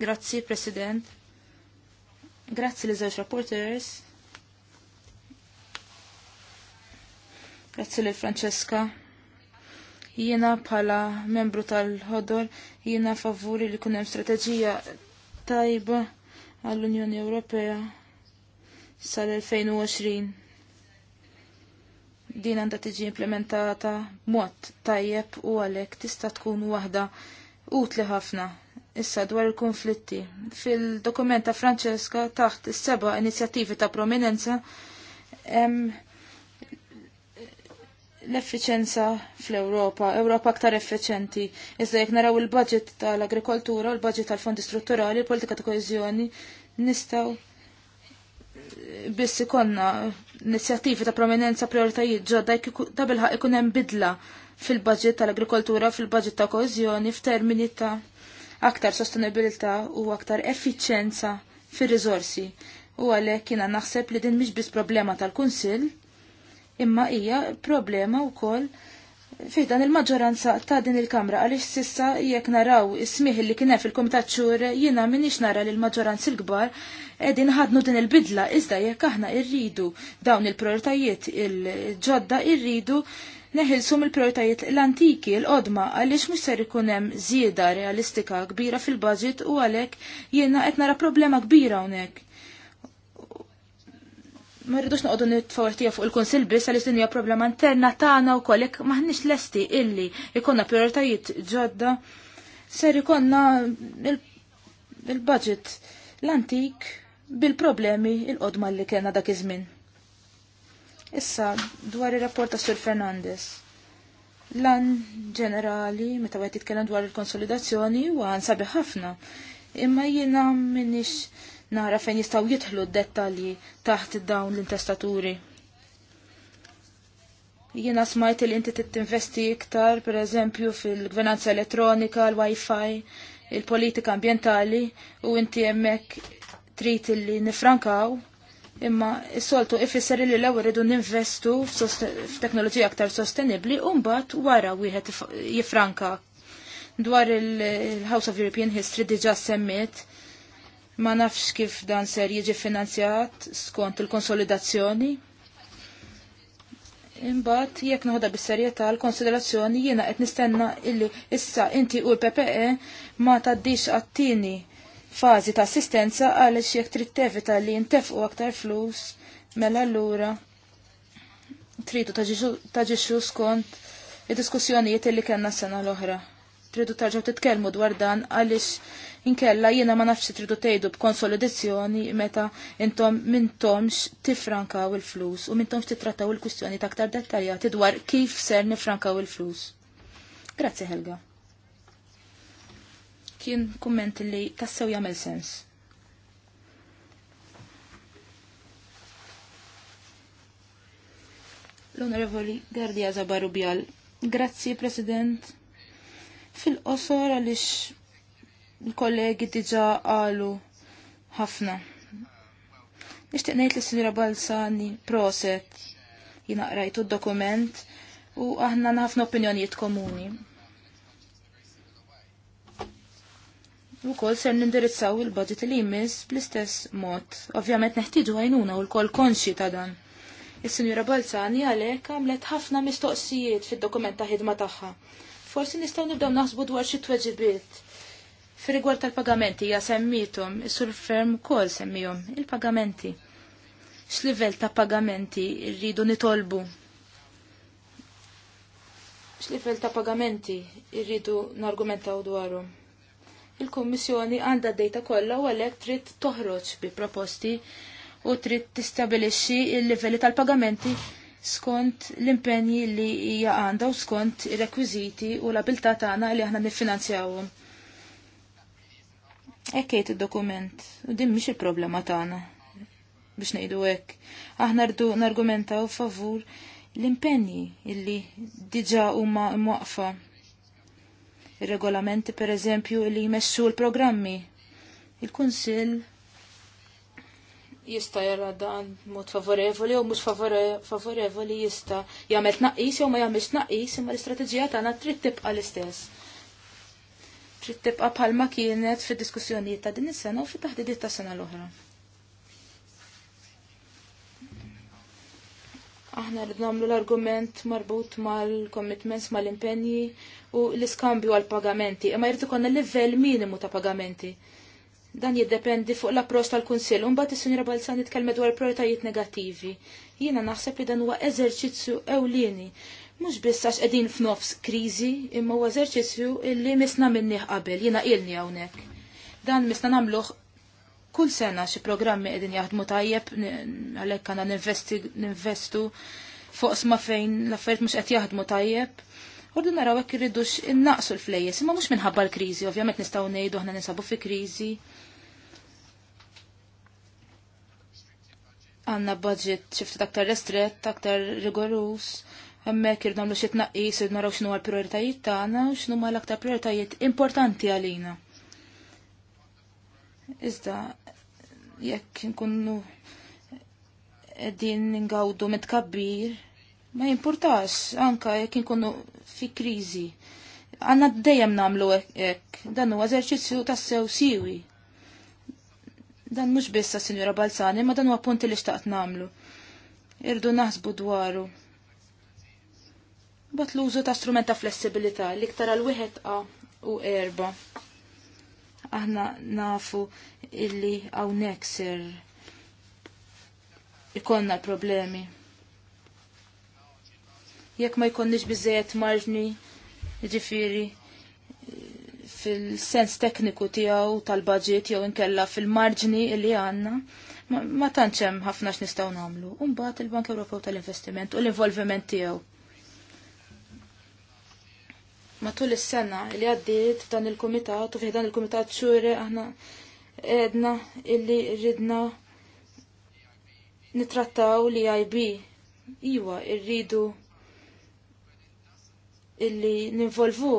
Grazzi, President. Grazzi li żewġ rapporters. Grazzi li Francesca Jiena bħala membru tal-ħodor jiena favuri li kunem strateġija tajba għall-Unjoni Ewropea sal-2020. Din għandha tiġi implementata mod tajjeb u għalhekk tista' tkun waħda utli ħafna issa dwar il-konflitti. Fil-dokumenta Franceska taħt is-seba' inizjattivi ta' prominenza hemm l-effiċenza fl-Europa, Europa aktar effiċenti. Iżda jek naraw il-budget tal-agrikoltura u l-budget tal-fondi strutturali, il-politika ta' koezjoni, nistaw biss ikonna inizjattivi ta' prominenza prioritajiet ġodda ta' bilħaq ikun hemm bidla fil-budget tal-agrikoltura, fil-budget ta' koezjoni, f'termini ta' aktar sostenibilità u aktar effiċenza fir rizorsi U għalhekk jiena naħseb li din mhix biss problema tal-Kunsill, imma hija problema wkoll fih dan il-maġġoranza ta' din il-Kamra għaliex sissa jekk naraw is-smieħ li kien hemm fil-Kumitat Xhur jiena miniex nara li l-maġġoranza l-kbar qegħdin ħadnu din il-bidla iżda jekk aħna rridu dawn il-prioritajiet il-ġodda irridu neħilsu mill-prioritajiet l-antiki l-qodma għaliex mhux ser ikun hemm żieda realistika kbira fil-baġit u għalhekk jiena qed nara problema kbira hawnhekk ma rridux noqogħdu nitfawrtija fuq il-Kunsill biss għaliex din hija problema interna tagħna wkoll jekk maħniex lesti illi ikonna prioritajiet ġodda ser ikonna il-budget l-antik bil-problemi il-qodma li kena dak iż-żmien. Issa dwar ir-rapport ta' Sur Fernandez. Lan ġenerali meta wieħed jitkellem dwar il-konsolidazzjoni huwa sabi ħafna. Imma jiena minix nara fejn jistgħu jidħlu d-dettalji taħt dawn l-intestaturi. Jiena smajt li inti tittinvesti iktar, per eżempju, fil-gvernanza elettronika, l-Wi-Fi, il-politika ambientali, u inti hemmhekk trit li nifrankaw imma s-soltu ifisser li l-ewwel rridu ninvestu f'teknoloġija aktar sostenibbli u mbagħad wara wieħed jifranka. Dwar il-House of European History diġa' semmiet Ma nafx kif dan ser jiġi finanzjat skont il-konsolidazzjoni. Imbagħad jekk noħda bis-serjetà l-konsiderazzjoni jiena qed nistenna illi issa inti u l-PPE ma taddix għattini fażi ta' assistenza għaliex jekk trid tevita li ntefqu aktar flus mela allura tridu taġixxu skont id-diskussjonijiet illi kellna s-sena l-oħra. Tridu tarġgħu titkellmu dwar dan għaliex inkella jiena ma nafx tridu tgħidu b'konsolidazzjoni meta intom mintomx tifrankaw il-flus u mintomx titrattaw il-kwistjoni taktar dettaljati dwar kif ser nifrankaw il-flus. Grazzi Helga. Kien kumment li tassew jagħmel sens. l-Onorevoli Gardia Zabarubjal. Grazzi, President. Fil-qosor għalix kollegi diġa għalu ħafna. Nishtiq ngħid li Sinjura Balsani proset jina għrajtu d-dokument u aħna ħafna opinjonijiet komuni. U kol ser nindirizzaw il-budget li jmiss bl-istess mod. Ovvjament neħtiġu għajnuna u l-kol konxi ta' dan. Is-Sinjura Balzani għalek għamlet ħafna mistoqsijiet fid-dokument ta' ħidma tagħha. Forsi nistgħu nibdew naħsbu dwar xi tweġibiet Fir-rigward tal-pagamenti ja semmitum, is-sur ferm ukoll semmihom il-pagamenti. X'livell ta' pagamenti rridu nitolbu? X'livell ta' pagamenti rridu nargumentaw dwarhom? il-Kommissjoni għandha d-dejta kollha u għalhekk trid toħroġ bi proposti u trid tistabilixxi l-livelli tal-pagamenti skont l-impenji li hija għandha u skont ir-rekwiżiti u l-abilità tagħna li aħna niffinanzjawhom. Ekkejt il-dokument, u din mish il-problema tagħna biex nejdu hekk. Aħna rdu nargumentaw favur l-impenji illi diġa huma mwaqfa. Ir-regolamenti per eżempju illi jmexxu l-programmi. Il-Kunsill jista' jara dan mod favorevoli u mhux favorevoli jista' jagħmel tnaqqis jew ma jagħmilx naqis imma l-istrateġija tagħna trid tibqa' l-istess trid tibqa' bħalma kienet fid-diskussjonijiet ta' din is-sena u fit-taħdidiet ta' sena l-oħra. Aħna rrid nagħmlu l-argument marbut mal-commitments mal-impenji u l-iskambju għal-pagamenti, imma jrid ikollna livell minimu ta' pagamenti. Dan jiddependi fuq l-approċċ tal-Kunsill, u mbagħad is-Sinjora Balzan tkellmet dwar prioritajiet negattivi. Jiena naħseb li dan huwa eżerċizzju ewlieni mux bissax edin f'nofs krizi imma u eżerċizzju illi misna minni qabel, jina ilni għawnek. Dan misna namluħ kull sena xi programmi edin jaħdmu tajjeb għalhekk għandna ninvestu fuq sma fejn l-affarijiet mhux qed jaħdmu tajjeb. Ordu naraw hekk irridux innaqsu l-flejjes, imma mhux minħabba l-kriżi, ovvjament nistgħu ngħidu aħna nisabu fi kriżi. Għandna budget xifti aktar restret, aktar rigorus Hemmhekk irid nagħmlu xi tnaqqis irid naraw x'inhu l-prijoritajiet tagħna u x'inhu l-aktar prioritajiet importanti għalina. Iżda jekk nkunu qegħdin ngawdu mitkabbir, ma jimpurtax anka jekk nkunu fi kriżi. Għanna dejjem namlu hekk, dan huwa eżerċizzju tassew siwi. Dan mhux biss Sinjura Balzani, ma dan huwa punti li xtaqt namlu. Irdu naħsbu dwaru Bat l-użu ta' strument ta' flessibilità l-iktar għal wieħed A u erba. Aħna nafu illi hawnhekk ser ikonna l-problemi. Jekk ma jkonniġ biżejjed marġni, ġifiri, fil-sens tekniku tiegħu tal-budget jew inkella fil-marġni li għandna, ma tantx hemm ħafna namlu. nagħmlu. il-Bank Ewropew tal-Investiment u l-involviment tiegħu matul is-sena li għaddiet f'dan il-kumitat u f'dan il-kumitat xuri aħna edna illi ridna nitrattaw li IB. Iwa, irridu illi ninvolvu.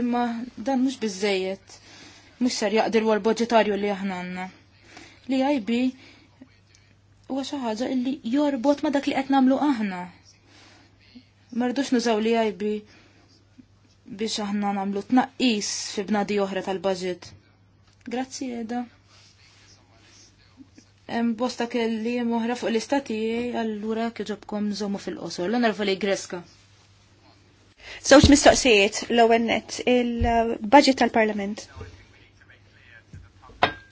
Imma dan mhux biżejjed, mhux ser jaqdir wal budgetarju li aħna għandna. Li IB huwa xi ħaġa illi jorbot ma dak li qed nagħmlu aħna. Mardux nużaw li għajbi biex aħna namlu tnaqqis fi bnadi oħra tal-budget. Grazzi Eda. Em bosta kelli oħra fuq l-istati allura kħiġobkom nżommu fil-qosor. L-onorfa li Greska. Żewġ mistoqsijiet l-ewwel il-budget tal-Parlament.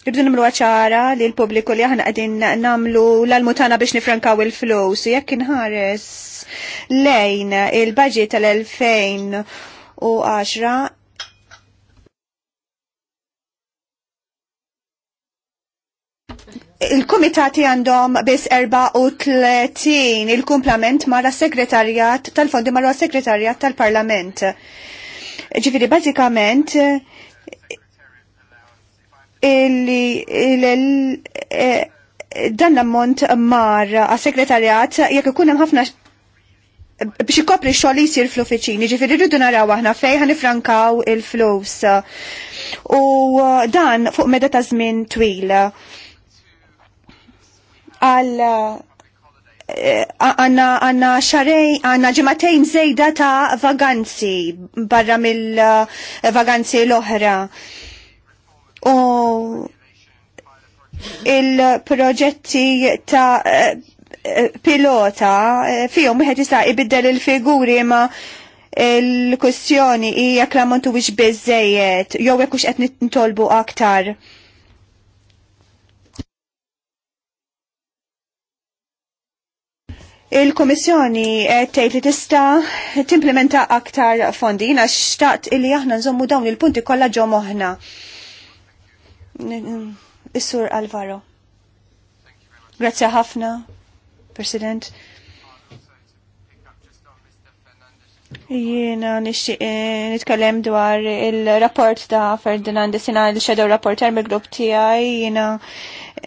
Irridu nimlu ċara li l-pubbliku li aħna qegħdin namlu l-almutana biex nifrankaw il-flus jekk inħares lejn il-budget tal-2010 Il-komitati għandhom bis 34 il-kumplament mara segretarjat tal-fondi mara segretarjat tal-parlament. Ġifiri, bazzikament, illi eh, dan l-ammont mar a segretarjat jekk ikun hemm ħafna biex ikopri xogħol li jsir fl-uffiċini, ġifieri rridu naraw aħna fejn ħanifrankaw il-flus. U dan fuq meda ta' żmien twil. Għal eh, għanna għanna xarej għanna ġematejn zejda ta' vaganzi barra mill-vaganzi eh, l-oħra u il-proġetti ta' eh, eh, pilota eh, fihom wieħed jista' ibiddel il-figuri ma' il-kwestjoni hija klamontu wix biżejjed jew hekk hux qed nitolbu aktar. Il-Komissjoni tgħid li tista' timplementa aktar fondi, xtaqt illi aħna nżommu dawn il-punti kollha ġo moħħna. Isur Alvaro. Grazie ħafna, President. Jiena nixtieq eh, nitkellem dwar il-rapport ta' Ferdinand Sina l-Shadow Rapporter mill-grupp tiegħi jiena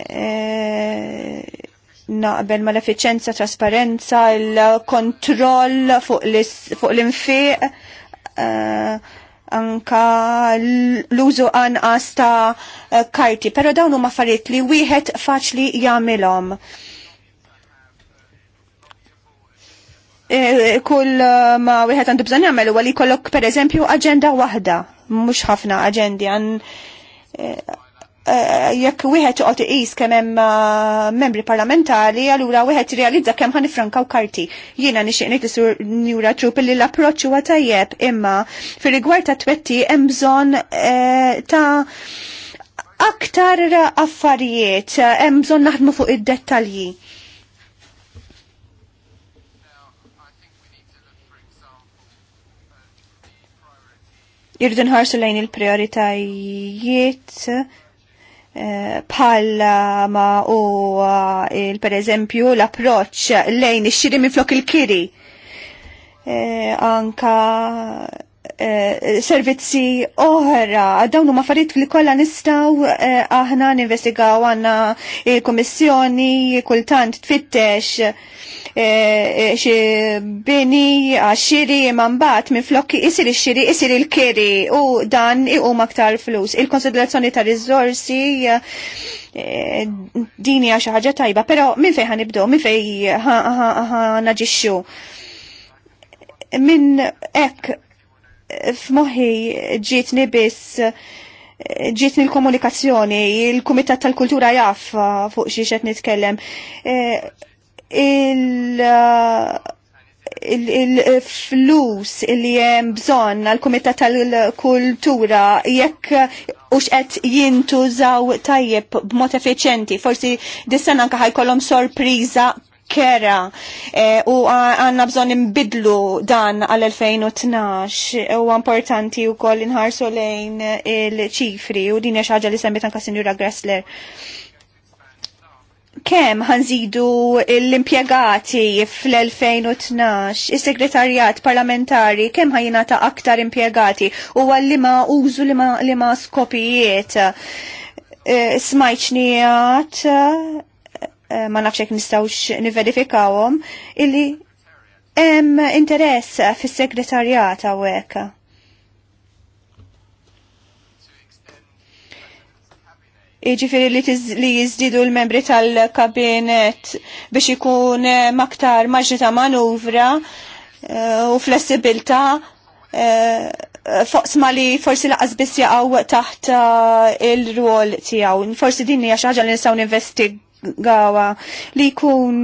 eh, naqbel ma l-effiċenza, trasparenza, il-kontroll fuq l-infiq eh, anka l-użu anqas ta' eh, karti, pero dawn huma farit li wieħed faċli jagħmelhom. Eh, kull eh, ma wieħed għandu bżonn jagħmel huwa li jkollok pereżempju aġenda waħda, mhux ħafna aġendi għan Eh, jekk wieħed toqgħod iqis kemm hemm eh, membri parlamentari, allura wieħed irrealizza kemm ħanifrankaw karti. Jiena nixtieq ngħid sur Njura Trup li l-approċċ huwa tajjeb, imma fir-rigward ta' twetti hemm bżonn eh, ta' aktar affarijiet, hemm bżonn naħdmu fuq id-dettalji. Irdu nħarsu lejn il-prioritajiet bħal ma u il per eżempju l-approċ lejn ix-xiri minn flok il-kiri. Eh, anka Eh, servizzi oħra, dawn huma affarijiet li kollha nistgħu eh, aħna ninvestigaw għandna il-kummissjoni eh, kultant tfittex xi bini għax-xiri imma mbagħad minn flokki isir ix-xiri isir il-kiri u dan huma aktar flus. Il-konsiderazzjoni ta' riżorsi dini għaxa ħaġa tajba, pero minn fej ħanibdu, minn fej ħanaġixxu. Minn ek f'moħħi ġietni biss ġietni l-komunikazzjoni, il-Kumitat tal-Kultura jaf fuq xi qed nitkellem. E, Il-flus li hemm bżonn għall-Kumitat tal-Kultura jekk u x'qed jintużaw tajjeb b'mod effiċjenti, forsi dis-sena anke ħajkollhom sorpriża kera eh, u għanna bżon imbidlu dan għal-2012 eh, u importanti u koll inħarsu lejn eh, il-ċifri u din xaġa li semmit anka Sinjura Gressler kem ħanżidu l-impiegati fl-2012, il-segretarjat parlamentari, kem ħajina ta' aktar impiegati u għalli ma' użu li ma', skopijiet. smajċnijat Eh, ma nafxek nistawx niverifikawhom illi hemm interess fis-segretarjat għaweka. Iġifiri li, li jizdidu l-membri tal-kabinet biex ikun eh, maktar maġni ta' manuvra eh, u flessibilta fuq li forsi laqas biss jaqgħu taħt il-rol tiegħu. Forsi din hija xi ħaġa li nistgħu investig gawa li jkun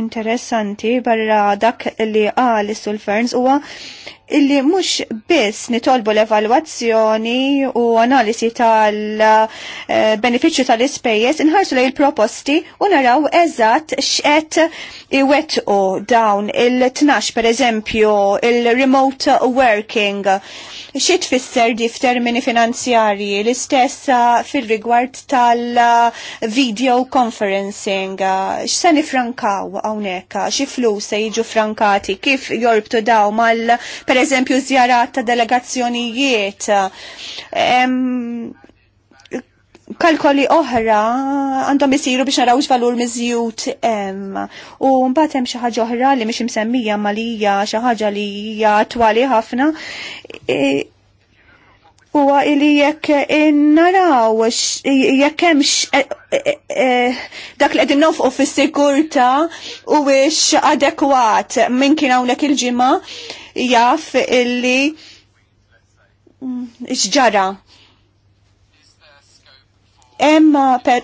interessanti barra dak li qal is-sulferns huwa illi mhux biss nitolbu l-evalwazzjoni u analisi tal-benefiċċju eh, tal-ispejjeż inħarsu lejn il-proposti u naraw eżatt x'qed iwettqu dawn il-12 pereżempju il-remote working xi fisser di f'termini finanzjarji l-istess eh, fil-rigward tal-video conferencing x'se nifrankaw hawnhekk xi flus se jiġu frankati kif jorbtu daw mal per eżempju zjarat ta' delegazzjonijiet, kalkoli oħra għandhom isiru biex narawx valur miżjut hemm. U mbagħad hemm xi ħaġa oħra li mhix msemmija malija hija xi ħaġa li hija twali ħafna. E, huwa li jekk innaraw jekk hemmx e- e- e- dak li qegħdin nofqu fis-sigurtà huwiex adekwat minn kien hawnhekk il-ġimgħa jaf illi mm, x'ġara. Emma per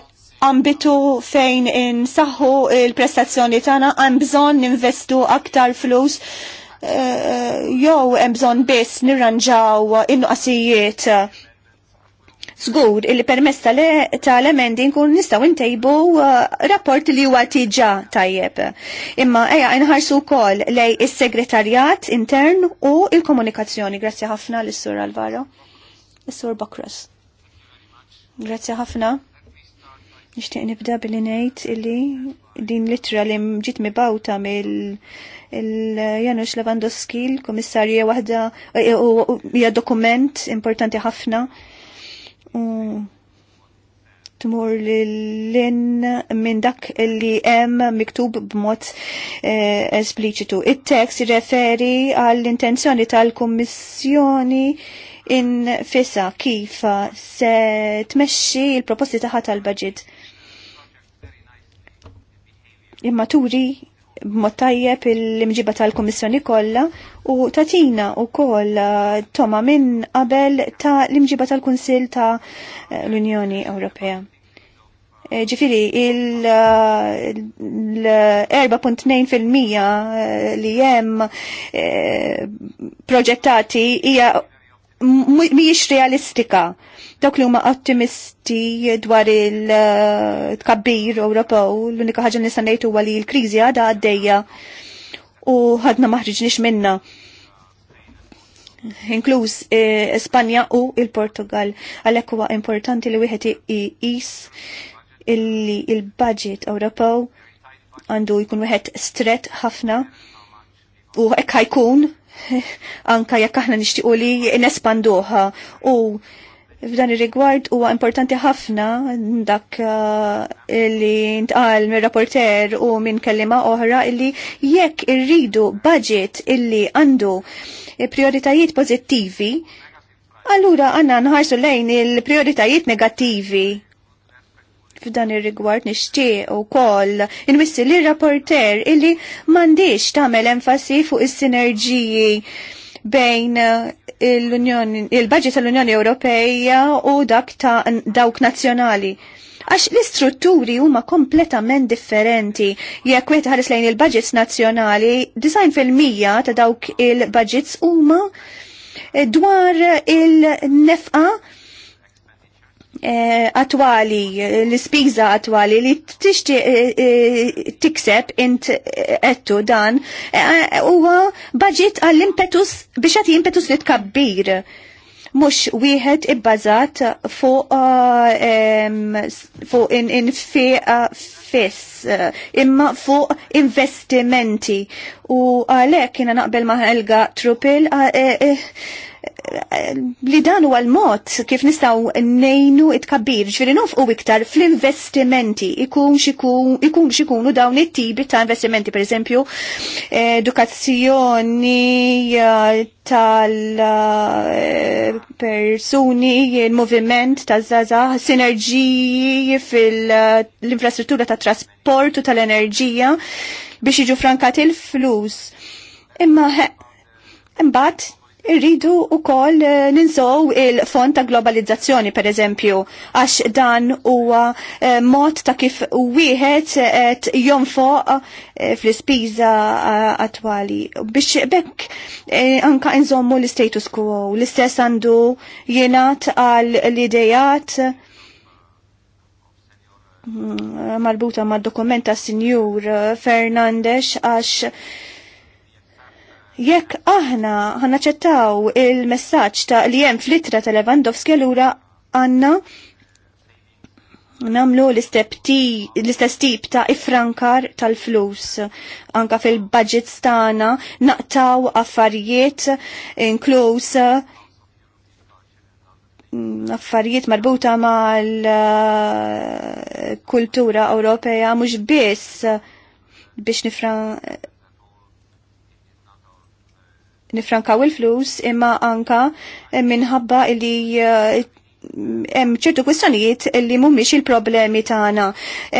ambitu fejn insaħħu il-prestazzjoni tagħna hemm bżonn ninvestu aktar flus Eh, eh, jew hemm bżonn biss nirranġaw in-nuqqasijiet Zgur, illi permess tal-emendi nkun nistaw intejbu eh, rapport li huwa tiġa tajjeb. Imma eja inħarsu kol lej is-segretarjat intern u il-komunikazzjoni. Grazzi ħafna l-Sur Alvaro. L-Sur Bakros. Grazzi ħafna. Nishtiq nibda billi ngħid illi din litra li mġit mibawta mill Janusz Lewandowski, l-komissarja waħda, eh, hija dokument importanti ħafna. Tmur l-lin minn dak li hemm miktub b'mod eh, espliċitu. It-tekst referi għall-intenzjoni tal-Kummissjoni in fissa kif se tmexxi l proposti taħat tal-budget imma turi b'mod tajjeb il-imġiba tal-Komissjoni kollha u tatina u koll eh, toma minn qabel ta' l-imġiba tal-Kunsil ta' l-Unjoni Ewropea. Eh, ġifiri, il-4.2% eh, li jem proġettati hija mhijiex realistika Dawk li huma ottimisti dwar il-tkabbir eh, Ewropew, l-unika ħaġa li sanejtu huwa li l-kriżi għadha għaddejja u ħadna maħriġniex minna inkluż eh, Espanja u il-Portugal. Għalhekk huwa importanti li wieħed iqis illi il-budget Ewropew għandu jkun wieħed stret ħafna u hekk ħajkun anka jekk aħna nixtiequ li nespanduha u F'dan ir-rigward huwa importanti ħafna dak uh, li ntqal mir rapporter u minn kellima oħra illi jekk irridu budget illi għandu prioritajiet pożittivi, allura għanna nħarsu lejn il-prioritajiet negattivi. F'dan ir-rigward nixtieq ukoll inwissi li rapporter illi m'għandix tagħmel enfasi fuq is-sinerġiji bejn eh, il-budget il tal-Unjoni Ewropeja u dak ta' dawk nazzjonali għax l-istrutturi huma kompletament differenti. Jekk wieħed ħares lejn il-budgets nazzjonali, design fil-mija ta' dawk il-budgets huma eh, dwar il-nefqa Eh, attwali, l-spiża attwali li tixti eh, eh, tikseb int ettu dan huwa budget għall-impetus biex għati impetus li tkabbir mux wieħed ibbażat fuq fuq in fiss imma fuq investimenti u għalhekk jina naqbel ma' Trupil li dan huwa l-mod kif nistgħu nejnu it-kabbir, ġifieri u iktar fl-investimenti, ikun xikunu dawn it-tibi ta' investimenti, pereżempju edukazzjoni eh, tal-persuni, eh, il-moviment ta' zaza, sinerġiji fil-infrastruttura ta' trasport u tal-enerġija biex jiġu frankat il-flus. Imma imbagħad irridu u koll eh, ninsow il-fond ta' globalizzazzjoni, per eżempju, għax dan huwa eh, mod ta' kif wieħed et eh, jonfoq fl-ispiża attwali. Biex bekk anka nżommu l-status quo, l-istess għandu jenat għal l-idejat mm, marbuta ma' dokumenta Sinjur Fernandez għax Jekk aħna ħanaċċettaw il-messaġġ ta' li hemm fl-ittra ta' Lewandowski allura għandna namlu l-istess tip ta' ifrankar tal-flus. Anka fil-budget stana naqtaw affarijiet inkluż mm, affarijiet marbuta mal eh, kultura Ewropea mhux biss biex nifran nifrankaw il-flus imma anka minħabba li eh, hemm ċertu kwistjonijiet li mhumiex il-problemi tagħna.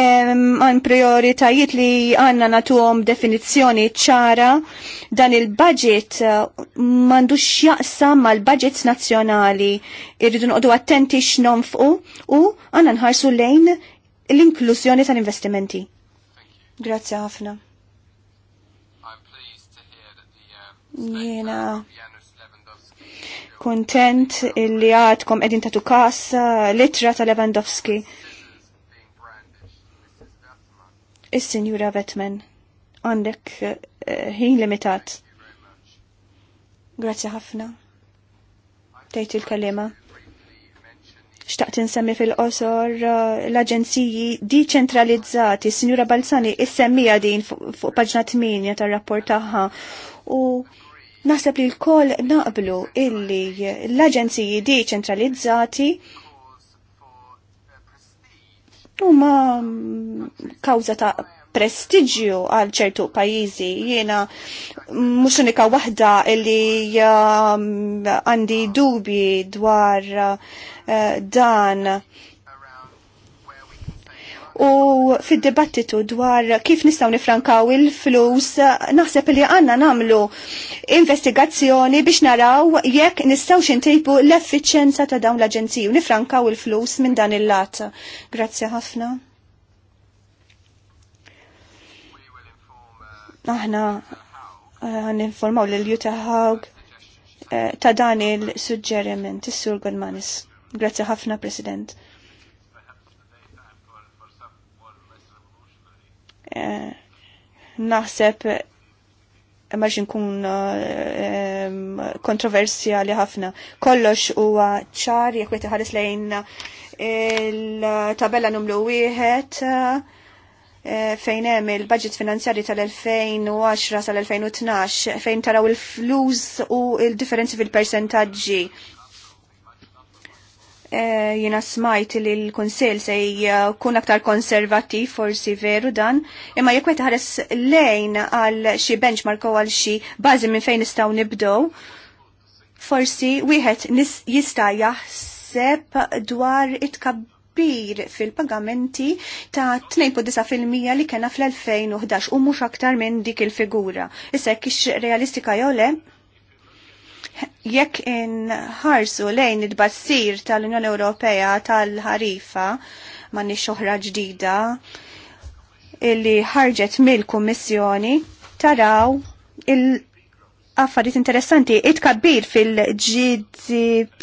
Għan prioritajiet li għandna nagħtuhom definizzjoni ċara dan il-budget eh, m'għandux jaqsam mal-budgets nazzjonali. Irridu noqogħdu attenti x'nonfqu u għandna nħarsu lejn l-inklużjoni tal-investimenti. Grazzi ħafna. Jena kontent illi għadkom edin tatu kas uh, litra ta' Lewandowski. Is-Sinjura Vetman, għandek uh, ħin limitat. Grazzi ħafna. Tejt il-kalima. Xtaqt insemmi fil-qosor uh, l-aġenziji deċentralizzati. Sinjura Balzani, is-semmija din fuq paġna 8 tar-rapport tagħha. U Naħseb li l-koll naqblu illi l-aġenziji u huma kawza ta' prestiġju għal ċertu pajjiżi. Jiena mhux unika waħda li um, għandi dubi dwar uh, dan u fid-dibattitu dwar kif nistaw nifrankaw il-flus naħseb li għanna namlu investigazzjoni biex naraw jekk nistaw xintejbu l-effiċenza ta' dawn l-aġenziju nifrankaw il-flus minn dan il-lat. Grazzi ħafna. Aħna eh, informaw l-Juta Hawg eh, ta' dan il-suġġeriment, il-Sur Godmanis. Grazzi ħafna, President. Eh, naħseb maġin kun li ħafna. Kollox huwa ċar jekk qed ħares lejn il-tabella numru wieħed eh, fejn hemm il-budget finanzjari tal-2010 sal-2012 fejn taraw il-flus u il-differenzi fil-persentaġġi Eh, jina smajt li l-Konsil se jkun aktar konservativ forsi veru dan, imma jekk meta ħares lejn għal xi benchmark u għal xi bażi minn fejn nistgħu nibdew, forsi wieħed jista' jaħseb dwar it-kabbir fil-pagamenti ta' 2.9% li kena fl-2011 u mhux aktar minn dik il-figura. Issa kix realistika jew le? jekk inħarsu lejn id-bassir tal-Unjoni Ewropea tal-ħarifa manni oħra ġdida illi ħarġet mill-Kummissjoni taraw il- affarijiet interessanti, it-kabbir fil-GDP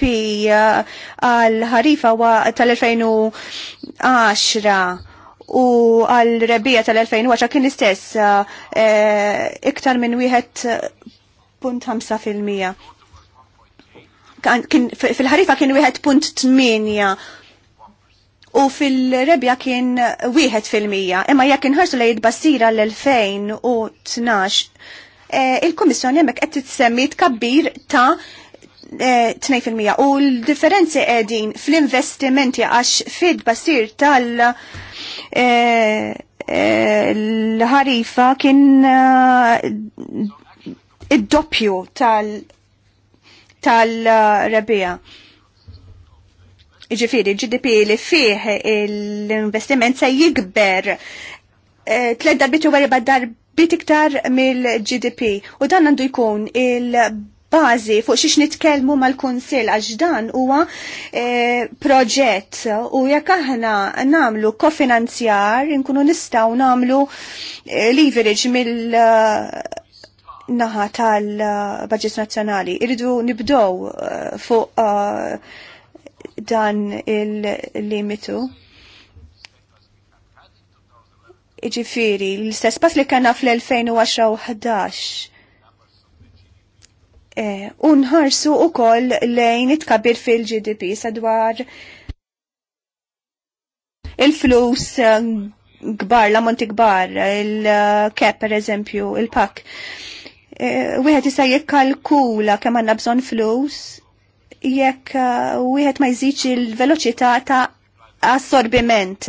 uh, għal-ħarifa tal-2010 u għal-rebija tal-2010 kien istess uh, eh, iktar minn 1.5% fil-ħarifa kien wieħed punt 1.8 u fil-rebja kien wieħed fil-mija. Imma jekk inħarsu lejn bassira l-2012, eh, il-Kummissjoni hemmhekk qed titsemmi tkabbir ta' 2% eh, u l-differenzi qegħdin fl-investimenti għax fid basir tal eh, l-ħarifa kien id-doppju tal- tal-rebija. Ġifiri, GDP li fih l-investiment se jikber eh, tled darbit u erba darbit iktar mill-GDP. U dan għandu jkun il-bazi fuq xiex nitkellmu mal konsil għax dan huwa eh, proġett u jekk aħna namlu kofinanzjar nkunu nistgħu namlu eh, leverage mill- naħa tal baġġet Nazzjonali. Irridu nibdow uh, fuq uh, dan il-limitu. Iġifiri, l-istess pass li kena fl 2011 eh, unħarsu u koll lejn itkabir fil-GDP sadwar il-flus eh, gbar, la monti gbar, il-kep per eżempju, il-pak. il kep per eżempju il pak Eh, wieħed jista' jikkalkula kemm għandna bżonn flus jekk eh, wieħed ma jżidx il-veloċità ta' assorbiment.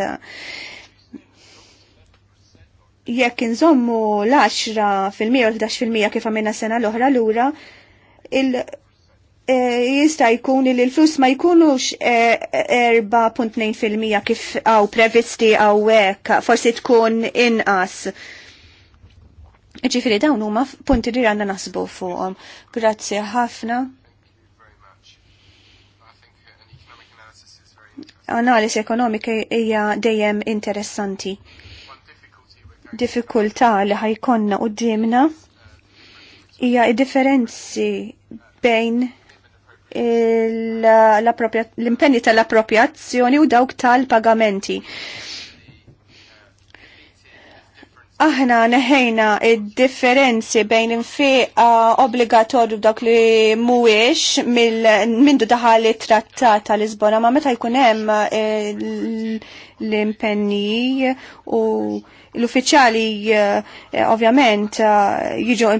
Jekk inżommu l-10% fil-mija u l-11% kif għamilna sena l-oħra lura, eh, jista' jkun li l-flus ma jkunux 4.2% kif għaw previsti hawnhekk forsi tkun inqas Ġifiri dawn huma punti li għandna naħsbu fuqhom. Grazzi ħafna. Analisi ekonomika hija dejjem interessanti. Diffikultà li ħajkonna dimna hija differenzi bejn l-impenni tal-appropjazzjoni u dawk tal-pagamenti aħna neħejna id-differenzi bejn infiqa obbligatorju dak li mhuwiex mindu daħal it-trattat l lisbona ma meta jkun hemm eh, l-impenni u l-uffiċjali eh, eh, ovvjament eh, jiġu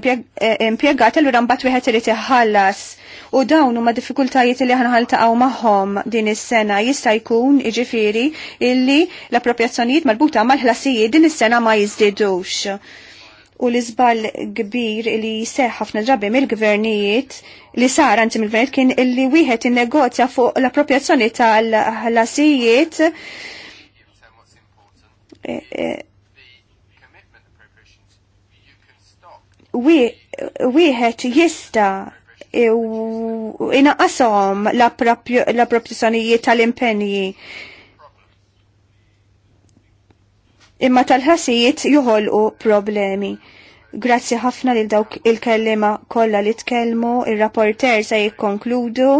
impjegati allura mbagħad wieħed irid iħallas. U dawn huma diffikultajiet li aħna ħaltaqgħu magħhom din is-sena jista' jkun jiġifieri illi l-appropjazzjonijiet marbuta mal-ħlasijiet din is-sena ma jiżdiedux. U l-iżbal kbir li seħħ ħafna ġrabi mill-gvernijiet li sar anzi mill-gvernijiet kien illi wieħed innegozja fuq l-appropjazzjoni tal-ħlasijiet wieħed jista inaqqashom l-appropriazzjonijiet tal-impenji imma tal-ħasijiet joħolqu problemi. Grazzi ħafna lil dawk il-kellima kollha li tkellmu, ir rapporter se jikkonkludu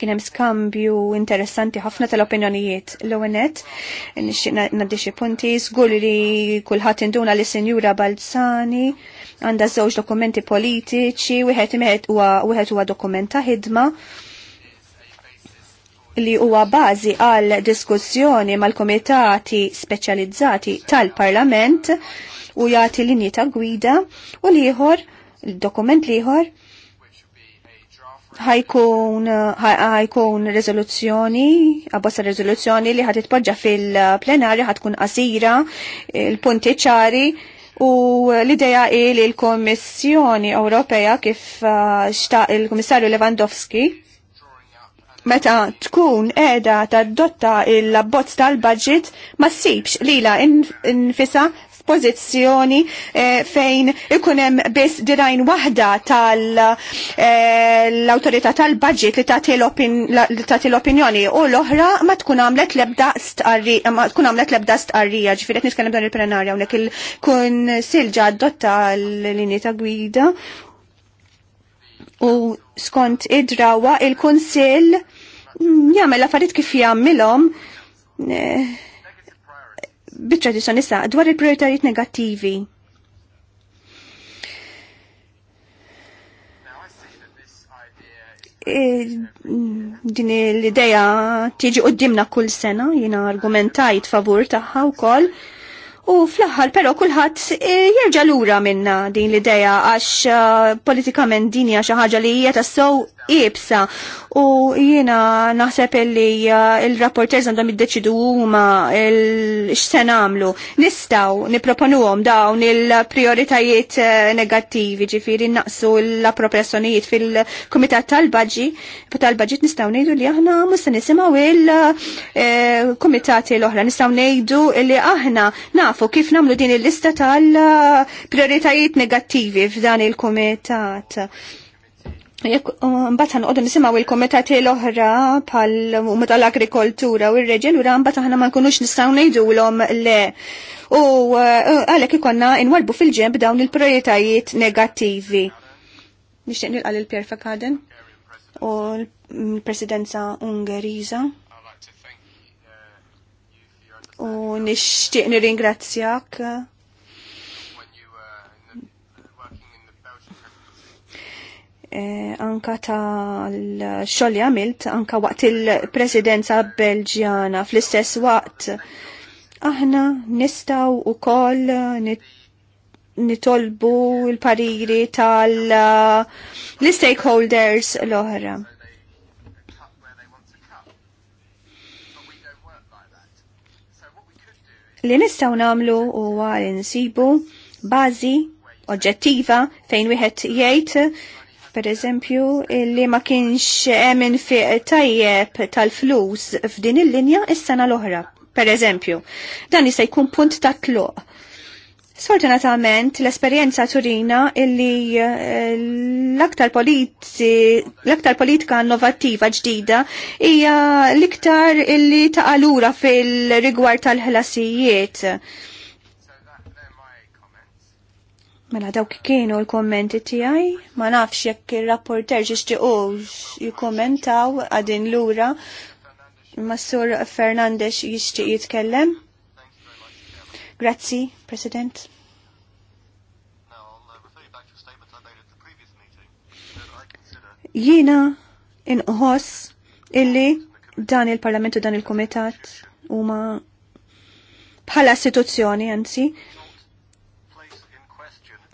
Kien hemm skambju interessanti ħafna tal-opinjonijiet. l ewwel nixtieq xi punti, żgur li kulħadd induna li Sinjura Balzani għandha żewġ dokumenti politiċi, wieħed imħed wieħed huwa dokumenta ħidma li huwa bażi għal diskussjoni mal-komitati speċjalizzati tal-Parlament u jagħti linji ta' gwida u liħor il-dokument liħor ħajkun ħajkun rezoluzzjoni, abbassa rezoluzzjoni li ħad titpoġġa fil-plenarja ħad tkun qasira, il-punti ċari u l-ideja hi li l-Kommissjoni Ewropea kif uh, xtaq il-Kummissarju Lewandowski meta tkun qiegħda tadotta il-abbozz tal-budget ma ssibx lila infisa f'pożizzjoni eh, fejn ikun hemm biss dirajn waħda tal-awtorità eh, tal-budget li tagħti l-opinjoni u l-oħra ma tkun għamlet lebda stqarrija ma tkun għamlet lebda stqarrija ġifieri qed nitkellem dan il-plenarja hawnhekk il-kun silġa adotta l-linji ta' gwida u skont idrawa il-kunsil jagħmel affarijiet kif jagħmilhom eh, bit-tradizjoni sa dwar il-prioritarijiet negattivi. E, din l-ideja tiġi qoddimna kull sena, jina argumentajt favur taħħa u koll. U fl-aħħar però kulħadd e, jerġa' lura minna din l-idea għax e, politikament din hija xi ħaġa li hija tassew ibsa u jiena naħseb li uh, il-rapporters għandhom iddeċidu huma x'se nagħmlu. Nistgħu nipproponuhom dawn il-prioritajiet uh, negattivi ġifieri naqsu l-appropriazzjonijiet fil-Kumitat tal-Baġġi, tal-Baġġit nistgħu ngħidu li aħna mhux se nisimgħu il-kumitati uh, l-oħra, nistgħu ngħidu li aħna nafu kif nagħmlu din il-lista tal-prioritajiet negattivi f'dan il-kumitat. Jekk um, mbagħad ħanqogħdu nisimgħu il-komitati l-oħra pal Kumitat tal-Agrikoltura u r-Reġjel ura mbagħad aħna ma nkunux nistgħu ngħidulhom le. U uh, għalhekk ikonna inwarbu fil-ġemb dawn il-projetajiet negattivi. Nixtieq nilqal il Pierre Fakaden u l-Presidenza Ungeriża. U nixtieq nirringrazzjak Eh, anka tal li għamilt anka waqt il-presidenza belġjana fl-istess waqt aħna nistaw u nitolbu l-pariri tal-stakeholders l-oħra. Li nistaw namlu u għal nsibu bazi oġġettiva fejn wieħed jgħid per eżempju, li ma kienx emin fi tajjeb tal-flus f'din il-linja is-sena l-oħra, per eżempju. Dan jista' jkun punt ta' tluq. Sfortunatament, l-esperienza turina illi eh, l-aktar politika innovativa ġdida hija l-iktar illi allura fil-rigward tal-ħlasijiet. Mela dawk kienu l-kommenti tiegħi, ma nafx jekk ir-rapporter jixtiequx jikkommentaw għadin lura Massur Fernandez jixtieq jitkellem. Grazzi, President. Jiena inqoħoss illi dan il-Parlament u dan il-Kumitat huma bħala istituzzjoni anzi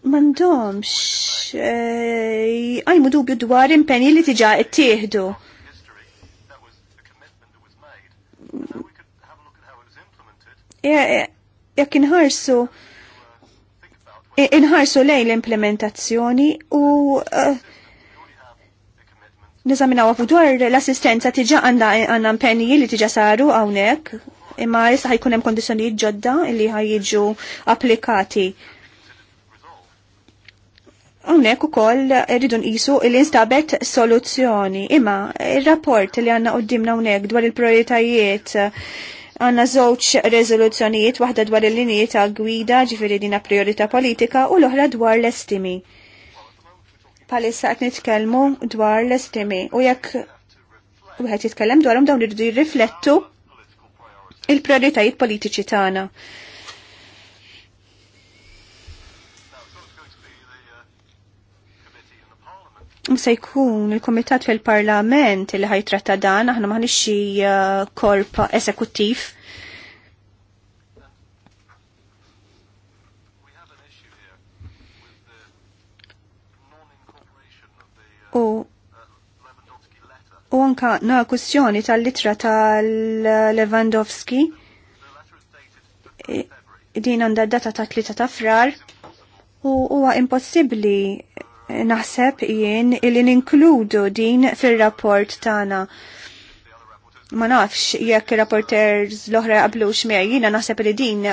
mandomx eh, għajmu e, dubju dwar impenji li tiġa ittieħdu. Jekk inħarsu inħarsu lej l-implementazzjoni u eh, nizaminaw għafu dwar l-assistenza tiġa għanna impenji li tiġa saru għawnek imma jista ħajkun hemm kondizzjonijiet ġodda li ħajġu applikati. Unek u koll rridu nqisu il-instabet soluzzjoni. Imma, il-rapport li għanna qoddimna unek dwar il-prioritajiet għanna zoċ rezoluzzjonijiet waħda dwar il linijiet ta' gwida ġifiri dina priorita politika u l-oħra dwar l-estimi. Palissa għat nitkelmu dwar l-estimi u jekk u għet jitkellem dwarom dawn irridu jirriflettu il-prioritajiet politiċi tagħna. se jkun il-Komitat fil-Parlament li ħajtratta dan, aħna maħnix uh, korp esekuttiv. U u anka na kussjoni tal-litra tal-Lewandowski din għandha data ta' 3 ta' frar u huwa impossibbli naħseb jien illi ninkludu din fil-rapport tagħna ma nafx jekk rapporters l-oħra qablu xmija jina naħseb li din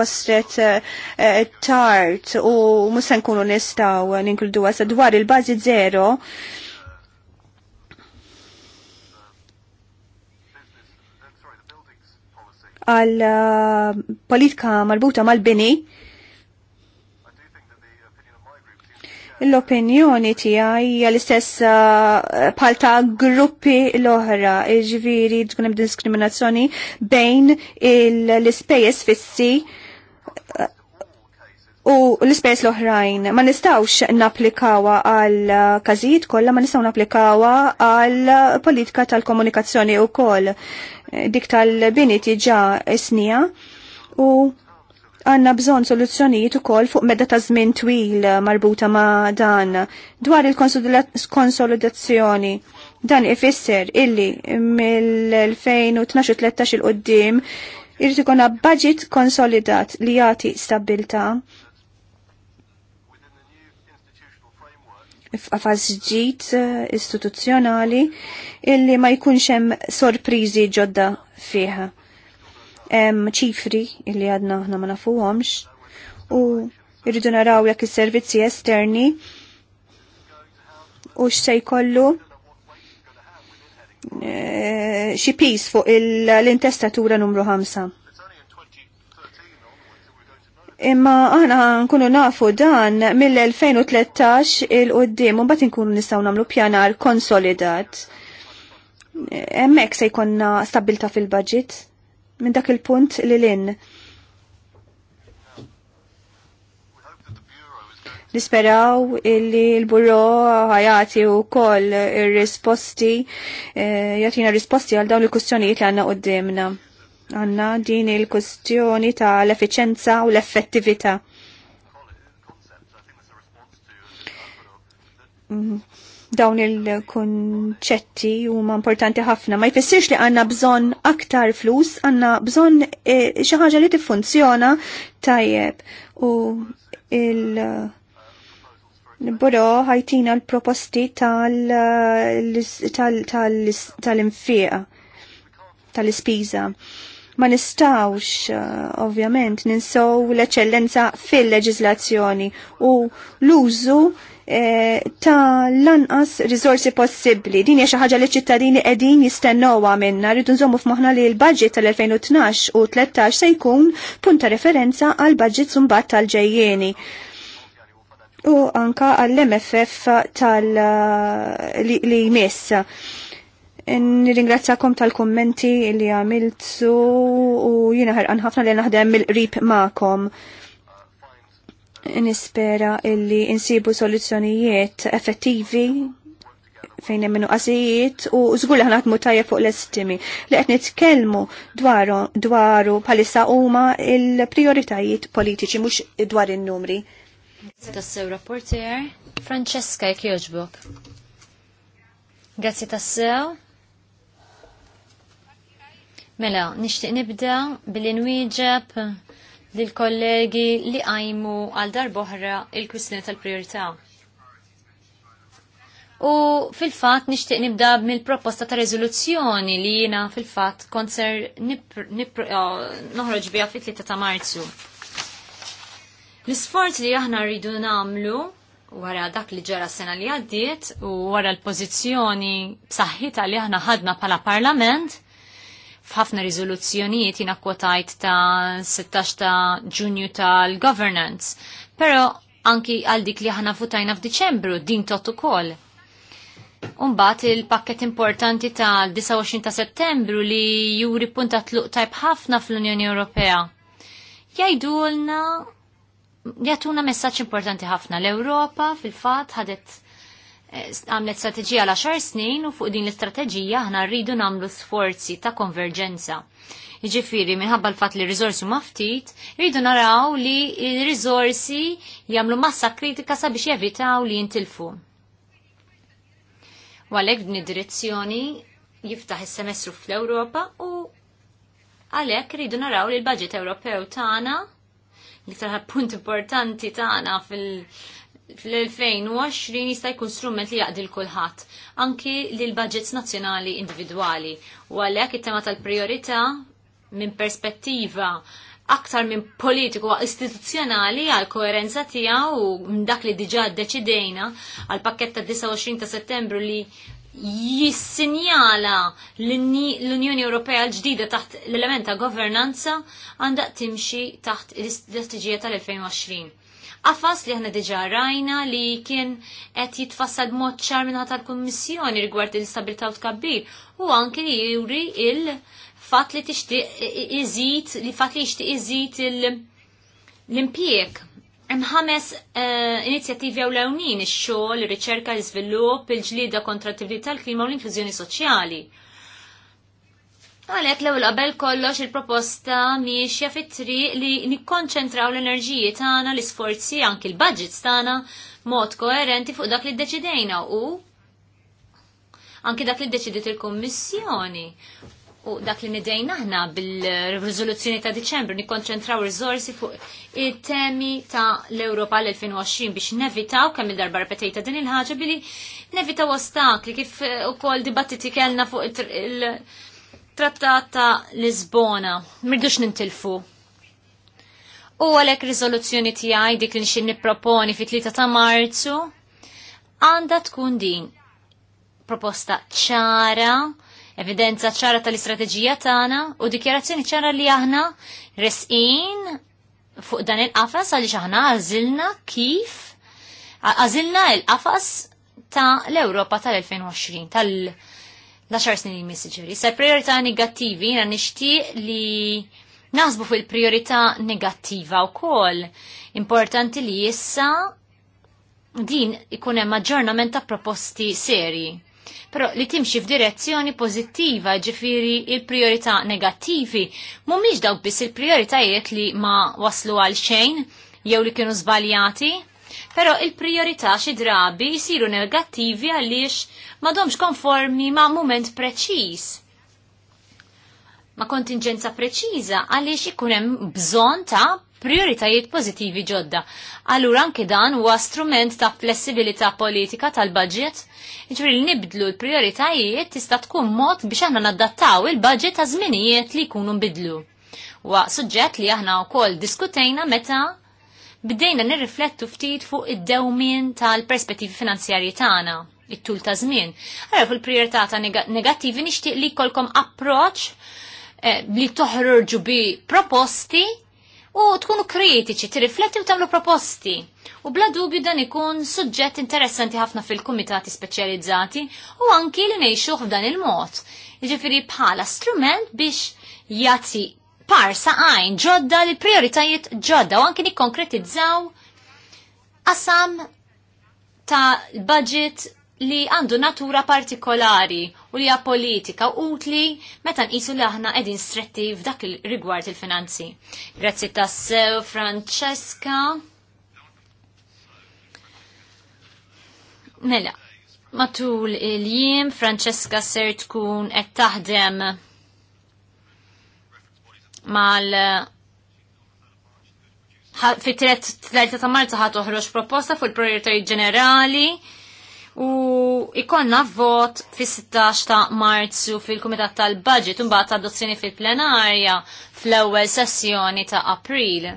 wasret eh, tart u musa nkunu nistaw ninkludu għasa dwar il-bazi zero għal eh, politika marbuta mal-bini l-opinjoni tiegħi hija l-istess eh, bħal ta' gruppi l-oħra, ġifieri tkun hemm diskriminazzjoni bejn l-ispejjeż fissi eh, u l-ispejjeż l-oħrajn. Ma nistgħux napplikawha għal każijiet kollha, ma nistgħu napplikawha għal politika tal-komunikazzjoni wkoll eh, dik tal-bini tiġa snija u għanna bżon soluzzjonijiet ukoll fuq medda ta' żmien twil marbuta ma' dan dwar il-konsolidazzjoni. Dan ifisser illi mill-2012-13 il qoddim irrid ikun budget konsolidat li jagħti stabilta' f'qafas ġdid eh, istituzzjonali illi ma jkunx hemm sorpriżi ġodda fiha hemm ċifri illi għadna aħna ma nafuhomx u jridu naraw jekk is-servizzi esterni u x'se jkollu eh, xi pis fuq l-intestatura numru 5. Imma aħna nkunu nafu dan mill-2013 il-qoddim, un bat nkunu nistaw namlu pjanar konsolidat. Emmek se jkonna stabilta fil-budget minn dak il-punt li l-in. nisperaw illi l-burro ħajati u koll il-risposti, eh, jatina risposti għal dawn il-kustjonijiet li għanna għoddimna. Għanna din il-kustjoni ta' l-efficienza u l-effettivita. Mm dawn il-konċetti huma importanti ħafna. Ma jfissirx li għanna bżon aktar flus, għanna bżon xaħġa e, xi ħaġa li tiffunzjona tajjeb. U il- Boro ħajtina l-proposti tal-infiqa, tal-ispiża. Ma nistawx, e, ovvjament, ninsow l-eċellenza fil-leġizlazzjoni u l-użu Eh, ta' lanqas risorsi possibbli. Din hija xi ħaġa li ċittadini qegħdin jistennowha minna. Rridu nżommu f'moħħna li l-budget tal-2012 u 13 se jkun punta ta' referenza għal budget sumbat tal-ġejjeni. U anka għall-MFF tal- eh, li jmiss. Nirringrazzakom tal-kommenti li għamiltu u jina ħarqan ħafna li naħdem mill qrib ma'kom nispera illi insibu soluzzjonijiet effettivi fejn hemm nuqqasijiet u żgur li ħanatmu tajjeb fuq l-estimi li qed nitkellmu dwaru dwaru bħalissa huma il-prijoritajiet politiċi mhux dwar in-numri. Tassew rapporter Francesca jekk jogħġbok. Grazzi tassew. Mela, nixtieq nibda billi nwieġeb lil kollegi li għajmu għal darboħra il-kwistjoni tal-priorità. U fil-fat nishtiq nibda mill-proposta ta' rezoluzzjoni li jina fil-fat konser oh, noħroġ bija fit-3 ta' marzu. L-sforz li aħna rridu namlu wara dak li ġara sena li għaddiet u wara l-pozizjoni b'saħħita li aħna ħadna pala parlament f'ħafna riżoluzzjonijiet jina kwotajt ta' 16 ta' ġunju tal-governance. Pero anki għal dik li ħana futajna f'Diċembru din tot ukoll. Umbat il-pakket importanti ta' 29 ta' settembru li juri punta tluq tajb ħafna fl-Unjoni Ewropea. Jajdulna, jatuna messaċ importanti ħafna l-Europa fil-fat ħadet għamlet strateġija għal xar snin u fuq din l-istrateġija aħna rridu nagħmlu sforzi ta' konverġenza. Iġifiri, minħabba l fat li r maftit, huma ftit, rridu naraw li r jamlu jagħmlu massa kritika sabiex jevitaw li jintilfu. U din id-direzzjoni jiftaħ is-semestru fl-Ewropa u għalhekk rridu naraw li l-budget Ewropew tagħna l-iktar punt importanti tagħna fil- fl-2020 jista' jkun strument li jaqdil kulħadd anki lil budgets nazzjonali individwali. U għalhekk it-tema tal-priorità minn perspettiva aktar minn politiku istituzzjonali għal koerenza tiegħu u dak li diġà ddeċidejna għal pakket ta' 29 ta' Settembru li jissinjala l-Unjoni Ewropea l-ġdida taħt l elementa governanza għandha timxi taħt l-istrateġija tal-2020 Għafas li aħna diġà rajna li kien qed jitfassad mod ċar minn tal-Kummissjoni rigward il stabilità u tkabbir u anke juri il-fatt li tixtieq iżid li fat li jixtieq iżid l-impjieg. Hemm ħames eh, inizjattivi lawnin, ix-xogħol, ir-riċerka, l-iżvilupp, il-ġlieda kontra t-tibdil tal-klima u l-inklużjoni soċjali. Għalek l-ewel qabel kollox il-proposta miexja fit-triq li nikkonċentraw l-enerġiji tagħna, l-isforzi anki l-budgets tagħna mod koerenti fuq dak li ddeċidejna u anki dak li ddeċidiet il-Kummissjoni u dak li nidejna aħna bil-rizoluzzjoni ta' Deċembru nikkonċentraw rizorsi fuq il-temi ta' l-Europa l-2020 biex nevitaw kemm il-darba repetejta din il-ħaġa billi nevitaw ostakli kif ukoll dibattiti kellna fuq il- trattat ta' Lisbona, mirdux nintilfu. U għalek rizoluzzjoni għaj dik li nxin niproponi fit-3 ta' marzu, għanda tkun din proposta ċara, evidenza ċara tal-istrateġija tagħna u dikjarazzjoni ċara li aħna resqin fuq dan il-qafas għaliex aħna għażilna kif għażilna il-qafas ta' l-Ewropa tal-2020, tal-2020 10 snin jmiss ġiri. Sa' priorità negattivi, jina nishti li nasbu fuq il-priorità negattiva u kol. Importanti li jissa din ikunem maġġornament ta' proposti seri. Pero li timxi f'direzzjoni pozittiva ġifiri il-priorità negattivi, mumiġ dawk biss il-prioritajiet li ma waslu għal xejn, jew li kienu zbaljati, pero il-priorità xi drabi jisiru negattivi għaliex m'għadhomx konformi ma' moment preċiż. Ma' kontingenza preċiża għaliex ikun hemm bżonn ta' prioritajiet pożittivi ġodda. Allura anke dan huwa strument ta' flessibilità politika tal-budget, jiġri li nibdlu l-prioritajiet tista' tkun mod biex aħna naddattaw il-budget ta' żminijiet li jkunu nbidlu. Wa suġġett li aħna wkoll diskutejna meta bdejna nirriflettu ftit fuq id-dewmin tal-perspettivi finanzjarji tagħna it-tul ta' żmien. Ara fuq il-prijorità ta' negattivi nixtieq li jkollkom approċċ eh, li toħroġu bi proposti u tkunu kritiċi, tirrifletti u tagħmlu proposti. U bla dubju dan ikun suġġett interessanti ħafna fil-kumitati speċjalizzati u anki li ngħixuh f'dan il-mod. Jiġifieri bħala strument biex jagħti parsa għajn ġodda li prioritajiet ġodda u anki nikkonkretizzaw qasam ta' budget li għandu natura partikolari u li għapolitika politika u utli meta nqisu li aħna qegħdin stretti f'dak il-rigward il-finanzi. Grazzi tassew Francesca. Mela, matul il-jiem Francesca ser tkun qed taħdem mal fit tret tlerta ta' marza ħat uħroġ proposta fuq il-projettori ġenerali u ikonna vot fis-16 ta' marzu fil-Kumitat tal-Budget u mbagħad adozzjoni fil-plenarja fl-ewwel sessjoni ta' April.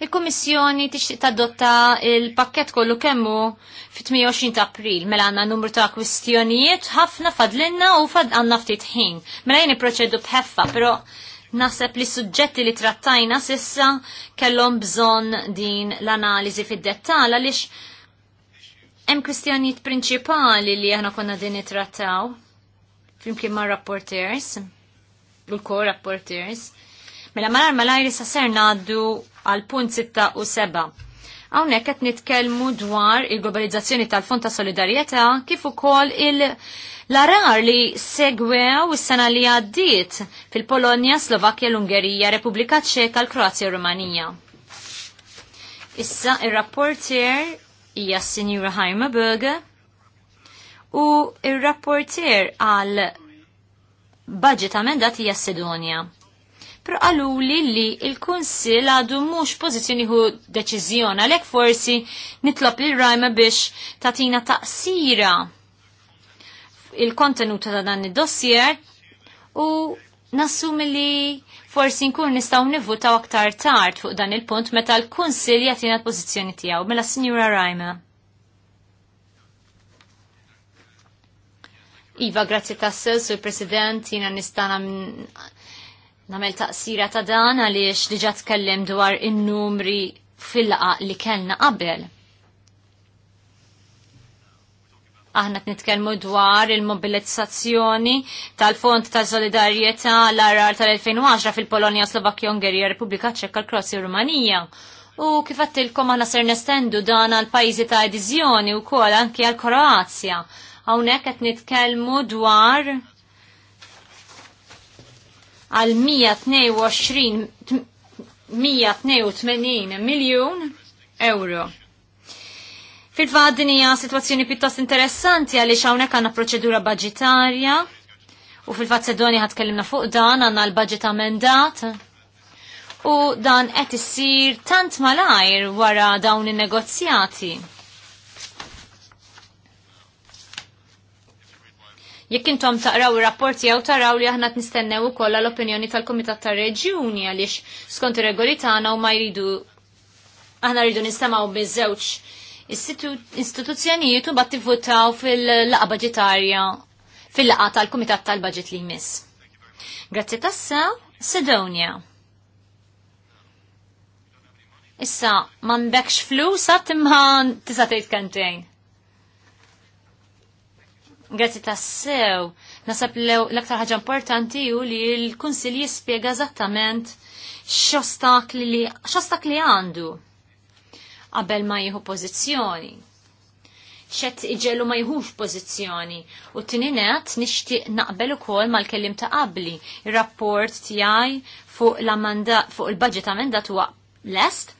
Il-Kummissjoni tixtieq tadotta il-pakkett kollu kemmu fit-28 ta' April mela għandna numru ta' kwistjonijiet ħafna fadlinna u fad għandna ftit ħin. Mela jien proċedu bħeffa, però naħseb li suġġetti li trattajna sissa kellhom bżonn din l-analiżi fid-dettall għaliex hemm kwistjonijiet prinċipali li aħna konna din nittrattaw flimkien ma' rapporters, l-ko rapporteers, Mela l-ajri sa ser naddu għal punt 6 u 7. Hawnhekk qed nitkellmu dwar il-globalizzazzjoni tal-Fond ta' Solidarjetà kif ukoll il-larar li segwew is-sena li għaddiet fil-Polonja, Slovakkja, l-Ungerija, Repubblika Ċeka, l-Kroazja u Rumanija. Issa ir-rapportier hija s-Sinjura Ħajma Berger u il rapportier għal budget amendat hija Sedonja pero għaluli li il-Kunsil għadu mux pozizjoni hu deċizjon, għalek forsi nitlob li rajma biex tatina taqsira il-kontenuta ta' dan id-dossier u nassum li forsi nkun nistaw nivvutaw aktar tard fuq dan il-punt meta l-Kunsil jatina l-pozizjoni tijaw, mela Signora Rajma. Iva, grazie tassel, sur President, jina nistana Namel taqsira ta' dan għaliex diġa tkellem dwar in-numri fil-laqa li kellna qabel. Aħna t-nitkelmu dwar il-mobilizzazzjoni tal-Fond ta' Solidarieta l-arar tal-2010 fil-Polonia, Slovakia, Ungerija, Repubblika Ċekka, Kroazja u Rumanija. U kif għattilkom aħna ser nestendu dan għal pajjiżi ta' edizjoni u kol anki għal Kroazja. Hawnhekk qed nitkellmu dwar għal 182 miljon euro. fil fadni din hija sitwazzjoni interessanti għaliex hawnhekk għandna proċedura budgetarja u fil-fatt Sedoni ħatkellimna fuq dan għanna l-budget amendat u dan qed issir tant malajr wara dawn in-negozjati. Jekk intom taqraw ir-rapporti jew taraw li aħna nistennew ukoll l-opinjoni tal-Kumitat tar-Reġjuni għaliex skont ir-regoli tagħna u ma jridu aħna rridu nistemgħu biż-żewġ istituzzjonijiet u bat tivvutaw fil-laqa budġetarja fil-laqa tal-Kumitat tal baġit li jmiss. Grazzi tassa, Sedonia. Issa, man bekx flus għat imma tisa tejt kantejn. Grazzi tassew, nasab l-aktar ħaġa importanti u li l-Kunsil jispiega eżattament x'ostakli li għandu qabel ma jieħu pożizzjoni. X'qed iġellu ma jħux pożizzjoni u tininet nixtieq naqbel ukoll mal-kellim ta' qabli. Ir-rapport tiegħi fuq l il-budget amendat huwa lest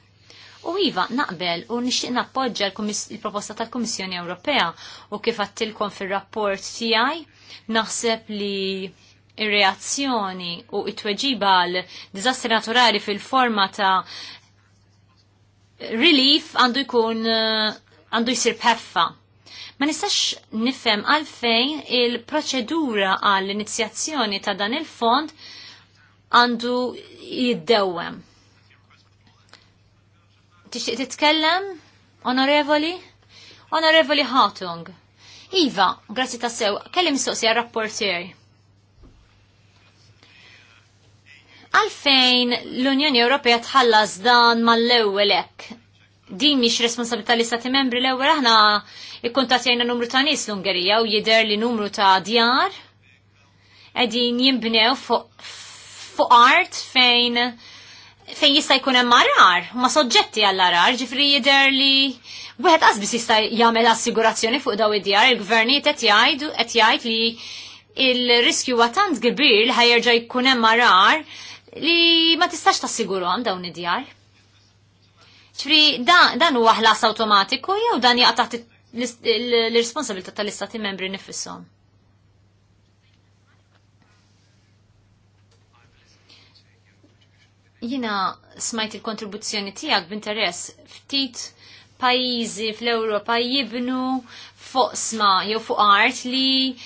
U iva, naqbel u nixtieq nappoġġa l-proposta tal-Kummissjoni Ewropea u kif għattilkom fir-rapport tiegħi, naħseb li ir-reazzjoni u it-tweġiba għal diżastri naturali fil-forma ta' relief għandu jkun eh, għandu jsir peffa. Ma nistax nifhem għalfejn il-proċedura għall inizjazzjoni ta' dan il-fond għandu jiddewwem. Tixtieq titkellem? Onorevoli? Onorevoli Hatung. Iva, grazzi ta' sew, kelli mistoqsija rapportier. Għalfejn l-Unjoni Ewropea tħallas dan mal-ewwel hekk. Din mhix responsabilità li stati membri l-ewwel aħna ikkuntatjajna numru ta' nies l-Ungerija u jidher li numru ta' djar qegħdin jinbnew fuq art fejn fejn jista' jkun hemm arar, ma soġġetti għall arar, ġifri jidher li wieħed qasbis jista' jagħmel assigurazzjoni fuq daw id-djar, il-gvernijiet qed jgħidu qed jgħid li il-riskju huwa tant kbir li ħajerġa' jkun hemm arar li ma tistax tassiguruhom dawn id-djar. Ġifri dan huwa ħlas awtomatiku jew dan jaqa' l irresponsabilità tal-istati membri nifishom. Jina smajt il-kontribuzzjoni tijak b'interess ftit pajizi fl-Europa jibnu fuq sma jew fuq art li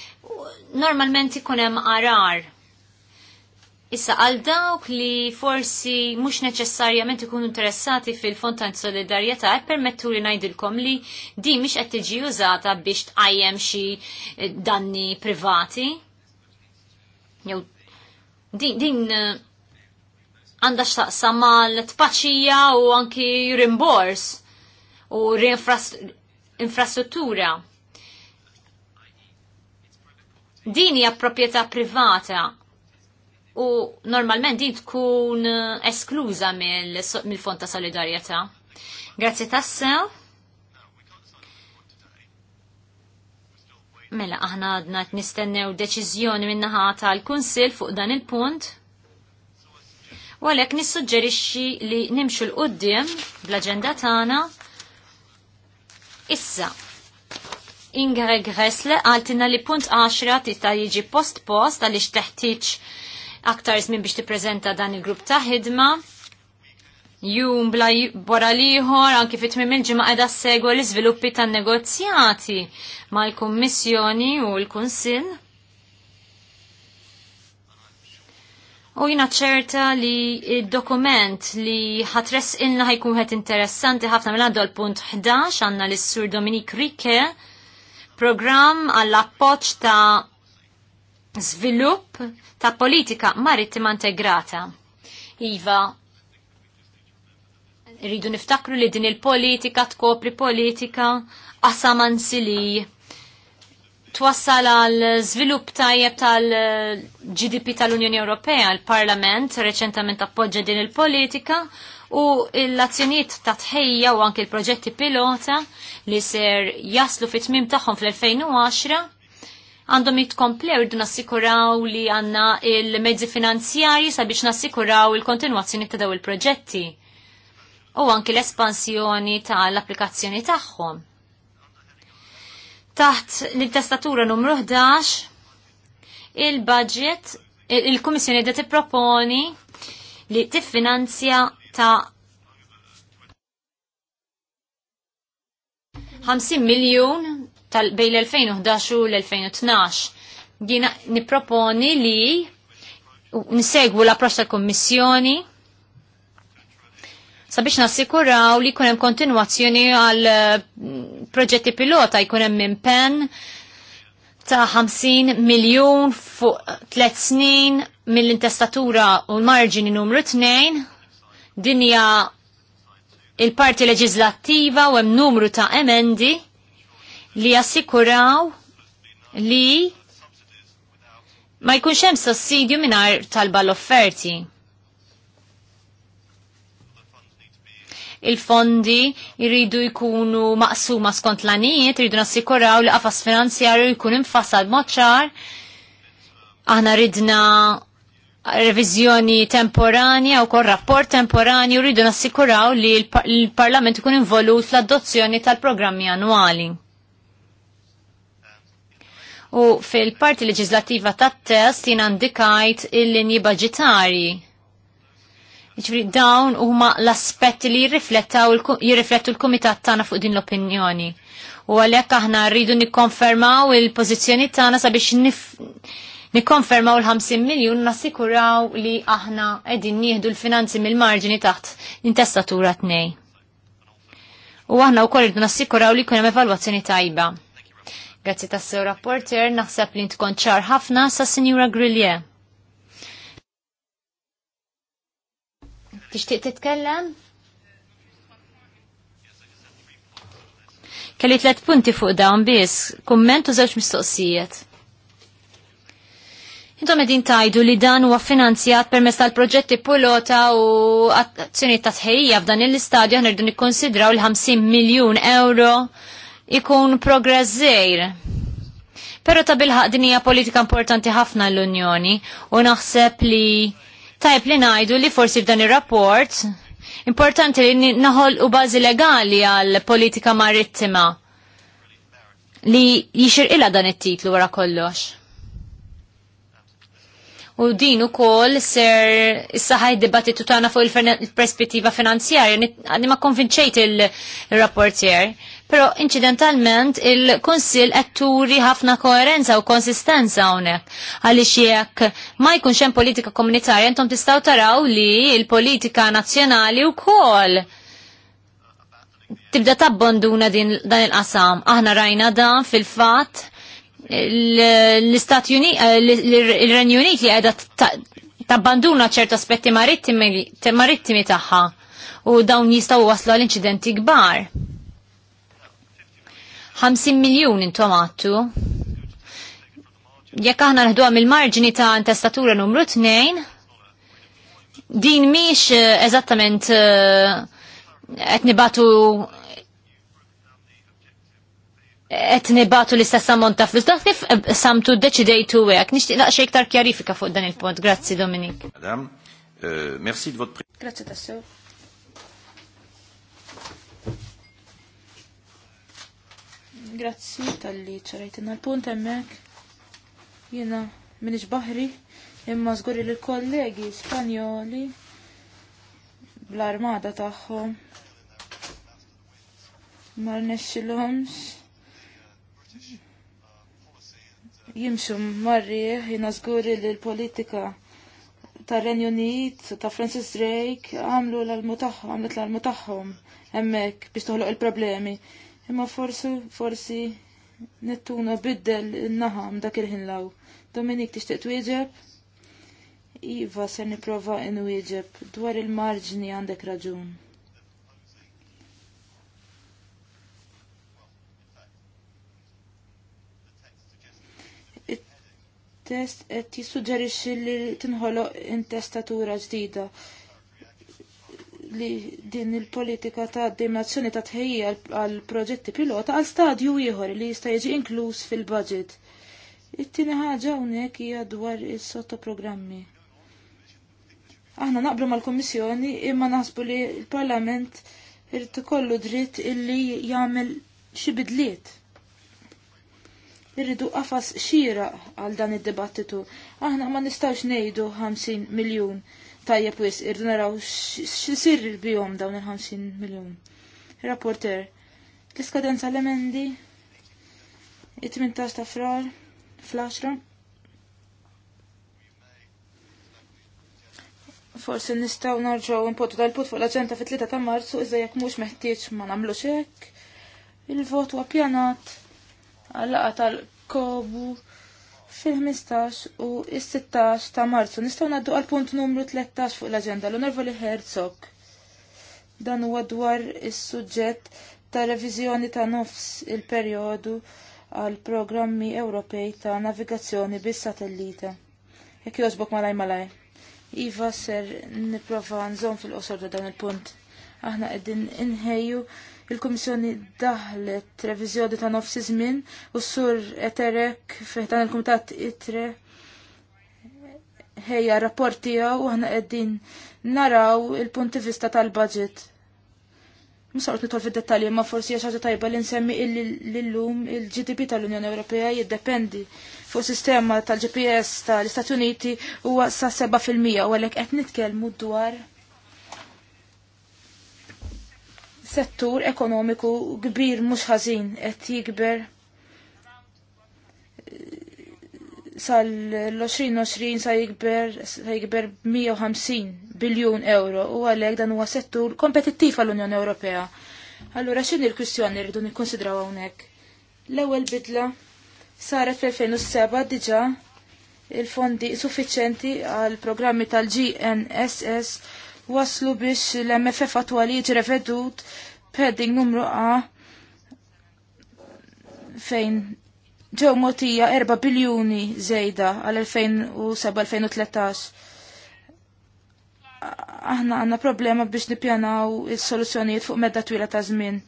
normalment ikun hemm arar. Issa għal dawk li forsi mhux neċessarjament ikunu interessati fil-fontan solidarjetà permettu li ngħidilkom li di mhix qed tiġi użata biex tqajjem xi eh, danni privati. Jew din, din eh, għandha x'taqsam l tpaċija u anki rimbors u infrastruttura. Din hija proprjetà privata u normalment din tkun eskluża mill-fond ta' solidarjetà. Grazzi tassew. Mela aħna għadna nistennew deċiżjoni minnaħa tal-Kunsil fuq dan il-punt. U għalhekk nissuġġerixxi li nimxu l-qudiem bl-aġenda tagħna issa. Ingre Gressle għaltina li punt 10 tista' jiġi post-post għaliex teħtieġ aktar żmien biex tippreżenta dan il-grupp ta' ħidma. Jum bla bora liħor anki fit il-ġimgħa qiegħda segwa l-iżviluppi tan-negozjati mal-Kummissjoni u l-Kunsill U jina ċerta li dokument li ħatres inna ħajkun ħet interessanti ħafna minn għaddu punt 11 għanna l sur Dominik Rike program għall appoċ ta' svilupp ta' politika marittima integrata. Iva, rridu niftakru li din il-politika tkopri politika għasaman sili twassal għal żvilupp tajjeb tal-GDP tal-Unjoni Ewropea, l-Parlament reċentament appoġġa din il-politika u l-azzjonijiet ta' tħejja u anke l-proġetti pilota li ser jaslu fit tmim tagħhom fl-2010 għandhom jitkomplew irdu nassikuraw li għanna il-mezzi finanzjari sabiex nassikuraw il-kontinuazzjoni ta' daw il-proġetti u anke l-espansjoni tal-applikazzjoni tagħhom taħt l-testatura numru 11 il-budget il-Kummissjoni da tipproponi li tiffinanzja ta' 50 miljon tal bejn l-2011 u l-2012. Gina niproponi li nsegwu l-approċċ tal-Kommissjoni sabiex nassikuraw li kunem kontinuazzjoni għal proġetti pilota jkun hemm minn pen ta' 50 miljun fuq 3 snin mill-intestatura u l-marġini numru 2 dinja il-parti leġislattiva u hemm numru ta' emendi li jassikuraw li ma jkunx hemm sussidju mingħajr talba l-offerti. il-fondi jridu jkunu maqsuma skont l-anijiet, jridu nassikuraw li qafas finanzjarju jkun infassad moċċar. Aħna ridna revizjoni temporanja u kol rapport temporani u rridu nassikuraw li l-Parlament ikun involut fl-adozzjoni tal-programmi annuali. U fil-parti leġislativa tat-test jina indikajt il-linji budgetari Ġifri dawn huma l-aspetti li jirriflettu l-kumitat tagħna fuq din l-opinjoni. U għalhekk aħna rridu nikkonfermaw il-pożizzjoni tagħna sabiex nikkonfermaw l-50 miljun nassikuraw li aħna qegħdin nieħdu l-finanzi mill-marġini taħt intestatura t-nej. U aħna wkoll irdu nassikuraw li jkun hemm evalwazzjoni tajba. Grazzi tas-sew rapporter, naħseb li tkun ċar ħafna sa' Sinjura Grillier. Tixtieq titkellem? Kelli tlet punti fuq dawn biss, kumment u żewġ mistoqsijiet. Intom edin tajdu li dan huwa finanzjat permezz tal-proġetti pilota u azzjoni ta' tħejja f'dan il-istadju ħnerdu nikkonsidraw il-50 miljun euro ikun progress żgħir. Però ta' bilħaq din hija politika importanti ħafna l-Unjoni u naħseb li Tajb li najdu li forsi f'dan ir-rapport importanti li naħol u bażi legali għal politika marittima li jixir ila dan it-titlu wara kollox. U din ukoll ser issaħaj dibattitu tana fuq il-perspettiva finanzjarja, għadni ma konvinċejt il-rapportier. il rapportier Pero incidentalment il-Konsil qed turi ħafna koerenza u konsistenza hawnhekk. Għaliex jekk ma jkunx hemm politika komunitarja intom tistaw taraw li l-politika nazzjonali wkoll tibda tabbonduna dan il-qasam. Aħna rajna dan fil-fatt l-Istati Uniti, l-Renju Uniti li qiegħda tabbanduna ċertu aspetti marittimi tagħha u dawn jistgħu waslu għal inċidenti kbar. 50 miljun intomatu. Jekk aħna nħdu il-marġini ta' intestatura numru 2, din miex eh, eżattament eh, qed nibatu qed nibatu l-istess ammont ta' flus. Dak kif eh, samtu deċidejtu hekk, nixtieq naqsxejn iktar kjarifika fuq dan il-punt. Grazzi Dominik. Madam, merci de votre Grazzi tassew. Grazzi tal-li ċarajtina l-punt emmek. Jena minix bahri imma zgurri l-kollegi spanjoli bl-armada tagħhom mar nexxilhomx jimxu marri jina żguri li l-politika ta' Renju Unit, ta' Francis Drake għamlu l-almu tagħhom, l-almu tagħhom hemmhekk biex toħloq il-problemi. Imma forsi, forsi, nettuna biddel naħam dak il-ħin law. Dominik tixtieq twieġeb? Iva ser nipprova nwieġeb dwar il-marġni għandek raġun. Test qed jissuġġerixxi li tinħoloq intestatura ġdida li din il-politika ta' dimnazzjoni ta' tħejja għal proġetti pilota għal stadju ieħor li jista' jiġi inkluż fil-budget. It-tieni ħaġa hawnhekk hija dwar is-sottoprogrammi. Aħna naqblu mal kummissjoni imma naħsbu li l-Parlament irid ikollu dritt illi jagħmel xi bidliet. Irridu qafas xira għal dan id-dibattitu. Aħna ma nistax ngħidu 50 miljun. Tajja wis irdu naraw x'isir bihom dawn il-50 miljun. Rapporter, l-iskadenza l-emendi it-18 ta' frar fl Forse nistaw narġaw impotu dal-put fuq l-agenda fit-3 ta' marzu iżda jekk mhux meħtieġ ma namlu hekk. Il-vot huwa pjanat għal-laqa tal-kobu fil-15 u s-16 ta' marzu. Nistaw naddu għal punt numru 13 fuq l-agenda l-Onorvoli Herzog. Dan huwa dwar is-suġġett ta' reviżjoni ta' nofs il-perjodu għal programmi Ewropej ta' navigazzjoni bis-satellita. Jekk jogħġbok malaj malaj. Iva ser niprofa nżomm fil-qosor ta' dan il-punt. Aħna qegħdin inħejju in il-Kummissjoni daħlet reviżjoni ta' nofsi żmien u s-sur eterek dan il-Kumitat itre ħejja rapport tiegħu u aħna qegħdin naraw il-punti vista tal-budget. Msort nitol fid-dettalji ma forsi hija ħaġa tajba li nsemmi illum il-GDP tal-Unjoni Ewropea jiddependi fuq sistema tal-GPS tal-Istati Uniti huwa sa 7% u għalhekk qed nitkellmu dwar settur ekonomiku kbir mhux ħażin qed jikber sal-2020 sa jikber sa jikber 150 biljun euro u għalhekk dan huwa settur kompetittiv għall-Unjoni Ewropea. Allura x'inhi l-kwistjoni rridu nikkonsidraw hawnhekk? L-ewwel bidla saret fl-2007 diġà il-fondi suffiċenti għal programmi tal-GNSS waslu biex l-MFF attwali jiġi revedut numru A fejn ġew motija 4 biljuni zejda għal 2007-2013. Aħna għanna problema biex nipjanaw il-soluzzjonijiet fuq medda twila ta' żmien.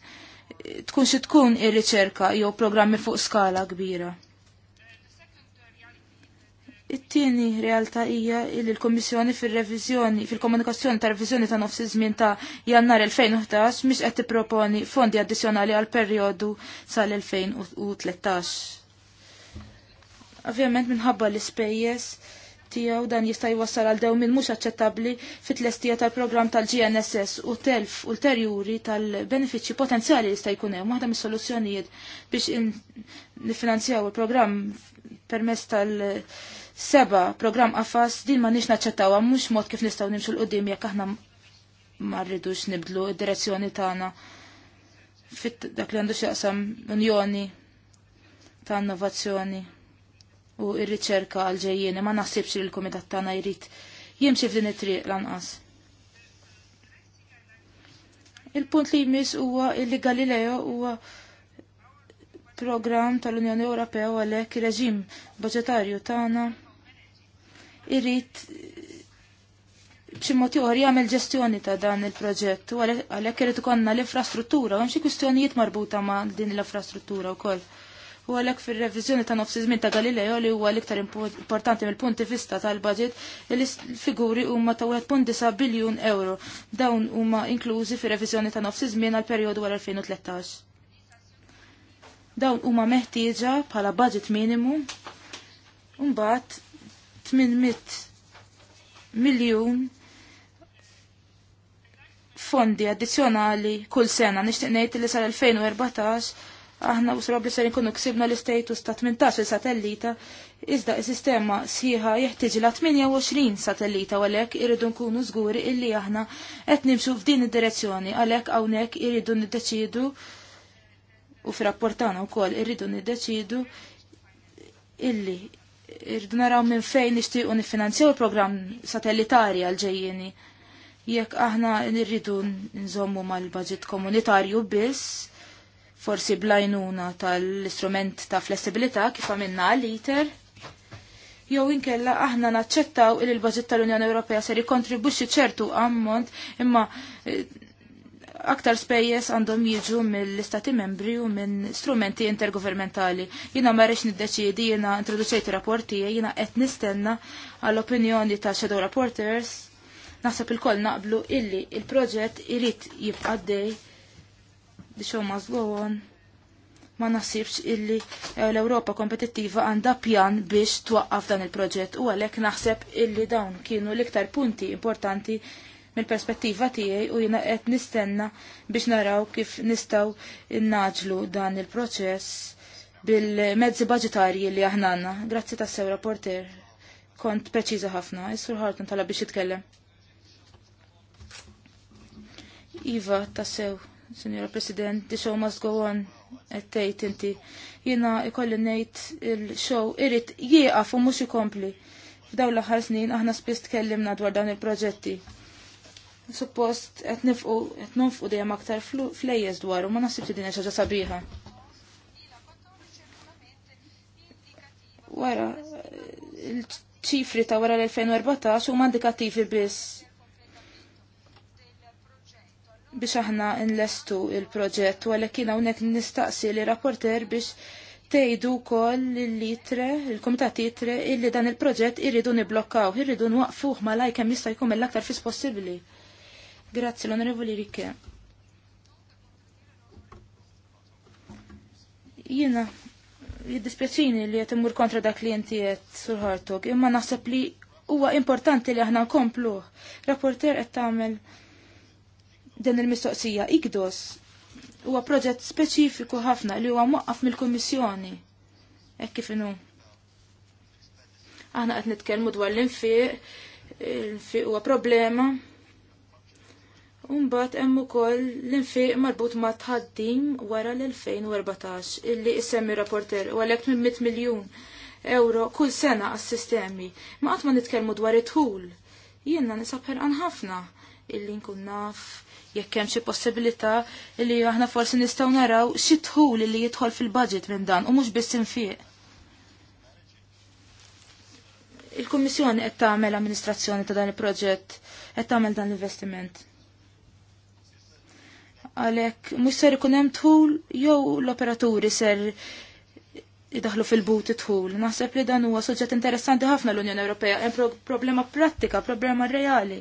Tkun xi tkun ir-riċerka jew programmi fuq skala kbira. It-tieni realtà hija li l-Kommissjoni fir-reviżjoni fil-komunikazzjoni ta' reviżjoni ta' nofs iż-żmien ta' Jannar 2011 mhix qed tipproponi fondi addizzjonali għal perjodu sal-2013. Ovvjament minħabba l-ispejjeż tiegħu dan jista' jwassal għal dew minn mhux aċċettabbli fit-tlestija tal-programm tal-GNSS u telf ulterjuri tal-benefiċċji potenzjali jista' jkun hemm waħda mis-soluzzjonijiet biex nifinanzjaw il-programm permezz tal- Seba, program qafas, din ma nix naċċettawa, mux mod kif nistaw nimxu l-qoddim jekk aħna ma rridux nibdlu id-direzzjoni tagħna fit dak li għandu xieqsam unjoni ta' innovazzjoni u ir-riċerka għal ġejjeni ma naħsibx li l-kumitat tagħna jrid jimxi f'din it-triq lanqas. Il-punt li jmiss huwa illi Galileo huwa program tal-Unjoni Ewropea u għalhekk ir-reġim budġetarju tagħna irrit ċimmotiħor jgħamil ġestjoni ta' dan il-proġett u għalek irrit konna l-infrastruttura u għamxie kustjonijiet marbuta ma' din l-infrastruttura u koll. U għalek fil-revizjoni ta' nofsi zmin ta' Galileo li huwa l-iktar importanti mill-punti vista tal-budget il-figuri huma ta' 1.9 biljun euro. Dawn huma inklużi fir-revizjoni ta' nofsi zmin għal perjodu għal 2013. Dawn huma meħtieġa bħala budget minimu. Mbagħad 800 miljun fondi addizzjonali kull sena nixtieq ngħid li sal-2014 aħna u s-rabli ser nkunu ksibna l-istatus ta' 18 satellita, iżda il-sistema sħiħa jeħtieġi la' 28 satellita u għalek irridu nkunu żguri illi aħna qed nimxu f'din id-direzzjoni għalek hawnhekk irridu niddeċidu u f'rapportana wkoll irridu niddeċidu illi irridu naraw minn fejn nixtiequ nifinanzjaw il-programm satellitari għal-ġejjeni. Jekk aħna nirridu nżommu mal-budget komunitarju biss, forsi blajnuna tal-istrument ta' flessibilità kif għamilna għal-liter, jew inkella aħna naċċettaw il budget tal-Unjoni Ewropea ser jikontribwixxi ċertu ammont imma eh, aktar spejjeż għandhom jiġu mill-istati membri u minn strumenti intergovernmentali. Jina ma rix niddeċidi, jina introduċejt rapporti, jina qed nistenna għall-opinjoni ta' shadow rapporters. Naħseb il-koll naqblu illi il-proġett irrit jibqaddej biex huma żlohom ma naħsibx illi eh, l-Ewropa kompetittiva għandha pjan biex twaqqaf dan il-proġett u għalhekk naħseb illi dawn kienu l-iktar punti importanti mill-perspettiva tiegħi u jiena qed nistenna biex naraw kif nistgħu innaġlu dan il-proċess bil-mezzi budgetarji li aħna għandna. Grazzi tas-sew rapporter. Kont preċiża ħafna, is-sur Harton tala biex jitkellem. Iva, tassew, Signora President, the show must go on, għettejt inti. Jina ikolli nejt il-show irrit jieqaf u mux ikompli. F'daw l-ħar snin aħna spiss tkellimna dwar dawn il-proġetti suppost qed nifqu qed nonfqu dejjem aktar flejjeż u ma li din ħaġa sabiħa. Wara il-ċifri ta' wara l-2014 huma indikattivi biss biex aħna nlestu il-proġett u għalhekk kien hawnhekk nistaqsi li rapporter biex tgħidu wkoll l-litre, il-kumitat Itre illi dan il-proġett irridu niblokkaw, irridu nwaqfuh malaj kemm jista' jkun mill-aktar fis possibbli. Grazzi l'onorevole onorevoli Rike. Jiena jiddispjaċini li qed immur kontra da klienti inti sur imma naħseb li huwa importanti li aħna nkompluh. Rapporter qed tagħmel din il-mistoqsija Igdos huwa proġett speċifiku ħafna li huwa moqqaf mill-Kummissjoni. Hekk kif inhu. Aħna qed nitkellmu dwar l-infiq, l infiq huwa problema, Umbat hemm ukoll l-infiq marbut ma' tħaddim wara l-2014 illi issemmi rapporter u għalhekk minn 100 miljun euro kull sena għas-sistemi. Ma qatt ma nitkellmu dwar it ħul Jiena nisab ħerqan ħafna illi nkun naf jekk hemm xi possibilità illi aħna forsi nistgħu naraw xi tħul illi jidħol fil-budget minn dan u mhux biss infiq. Il-Kummissjoni qed tagħmel amministrazzjoni ta' dan il-proġett qed tagħmel dan l-investiment għalek mux ser ikun hemm tħul jew l-operaturi ser idaħlu fil buti tħul. Naħseb li dan huwa suġġett interessanti ħafna l-Unjoni Ewropea, hemm problema prattika, problema reali.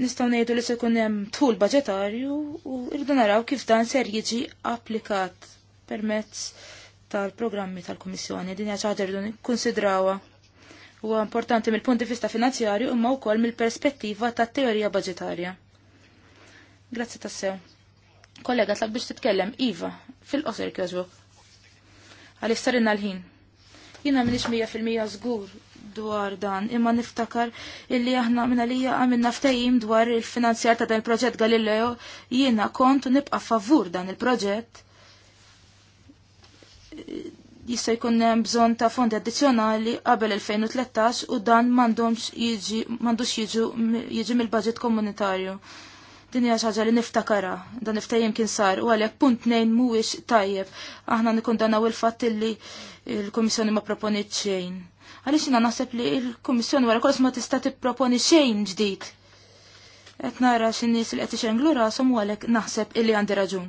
Nistgħu ngħidu li se jkun hemm tħul baġetarju u rridu naraw kif dan ser jiġi applikat permezz tal-programmi tal-Kummissjoni. Din hija ħaġa rridu u Huwa importanti mill punti vista finanzjarju imma wkoll mill-perspettiva tat-teorija baġetarja. Grazzi tassew. Kollega, tlaq biex titkellem, Iva, fil-qosir kjożbuk. Għalix sarinna l-ħin. Jina minix 100% zgur dwar dan, imma niftakar illi aħna minna li għamilna ftajim dwar il-finanzjar ta' dan il-proġett Galileo, jiena kont nibqa favur dan il-proġett. Jista' jkun hemm bżonn ta' fondi addizzjonali qabel 2013 u dan m'għandhomx jiġi m'għandux jiġu jiġi mill-baġit komunitarju. Din hija ħaġa li niftakara, dan niftaj kien sar, u għalhekk punt nejn mhuwiex tajjeb. Aħna nikkondanaw il-fatt li l-Kummissjoni ma proponit xejn. Għaliex jiena naħseb li l-Kummissjoni wara kolos ma tista' tipproponi xejn ġdid. Qed nara x'in-nies li qed ixenglu rashom u għalhekk naħseb illi għandi raġun.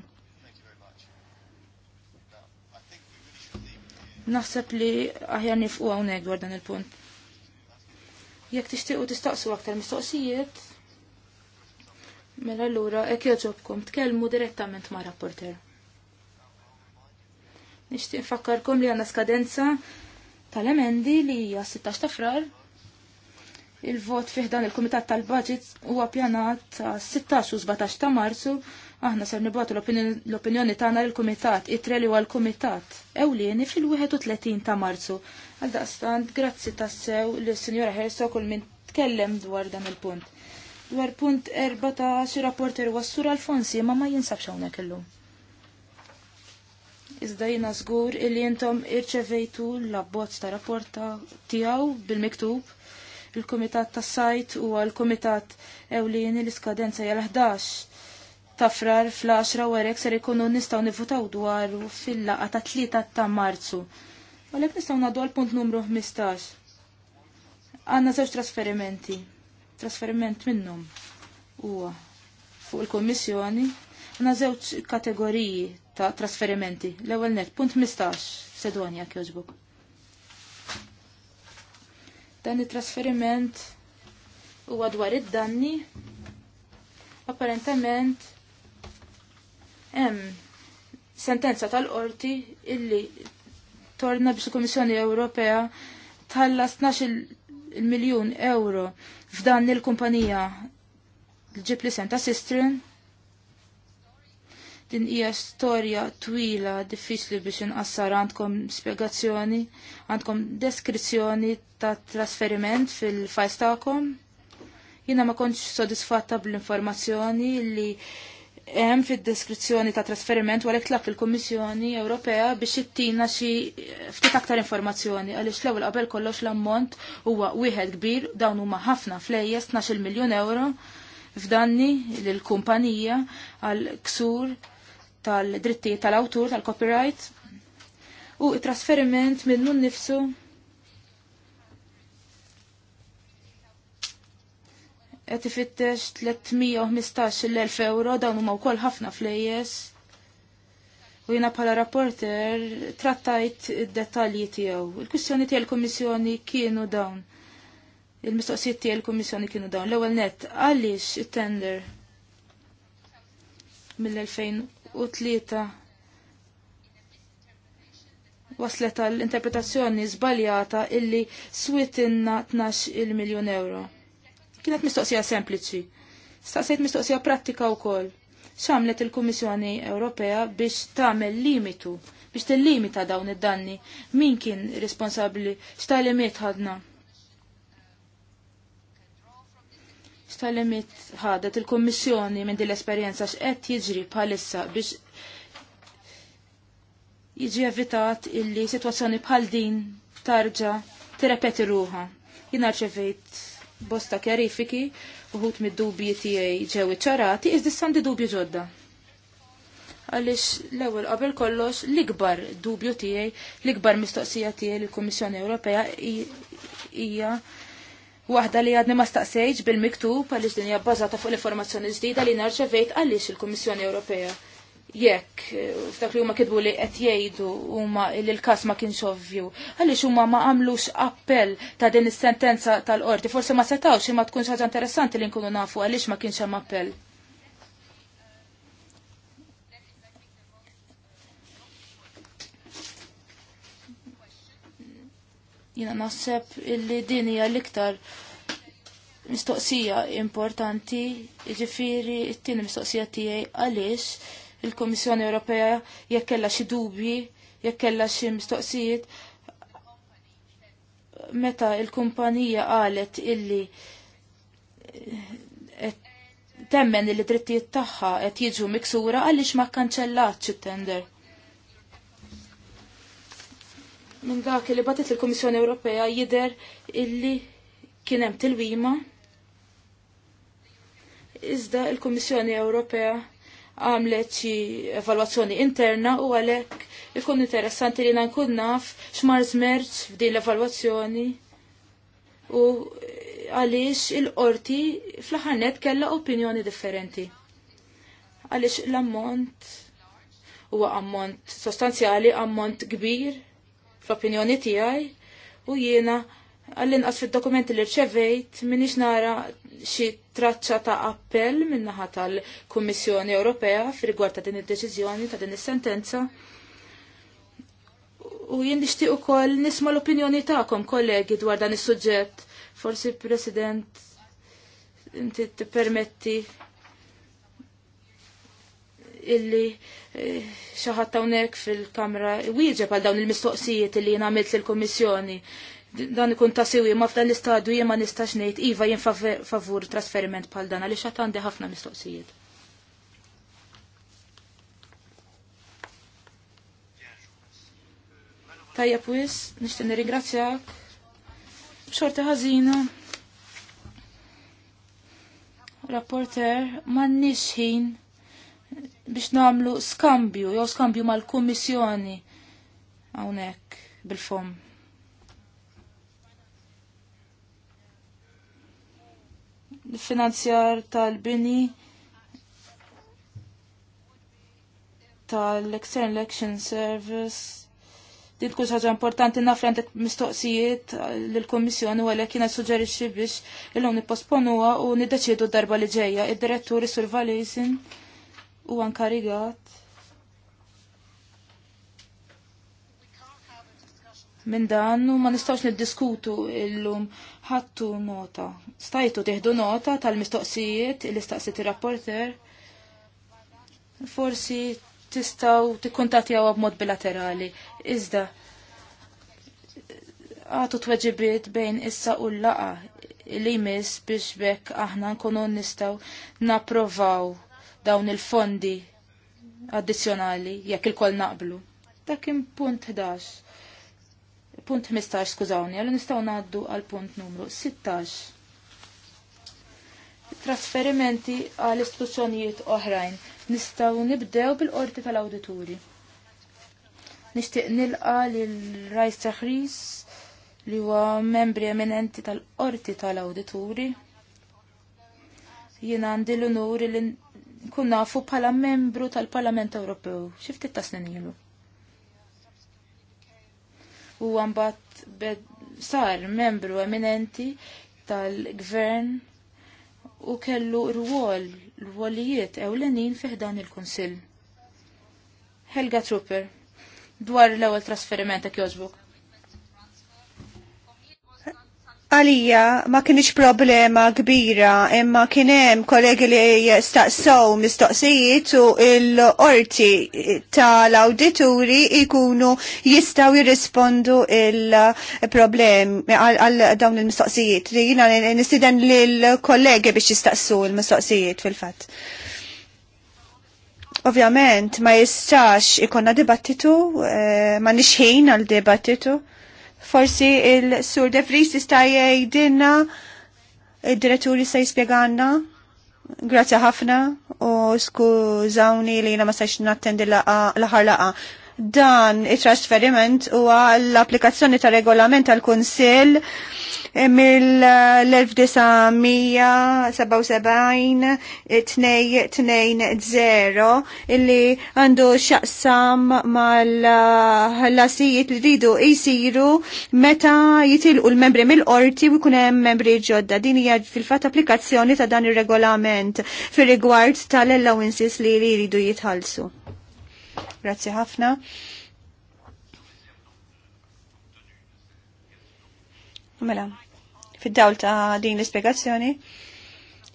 Naħseb li aħjar nifqu hawnhekk dwar dan il-punt. Jekk tixtiequ tistaqsu aktar mistoqsijiet, Mela l-ura, ek joġobkom, tkellmu direttament ma' rapporter. Nishti nfakkarkom li għanna skadenza tal-emendi li hija 16 ta' frar. Il-vot fih dan il-Kumitat tal-Budget huwa pjanat ta' 16 u 17 ta' Marzu. Aħna ser nibgħatu l-opinjoni tagħna lill-Kumitat itre li huwa l-Kumitat ewlieni fil-31 ta' Marzu. Għal daqstant, grazzi tassew lis-Sinjora Herzog kull min tkellem dwar dan il-punt dwar punt erba ta' xi rapporter wassur Alfonsi ma ma jinsab hawnhekk kellu. Iżda jiena żgur illi intom irċevejtu l-abbozz ta' rapporta tiegħu bil-miktub il-Kumitat tas Sajt huwa l-Kumitat Ewlieni l-iskadenza hija 11 ta' frar fl-10 warek ser ikunu nistgħu nivutaw dwar fil-laqa ta' 3 ta' Marzu. Għalek nistgħu ngħaddu għal punt numru 15. Għandna żewġ trasferimenti trasferiment minnhom huwa fuq il-Kommissjoni għandna zewċ kategoriji ta' trasferimenti. L-ewwel net, punt 15, Sedonja kjoġbok. Dan it-trasferiment huwa dwar id-danni apparentament hemm sentenza tal-qorti illi torna biex il-Kummissjoni Ewropea tħallas 12 il-miljun euro f'dan il-kumpanija l-ġib li ta' Sistrin. Din hija storja twila diffiċli biex inqassar għandkom spjegazzjoni, għandkom deskrizzjoni ta' trasferiment fil fajstakom Jina Jiena ma kontx sodisfatta bl-informazzjoni li hemm fid-deskrizzjoni ta' trasferiment wara tlab il-Kummissjoni Ewropea biex ittina xi ftit aktar informazzjoni għaliex l-ewwel qabel kollox l-ammont huwa wieħed kbir dawn huma ħafna flejjes 12 miljun euro f'danni lill-kumpanija għal ksur tal-drittijiet tal-awtur tal-copyright u t trasferiment minnu nnifsu qed ifittex 315 euro dawn huma wkoll ħafna flejjes. U jiena bħala rapporter trattajt id-dettalji tiegħu. Il-kwistjoni tiegħi l-Kummissjoni kienu dawn. Il-mistoqsijiet tiegħi il kummissjoni kienu dawn. L-ewwel nett għaliex it-tender mill-2003 waslet għall interpretazzjoni żbaljata illi switinna 12 il-miljon euro. Kienet mistoqsija sempliċi. Staqsejt mistoqsija prattika wkoll. X'għamlet il-Kummissjoni Ewropea biex tagħmel limitu, biex tillimita dawn id-danni. Min kien responsabbli? limit ħadna? limit ħadet il-Kummissjoni minn din esperienza x'qed jiġri bħalissa biex jiġi evitat illi situazzjoni bħal din tarġa tirrepeti ruha. Jien rċevejt bosta kjarifiki uħut mid-dubji tiegħi ġew iċċarati iżda sandi dubju ġodda. Għaliex l-ewwel qabel kollox l-ikbar dubju tiegħi, l-ikbar mistoqsija tiegħi lill-Kummissjoni Ewropea hija Waħda li għadni ma staqsejġ bil-miktub għaliex din hija bbażata fuq l-informazzjoni ġdida li narċevejt għaliex il-Kummissjoni Ewropea jekk eh, f'dak li huma kitbu li qed jgħidu huma li l-każ ma kienx ovvju, għaliex huma ma għamlux appell ta' din is-sentenza tal-qorti, forsi ma setawx imma tkun ħaġa interessanti li nkunu nafu għaliex ma kienx hemm appell. Jina naħseb illi din hija l-iktar mistoqsija importanti, ġifiri, it-tieni mistoqsija tiegħi għaliex il-Komissjoni Ewropea jekk kellha xi dubji, jekk kellha xi mistoqsijiet. Meta il-kumpanija qalet illi eh, temmen li drittijiet tagħha qed jiġu miksura għaliex ma kkanċellatx it-tender. Minn dak li batet il-Kummissjoni Ewropea jidher illi kien hemm tilwima iżda il-Kummissjoni Ewropea għamlet xi evalwazzjoni interna u għalhekk ikun interessanti li nkun naf x'mar żmerġ f'din l-evalwazzjoni u għaliex il-qorti fl-aħħar net kellha opinjoni differenti. Għaliex l-ammont huwa ammont sostanzjali, ammont kbir fl-opinjoni tiegħi u jiena għallin inqas fil-dokumenti li rċevejt minix nara xi traċċa ta' appell minnaħa tal-Kummissjoni Ewropea fir-rigward ta' din id-deċiżjoni ta' din is-sentenza. U jien nixtieq ukoll nisma' l-opinjoni tagħkom kollegi dwar dan is-suġġett. Forsi President inti tippermetti illi eh, xaħat hawnhekk fil-kamra wieġeb għal dawn il-mistoqsijiet illi jien għamilt lill-Kummissjoni dan ikun ta' siwi ma f'dan l-istadju jien ma nistax ngħid iva jien favur trasferiment bħal dan għaliex għad għandi ħafna mistoqsijiet. Tajja pwis, nixtieq nirringrazzjak. Xorta ħażina. Rapporter, m'għandniex ħin biex nagħmlu skambju jew skambju mal-kummissjoni hawnhekk bil-fom. finanzjar tal-bini tal-External Election Service. Din tkun ħaġa importanti naf għandek mistoqsijiet lill-Kummissjoni għalhekk jiena suġġerixxi biex illum nipposponuha u niddeċiedu darba li ġejja id-direttur Isur Valizin u anka minn dan u ma nistawx niddiskutu illum ħattu nota. Stajtu teħdu nota tal-mistoqsijiet il staqsiet ir-rapporter. Forsi tistaw tikkuntatjaw b'mod bilaterali. Iżda għatu tweġibiet bejn issa u l-laqa li jmiss biex bekk aħna nkunu nistaw naprovaw dawn il-fondi addizzjonali jekk il-kol naqblu. Dak punt 11 punt 15 skużawni, għallu nistaw naddu għal punt numru 16. Trasferimenti għal istituzzjonijiet oħrajn. Nistaw nibdew bil-qorti tal-awdituri. Nishtiq nilqa lil-Rajs Taħris li huwa membri eminenti tal-qorti tal-awdituri. Jien għandi l unuri li nkun nafu bħala membru tal-Parlament Ewropew. Xi ftit snin ilu u mbagħad sar membru eminenti tal-gvern u kellu rwol l-wolijiet ewlenin fiħdan il-Kunsill. Helga Trooper, dwar l-ewwel trasferiment ta' Kjożbuk. Għalija ma kienx problema kbira imma kien hemm kollegi li staqsow mistoqsijiet u l-orti tal-awdituri ikunu jistaw jirrispondu il-problem għal dawn il-mistoqsijiet. Li jina nistiden lill-kollegi biex jistaqsu il-mistoqsijiet fil-fatt. Ovvjament ma jistax ikonna dibattitu, eh, ma nixħin għal dibattitu. Forsi il-Sur De Vries jista' jgħidilna id-direttur jista' jispjegana. Grazzi ħafna u skużawni li jina ma sax nattendi l-aħħar laqa dan it-trasferiment huwa l-applikazzjoni ta' regolament tal-Kunsill 1977 2 illi għandu xaqsam mal-ħlasijiet li ridu jisiru meta jitilqu l-membri mill-qorti u kunem membri ġodda. Din hija fil-fat applikazzjoni ta' dan ir regolament fir rigward tal-allowances li jridu jitħallsu. Grazzi ħafna. Mela, fid-dawl ta' din l-ispiegazzjoni,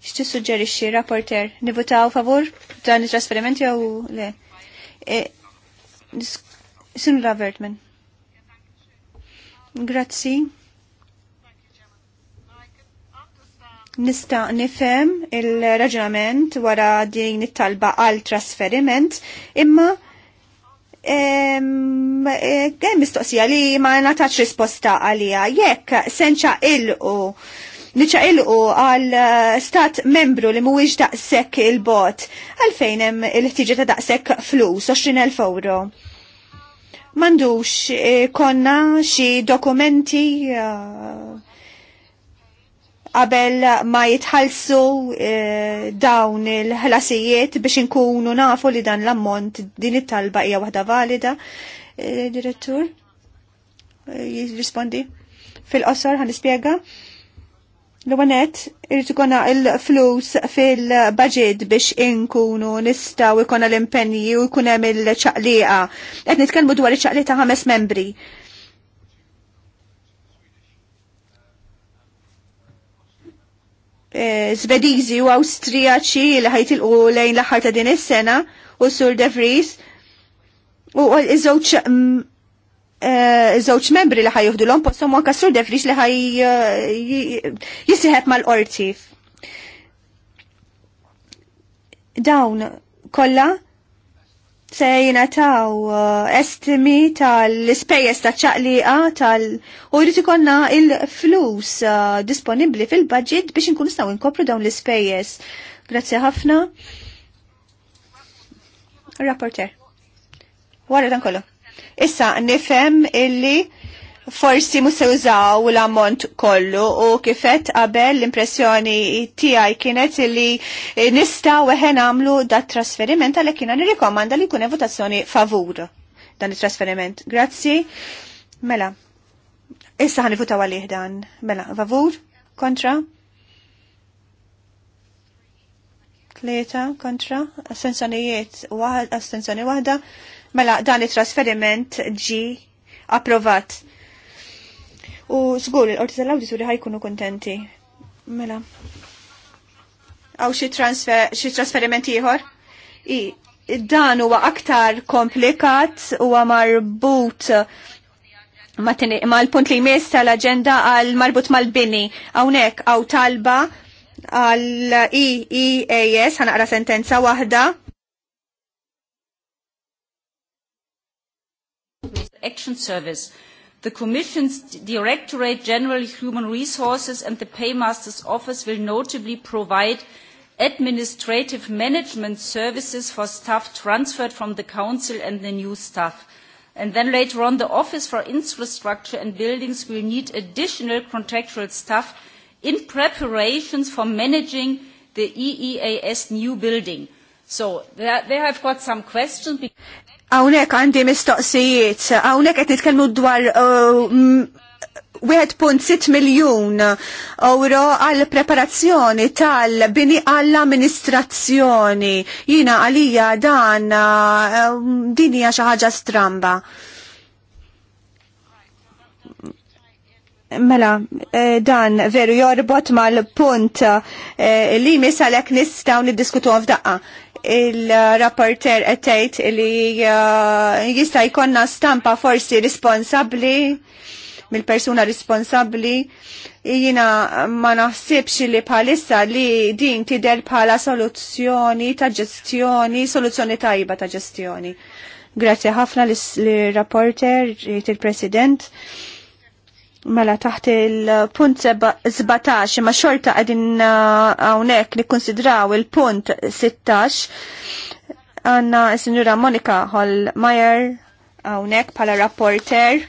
xti suġġerixxi rapporter nivutaw favur dan it-trasferimenti jew le? E, Sinra Vertman. Grazzi. Nista nifem il-raġunament wara din it-talba għal trasferiment imma Għem eh, mistoqsija li ma nataċ risposta għalija. Jekk senċa il-u niċaqilqu għal eh, stat membru li muwiġ daqsek il-bot, għalfejn hemm il-ħtiġa ta' daqsek flus, 20.000 euro. Mandux eh, konna xi dokumenti uh, qabel ma jitħalsu eh, dawn il-ħlasijiet biex inkunu nafu li dan l-ammont din it-talba hija waħda valida. Eh, direttur, eh, jirrispondi. Fil-qosor ħan nispjega. L-għanet, irrit ikona il-flus fil-budget biex inkunu nistaw ikona l-impenji u ikunem il-ċaqliqa. Għet nitkelmu dwar il-ċaqliqa ħames membri Eh, Svedizi u Awstrijaċi li ħajtilqu lejn l-aħħar ta' din is-sena u Sur De Vries u iż-żewġ mm, eh, żewġ membri li ħajjuħdu l-om postom anka Sur De Vries li ħaj eh, jisieħeb mal-qorti. Dawn kollha se taw eh, estimi tal-ispejjeż ta' ċaqliqa tal- u jrid ikonna il-flus eh, disponibbli fil-budget biex inkun nistgħu inkopru dawn l-ispejjeż. Grazzi ħafna. Rapporter. Wara dan kollu. Issa nifhem illi forsi mu użaw l-ammont kollu u kifet qabel l-impressjoni tiegħi kienet li nista weħen għamlu dat trasferiment għalhekk kiena nirrikomanda li jkun votazzjoni favur dan it-trasferiment. Grazzi. Mela. Issa ħan votaw għalih dan. Mela, favur? Kontra? Kleta, kontra? Astenzjonijiet astenzjoni waħda. Mela, dan it-trasferiment ġi approvat. U sgur, il-qorti tal suri ħajkunu kontenti. Mela. Aw xi transfer trasferimenti ieħor? I dan huwa aktar komplikat huwa marbut ma l-punt li jmiss tal-agenda għal marbut mal-bini. Hawnhekk għaw talba għal EEAS ħanaqra sentenza waħda. Action Service The Commission's Directorate General Human Resources and the Paymaster's Office will notably provide administrative management services for staff transferred from the Council and the new staff. And then later on, the Office for Infrastructure and Buildings will need additional contractual staff in preparations for managing the EEAS new building. So there, there I've got some questions. Hawnhekk għandi mistoqsijiet, hawnhekk qed nitkelmu dwar 1.6 uh, miljun euro għal preparazzjoni tal-bini għall-amministrazzjoni. Jina għalija dan uh, dinja xaħġa stramba. Mela, eh, dan veru jorbot mal-punt eh, li misalek nistaw niddiskutu għafdaqqa il-rapporter għetajt li uh, jista jkonna stampa forsi responsabli mill-persuna responsabli jina ma naħsibx li bħalissa li din tidher bħala soluzzjoni ta' ġestjoni, soluzzjoni tajba ta' ġestjoni. Grazie ħafna l-rapporter, il-president. il president Mela taħt il-punt 17 ma xorta għadin uh, għawnek li konsidraw il-punt 16 għanna s-sinjura Monika hall meyer għawnek pala rapporter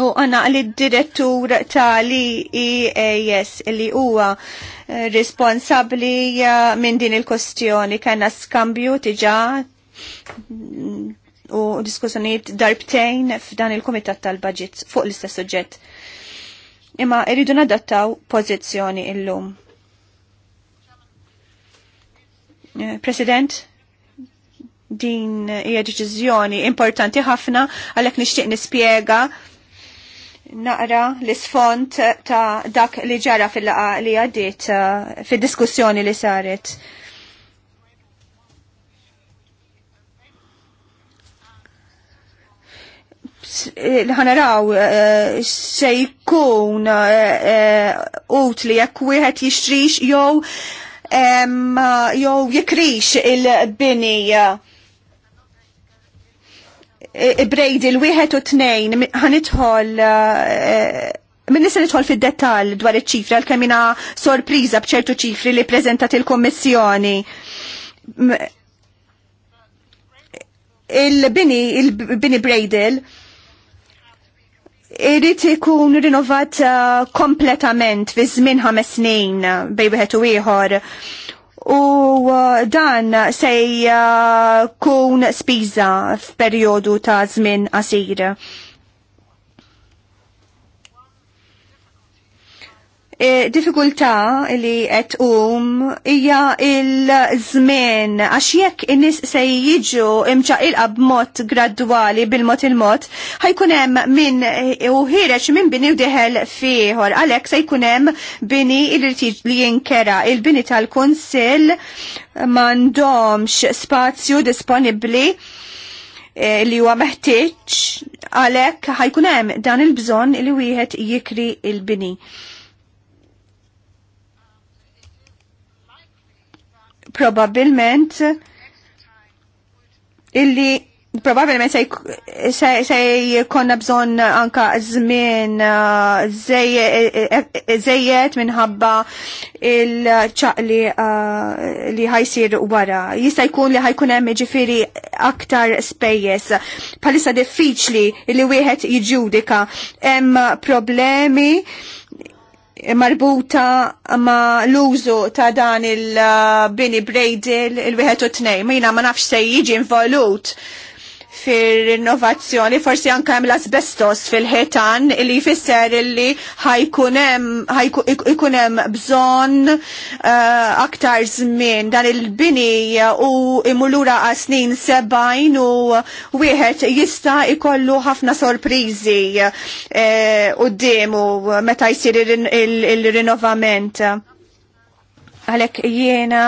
u għanna għalli direttur ta' li EAS li huwa eh, responsabli eh, minn din il-kostjoni kanna skambju tiġa u diskussjonijiet darbtejn f'dan il-Kumitat tal-Budget fuq l-istess suġġett. Imma irridu nadattaw pożizzjoni illum. Eh, President, din hija deċiżjoni importanti ħafna għalhekk nixtieq nispjega naqra l-isfont ta' dak li ġara fil-laqa li għaddiet eh, fid-diskussjoni li saret. l ħanaraw eh, se jkun eh, eh, utli jekk wieħed jixtrix jew jew jikrix il-bini brejdi l-wieħed u tnejn ħanidħol Min nisa nidħol fid-dettal dwar iċ-ċifri għal mina sorpriża bċertu ċifri li prezentat il-Kommissjoni il-bini, il-bini Bradel, Irrit ikun rinnovat uh, kompletament fi żmien ħames snin bej wieħed u ieħor. U uh, dan se jkun uh, spiża f'perjodu ta' żmien qasir. E, li qed um hija il-żmien għax jekk in-nies se jiġu imċaqilqa b'mod gradwali bil-mod il-mod, ħajkun hemm min u ħireġ minn bini u diħel fieħor għalhekk se jkun hemm bini irrid li jinkera il-bini tal-kunsill m'għandhomx spazju disponibbli eh, li huwa meħtieġ għalhekk ħajkun hemm dan il-bżonn li wieħed jikri il-bini. il bini probabilment illi probabilment se jkonna bżon anka żmien żejjed uh, eh, eh, minħabba il ċaq uh, li ħajsir wara. Jista' jkun li ħajkun hemm ġifieri aktar spejjeż. Palissa diffiċli li wieħed jiġġudika hemm problemi marbuta ma l-użu ta' dan il-bini brejdil il-1 u 2. Mina ma nafx se jiġi involut fil-innovazzjoni, forsi anka hemm l-asbestos fil-ħetan li jfisser li ħajkun hemm bżonn eh, aktar żmien dan il-bini u imulura għal snin sebajn u wieħed jista' ikollu ħafna sorpriżi eh, demu meta jsir il-rinnovament għalek jiena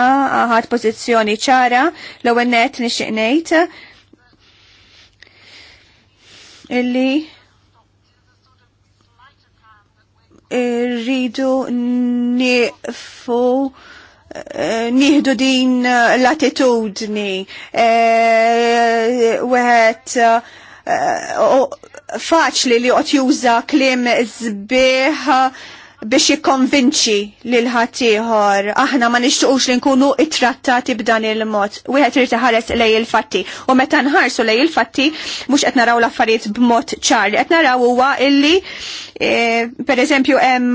ħad pozizjoni ċara l ewwel net ngħid illi rridu nifu eh, nieħdu din l-attitudni. Eh, wieħed eh, faċli li qed juża kliem biex jikkonvinċi lil ħatiħor aħna ma nixtuqux li nkunu ittrattati b'dan il-mod. Wieħed irid iħares lej il-fatti. U meta nħarsu lej il-fatti mhux qed naraw l-affarijiet b'mod ċar. Qed naraw huwa illi e, pereżempju hemm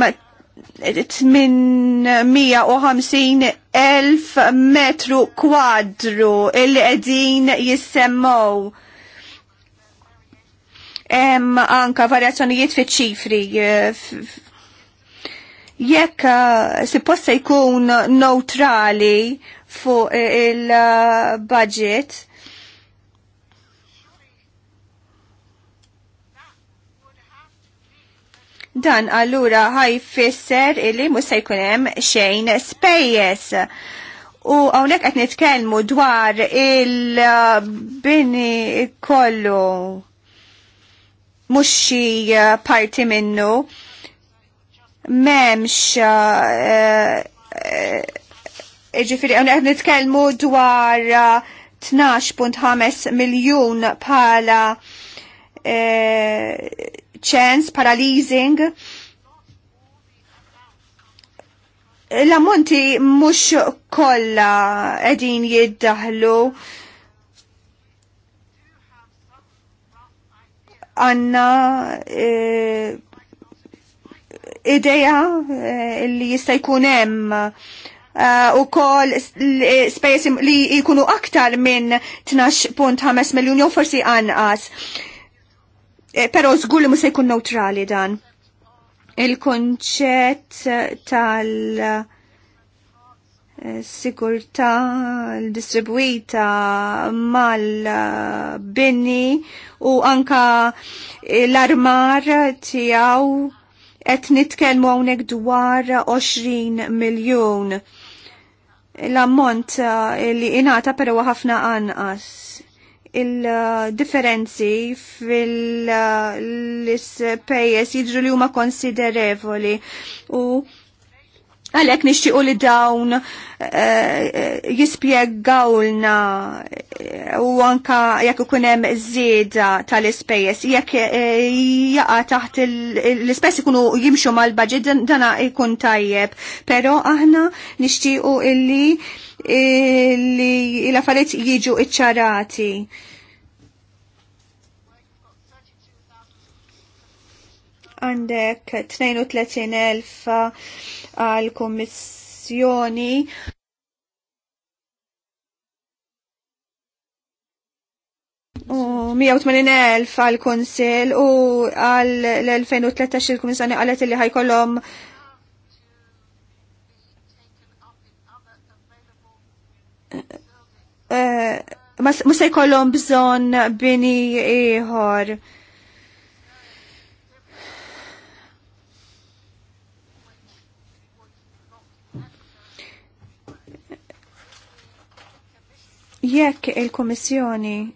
850,000 elf metru kwadru illi qegħdin jissemmow hemm anka varjazzjonijiet fiċ-ċifri e, jekk eh, si possa jkun neutrali fuq eh, il-budget, dan allura ħaj fisser illi mus se jkun hemm xejn spejjes. U hawnhekk qed nitkellmu dwar il-bini kollu mhux xi parti minnu memx eh, eh, ġifiri għan għed nitkelmu dwar 12.5 eh, miljon pala ċens, pala leasing. L-ammonti mux kolla edin jiddaħlu għanna ideja eh, li jista' jkun hemm eh, u kol space li jkunu aktar minn 12.5 miljon jew forsi anqas. Eh, Pero żgur li jkun neutrali dan. Il-konċett tal- sigurta distribuita mal-binni u anka l-armar tijaw qed nitkellmu hawnhekk dwar 20 miljun. L-ammont uh, li ingħata però ħafna anqas il-differenzi fil-spejjes uh, jidru li huma konsiderevoli u Għalek nixtiqu li dawn eh, eh, jispiegawlna eh, u anka jekk ikunem zieda tal-ispejjeż jekk jaqa' taħt l-ispejjeż ikunu jimxu mal-baġit dana jkun tajjeb, però aħna nixtiequ illi li l-affarijiet jiġu iċċarati. għandek 32.000 għal kommissjoni. U 180.000 għal konsil u għal 2013 il-Komissjoni għalet li ħajkolom eh, eh, ma se jkollhom bżonn bini ieħor. E Jekk il-Komissjoni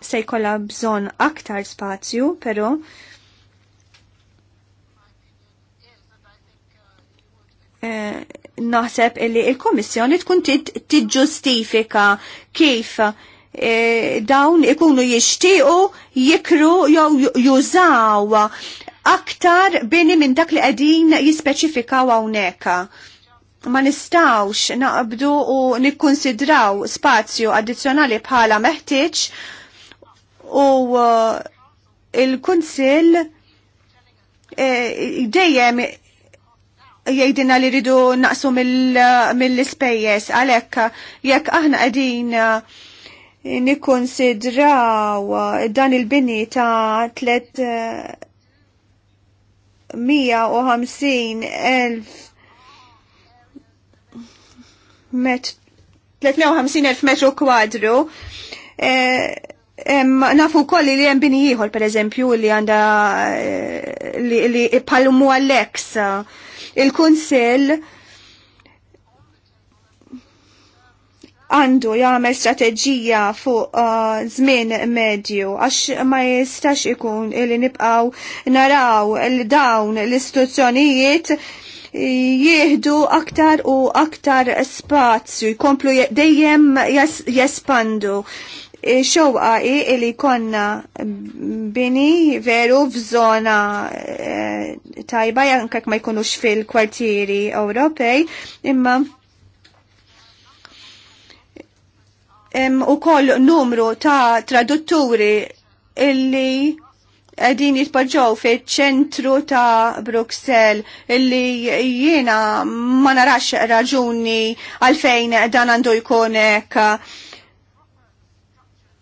se jkollha bżonn aktar spazju, però eh, naħseb illi il-Komissjoni tkun tiġġustifika kif eh, dawn ikunu jixtiequ jikru jew jużaw aktar bini minn dak li qegħdin jispeċifikaw hawnhekk ma nistawx naqbdu u nikkonsidraw spazju addizzjonali bħala meħtieġ u uh, il-Kunsill eh, dejjem jgħidina li ridu naqsu mill-ispejjeż għalhekk jekk aħna qegħdin eh, nikkonsidraw eh, dan il-bini ta' 350 elf 350.000 metru kwadru. E, nafu koll li hemm bini ieħor pereżempju li għandha e, li palmu għall Il-Kunsill għandu jagħmel strateġija fuq e, żmien medju għax ma jistax ikun li nibqgħu naraw il dawn l-istituzzjonijiet jieħdu aktar u aktar spazju, jkomplu dejjem jespandu. Xewqa i li konna bini veru f'żona eh, tajba jankak ma jkunux fil-kwartieri Ewropej, imma u koll numru ta' tradutturi illi għedin jitpoġġow fi ċentru ta' Bruxelles illi jiena ma narax raġuni għalfejn dan għandu jkun hekk.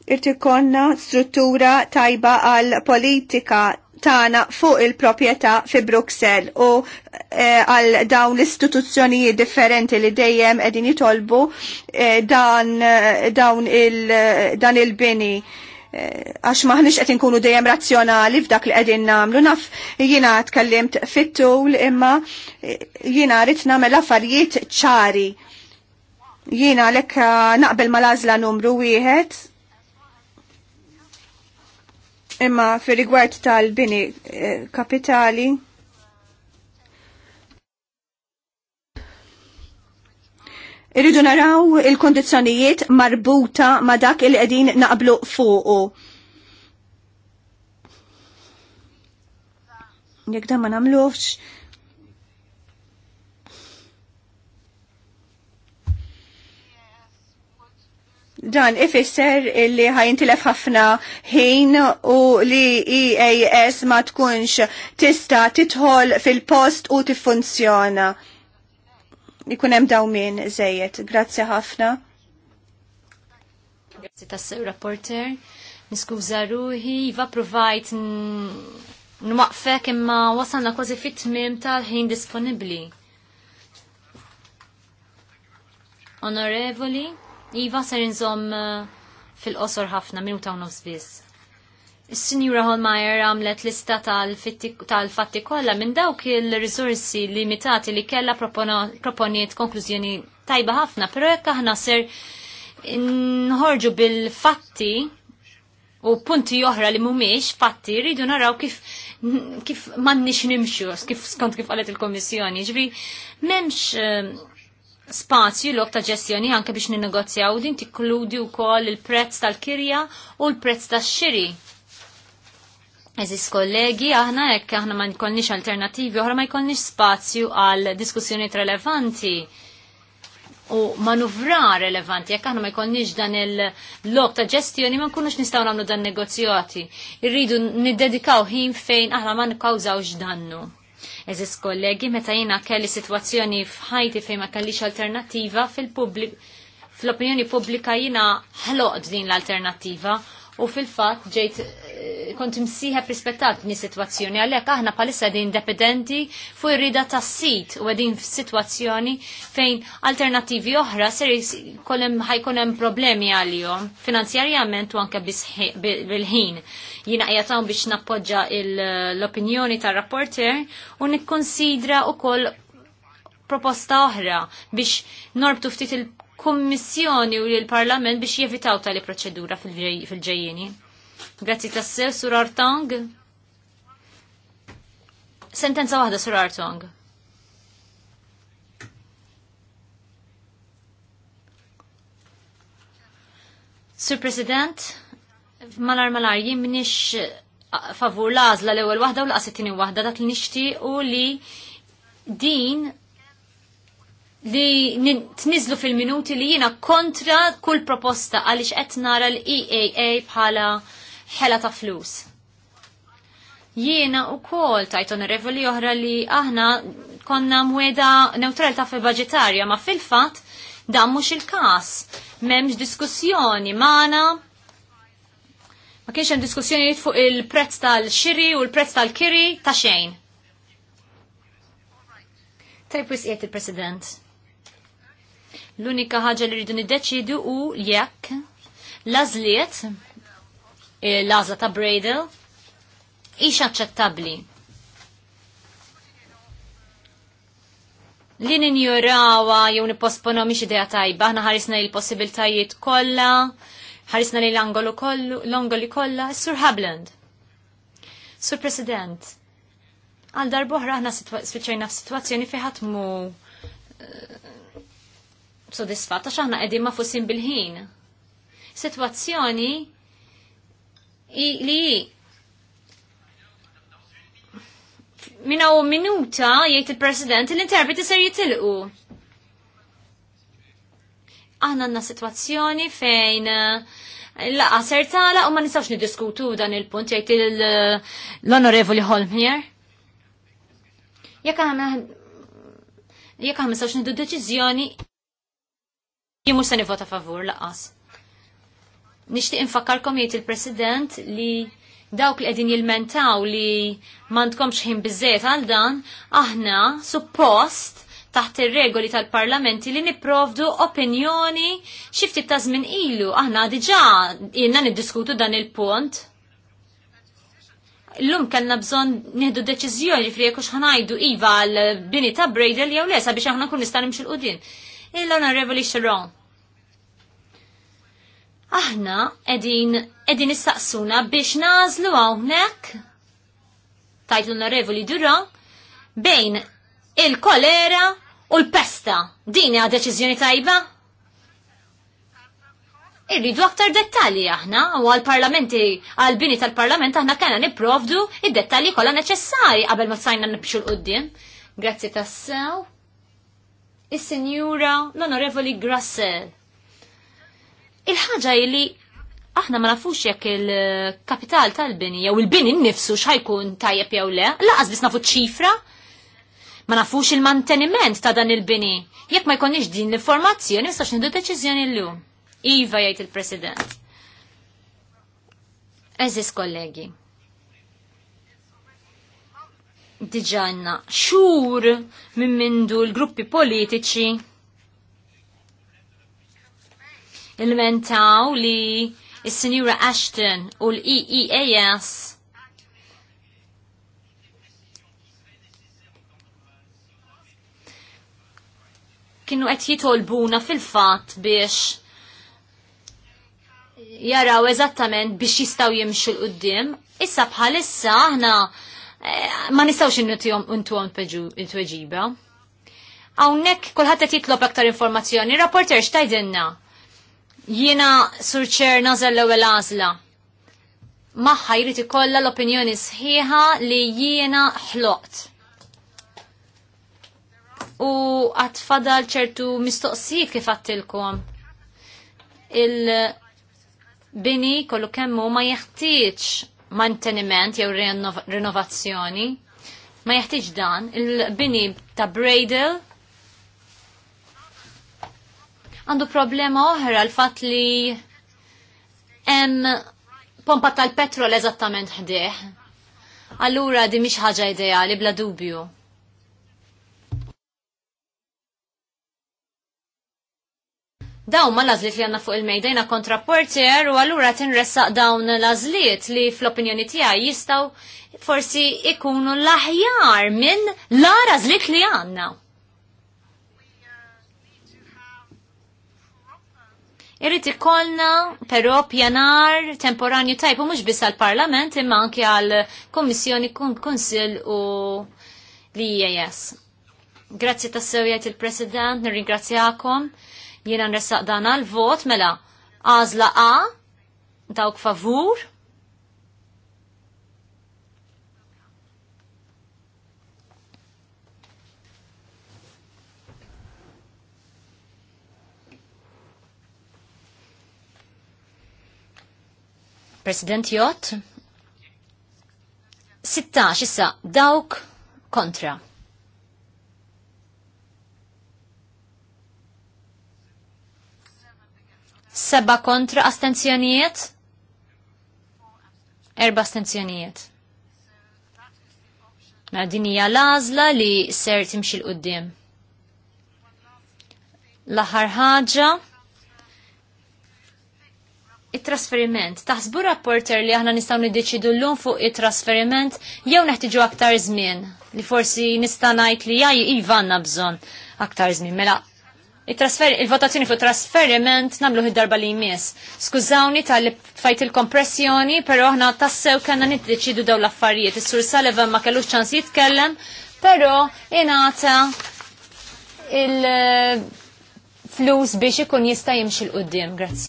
Irtikonna struttura tajba għal politika tana fuq il-propieta fi Bruxelles u eh, għal e, dawn l-istituzzjonijiet differenti li dejjem edin jitolbu e, dan, eh, dawn il-bini. il bini għax maħnix qed inkunu dejjem razzjonali f'dak li qegħdin nagħmlu naf jina tkellimt fit-tul imma jiena rrid nagħmel affarijiet ċari. Jina lek ah, naqbel mal-għażla numru wieħed imma fir rigward tal-bini eh, kapitali Irridu naraw il-kondizjonijiet marbuta ma dak il-qegħdin naqblu fuqu. Jekk dan ma nagħmluhx, dan ifisser li ħajintilef ħafna ħin u li EAS ma tkunx tista titħol fil-post u tiffunzjona ikun hemm dawmin żejjed. Grazzi ħafna. Grazzi tas rapporter. Niskuża ruħi, iva provajt nwaqfek imma wasalna kważi fit-tmiem tal-ħin disponibbli. Onorevoli, iva ser inżomm eh, fil-qosor ħafna minuta u nofs biss sinjura Holmeyer għamlet lista tal-fatti kollha minn dawk il rizorsi limitati li kellha proponiet konklużjoni tajba ħafna, però jekk aħna ser nħorġu bil-fatti u punti oħra li mhumiex fatti rridu naraw kif kif m'għandniex nimxu, kif skont kif għalet il-Kommissjoni, ġvi, m'hemmx eh, spazju lok ta' ġestjoni anke biex ninnegozjaw din tikkludi wkoll il-prezz tal-kirja u l-prezz tax-xiri. Eżis kollegi, aħna jekk aħna ma jkollniex alternativi, oħra ma jkollniex spazju għal diskussjonijiet relevanti u manuvra relevanti, jekk aħna ma jkollniex dan il lok ta' ġestjoni ma nkunux nistgħu nagħmlu dan negozjati. Irridu niddedikaw ħin fejn aħna ma nkawżawx dannu. Eżis kollegi, meta jiena kelli sitwazzjoni f'ħajti fejn ma kellix alternattiva fil-pubbliku fl-opinjoni pubblika jina ħloqt din l-alternativa u fil-fat ġejt kont imsieħeb rispettat ni situazzjoni għalhekk aħna bħalissa din dependenti fuq ir-rida tas-sit u qegħdin f'sitwazzjoni fejn alternattivi oħra ser ħajkun hemm problemi għalihom finanzjarjament u anke bil-ħin. Jiena qiegħed biex nappoġġa l-opinjoni tar-rapporter u nikkonsidra wkoll proposta oħra biex norbtu ftit il kummissjoni u l-Parlament biex jevitaw tali proċedura fil-ġejjini. Grazzi tassew, Sur Artong. Sentenza waħda, Sur Artong. Sur President, malar malar jim nix favur lażla l-ewwel waħda u l-qasettini waħda dak li nixtiequ li din li tniżlu fil-minuti li jiena kontra kull proposta għaliex qed nara l-EAA bħala ħela ta' flus. Jiena u kol tajton revoli oħra li aħna konna mweda neutral ta' budgetarja ma fil-fat dan mhux il-każ. M'hemmx diskussjoni magħna ma kienx hemm diskussjonijiet fuq il-prezz tal-xiri u l-prezz tal-kiri ta' xejn. Tajb wisqiet il-President. L-unika ħaġa li rridu niddeċidu u jekk lażliet l-għażla ta' Bradel hix aċċettabbli. Li ninjurawa jew nipposponaw miex idea tajba, aħna ħarisna l possibiltajiet kollha, ħarisna li l-angolu kollu, l-angoli kollha, Sur Habland. Sur President, għal darbohra aħna spiċċajna f'sitwazzjoni fi ħatmu eh, sodisfatta x'aħna qegħdin ma' fusin bil-ħin. Sitwazzjoni li minna u minuta jgħid il-President l-interpreti ser jitilqu. Aħna għandna situazzjoni fejn eh, laqa ser tala u ma nistawx niddiskutu dan il-punt jgħid l-Onorevoli Holmier. Jekk aħna jekk aħna nistawx niddu deċiżjoni jien se nivota favur laqas. Nixtieq infakkarkom jgħid il-President li dawk li qegħdin jilmentaw li m'għandkomx ħin bizzet għal dan, aħna suppost taħt ir-regoli tal-parlamenti li niprovdu opinjoni xifti ta' żmien ilu. Aħna diġà jenna niddiskutu dan il-punt. L-lum kellna bżonn nieħdu deċiżjoni fri jekux ħanajdu iva għal bini ta' Bradel jew le sabiex aħna kun nistanim xil qudin il revolution wrong aħna edin edin istaqsuna biex nażlu hawnhekk tajt l-onorevoli dura bejn il-kolera u l-pesta. Din hija deċiżjoni tajba? Irridu aktar dettalji aħna u għal-parlamenti għal-bini tal-parlament aħna kena niprovdu id-dettalji kollha neċessari qabel ma tsajna nibxu l-qoddim. Grazzi tassew. Is-Sinjura l-Onorevoli Grassel. Il-ħaġa li aħna ma nafux jekk il-kapital tal-bini jew il-bini nnifsu xajkun tajjeb jew le, laqas biss nafu ċifra. Ma nafux il-manteniment ta' dan il-bini. Jekk ma jkunniex din l-informazzjoni, nistax deċizjoni deċiżjoni llum. Iva jgħid il-President. Eżis kollegi. Diġanna, xur minn mindu l-gruppi politiċi il-mentaw li il-Sinjura Ashton u l-EEAS kienu qed jitolbuna fil-fatt biex jaraw eżattament biex jistaw jimxu l-qoddim. Issa bħalissa aħna eh, ma nistawx intihom intuhom tweġiba. Hawnhekk kulħadd qed jitlob aktar informazzjoni. Rapporter x'tajdilna? Jiena surċer nażel l-ewwel għażla. Maħħa jrid ikollha l-opinjoni sħiħa li jiena ħloqt. U għatfadal ċertu mistoqsijiet kif għattilkom. Il-bini kollu kemmu ma jeħtieġ manteniment jew rinnovazzjoni. Ma jeħtieġ dan, il-bini ta' Bradle. Għandu problema oħra l-fat li hemm pompa tal-petrol eżattament ħdieħ. Allura di mhix ħaġa ideali bla dubju. Dawn ma lażliet li għanna fuq il-mejdejna kontra portier u allura tinressaq dawn lażliet li fl-opinjoni tiegħi jistgħu forsi ikunu l-aħjar minn l-ara li għanna. Irrid ikollna però pjanar temporanju tajb u mhux biss għall-Parlament imma anke għall-Kummissjoni Kunsill u l-IAS. Grazzi tas-sewjet il-President, nirringrazzjakom. Jiena nressaq dan għal-vot mela għażla A dawk favur President Jott. 16 issa dawk kontra. Seba kontra astenzjonijiet? Erba astenzjonijiet. Ma mela, din hija l-għażla li ser timxi l-qudiem. L-aħħar ħaġa it-trasferiment. Taħsbu rapporter li aħna nistgħu niddeċidu llum fuq it-trasferiment jew neħtiġu aktar żmien li forsi nista' ngħid li jaj iva għandna bżonn aktar żmien. Mela il-votazzjoni fuq trasferiment nagħmluh id-darba li jmiss. Skużawni tal fajt il-kompressjoni, però aħna tassew kellna niddeċidu dawn l-affarijiet. Is-Sur Sullivan ma kellux ċans jitkellem, però ingħata il-flus biex ikun jista' jimxi l-qudiem. Grazzi.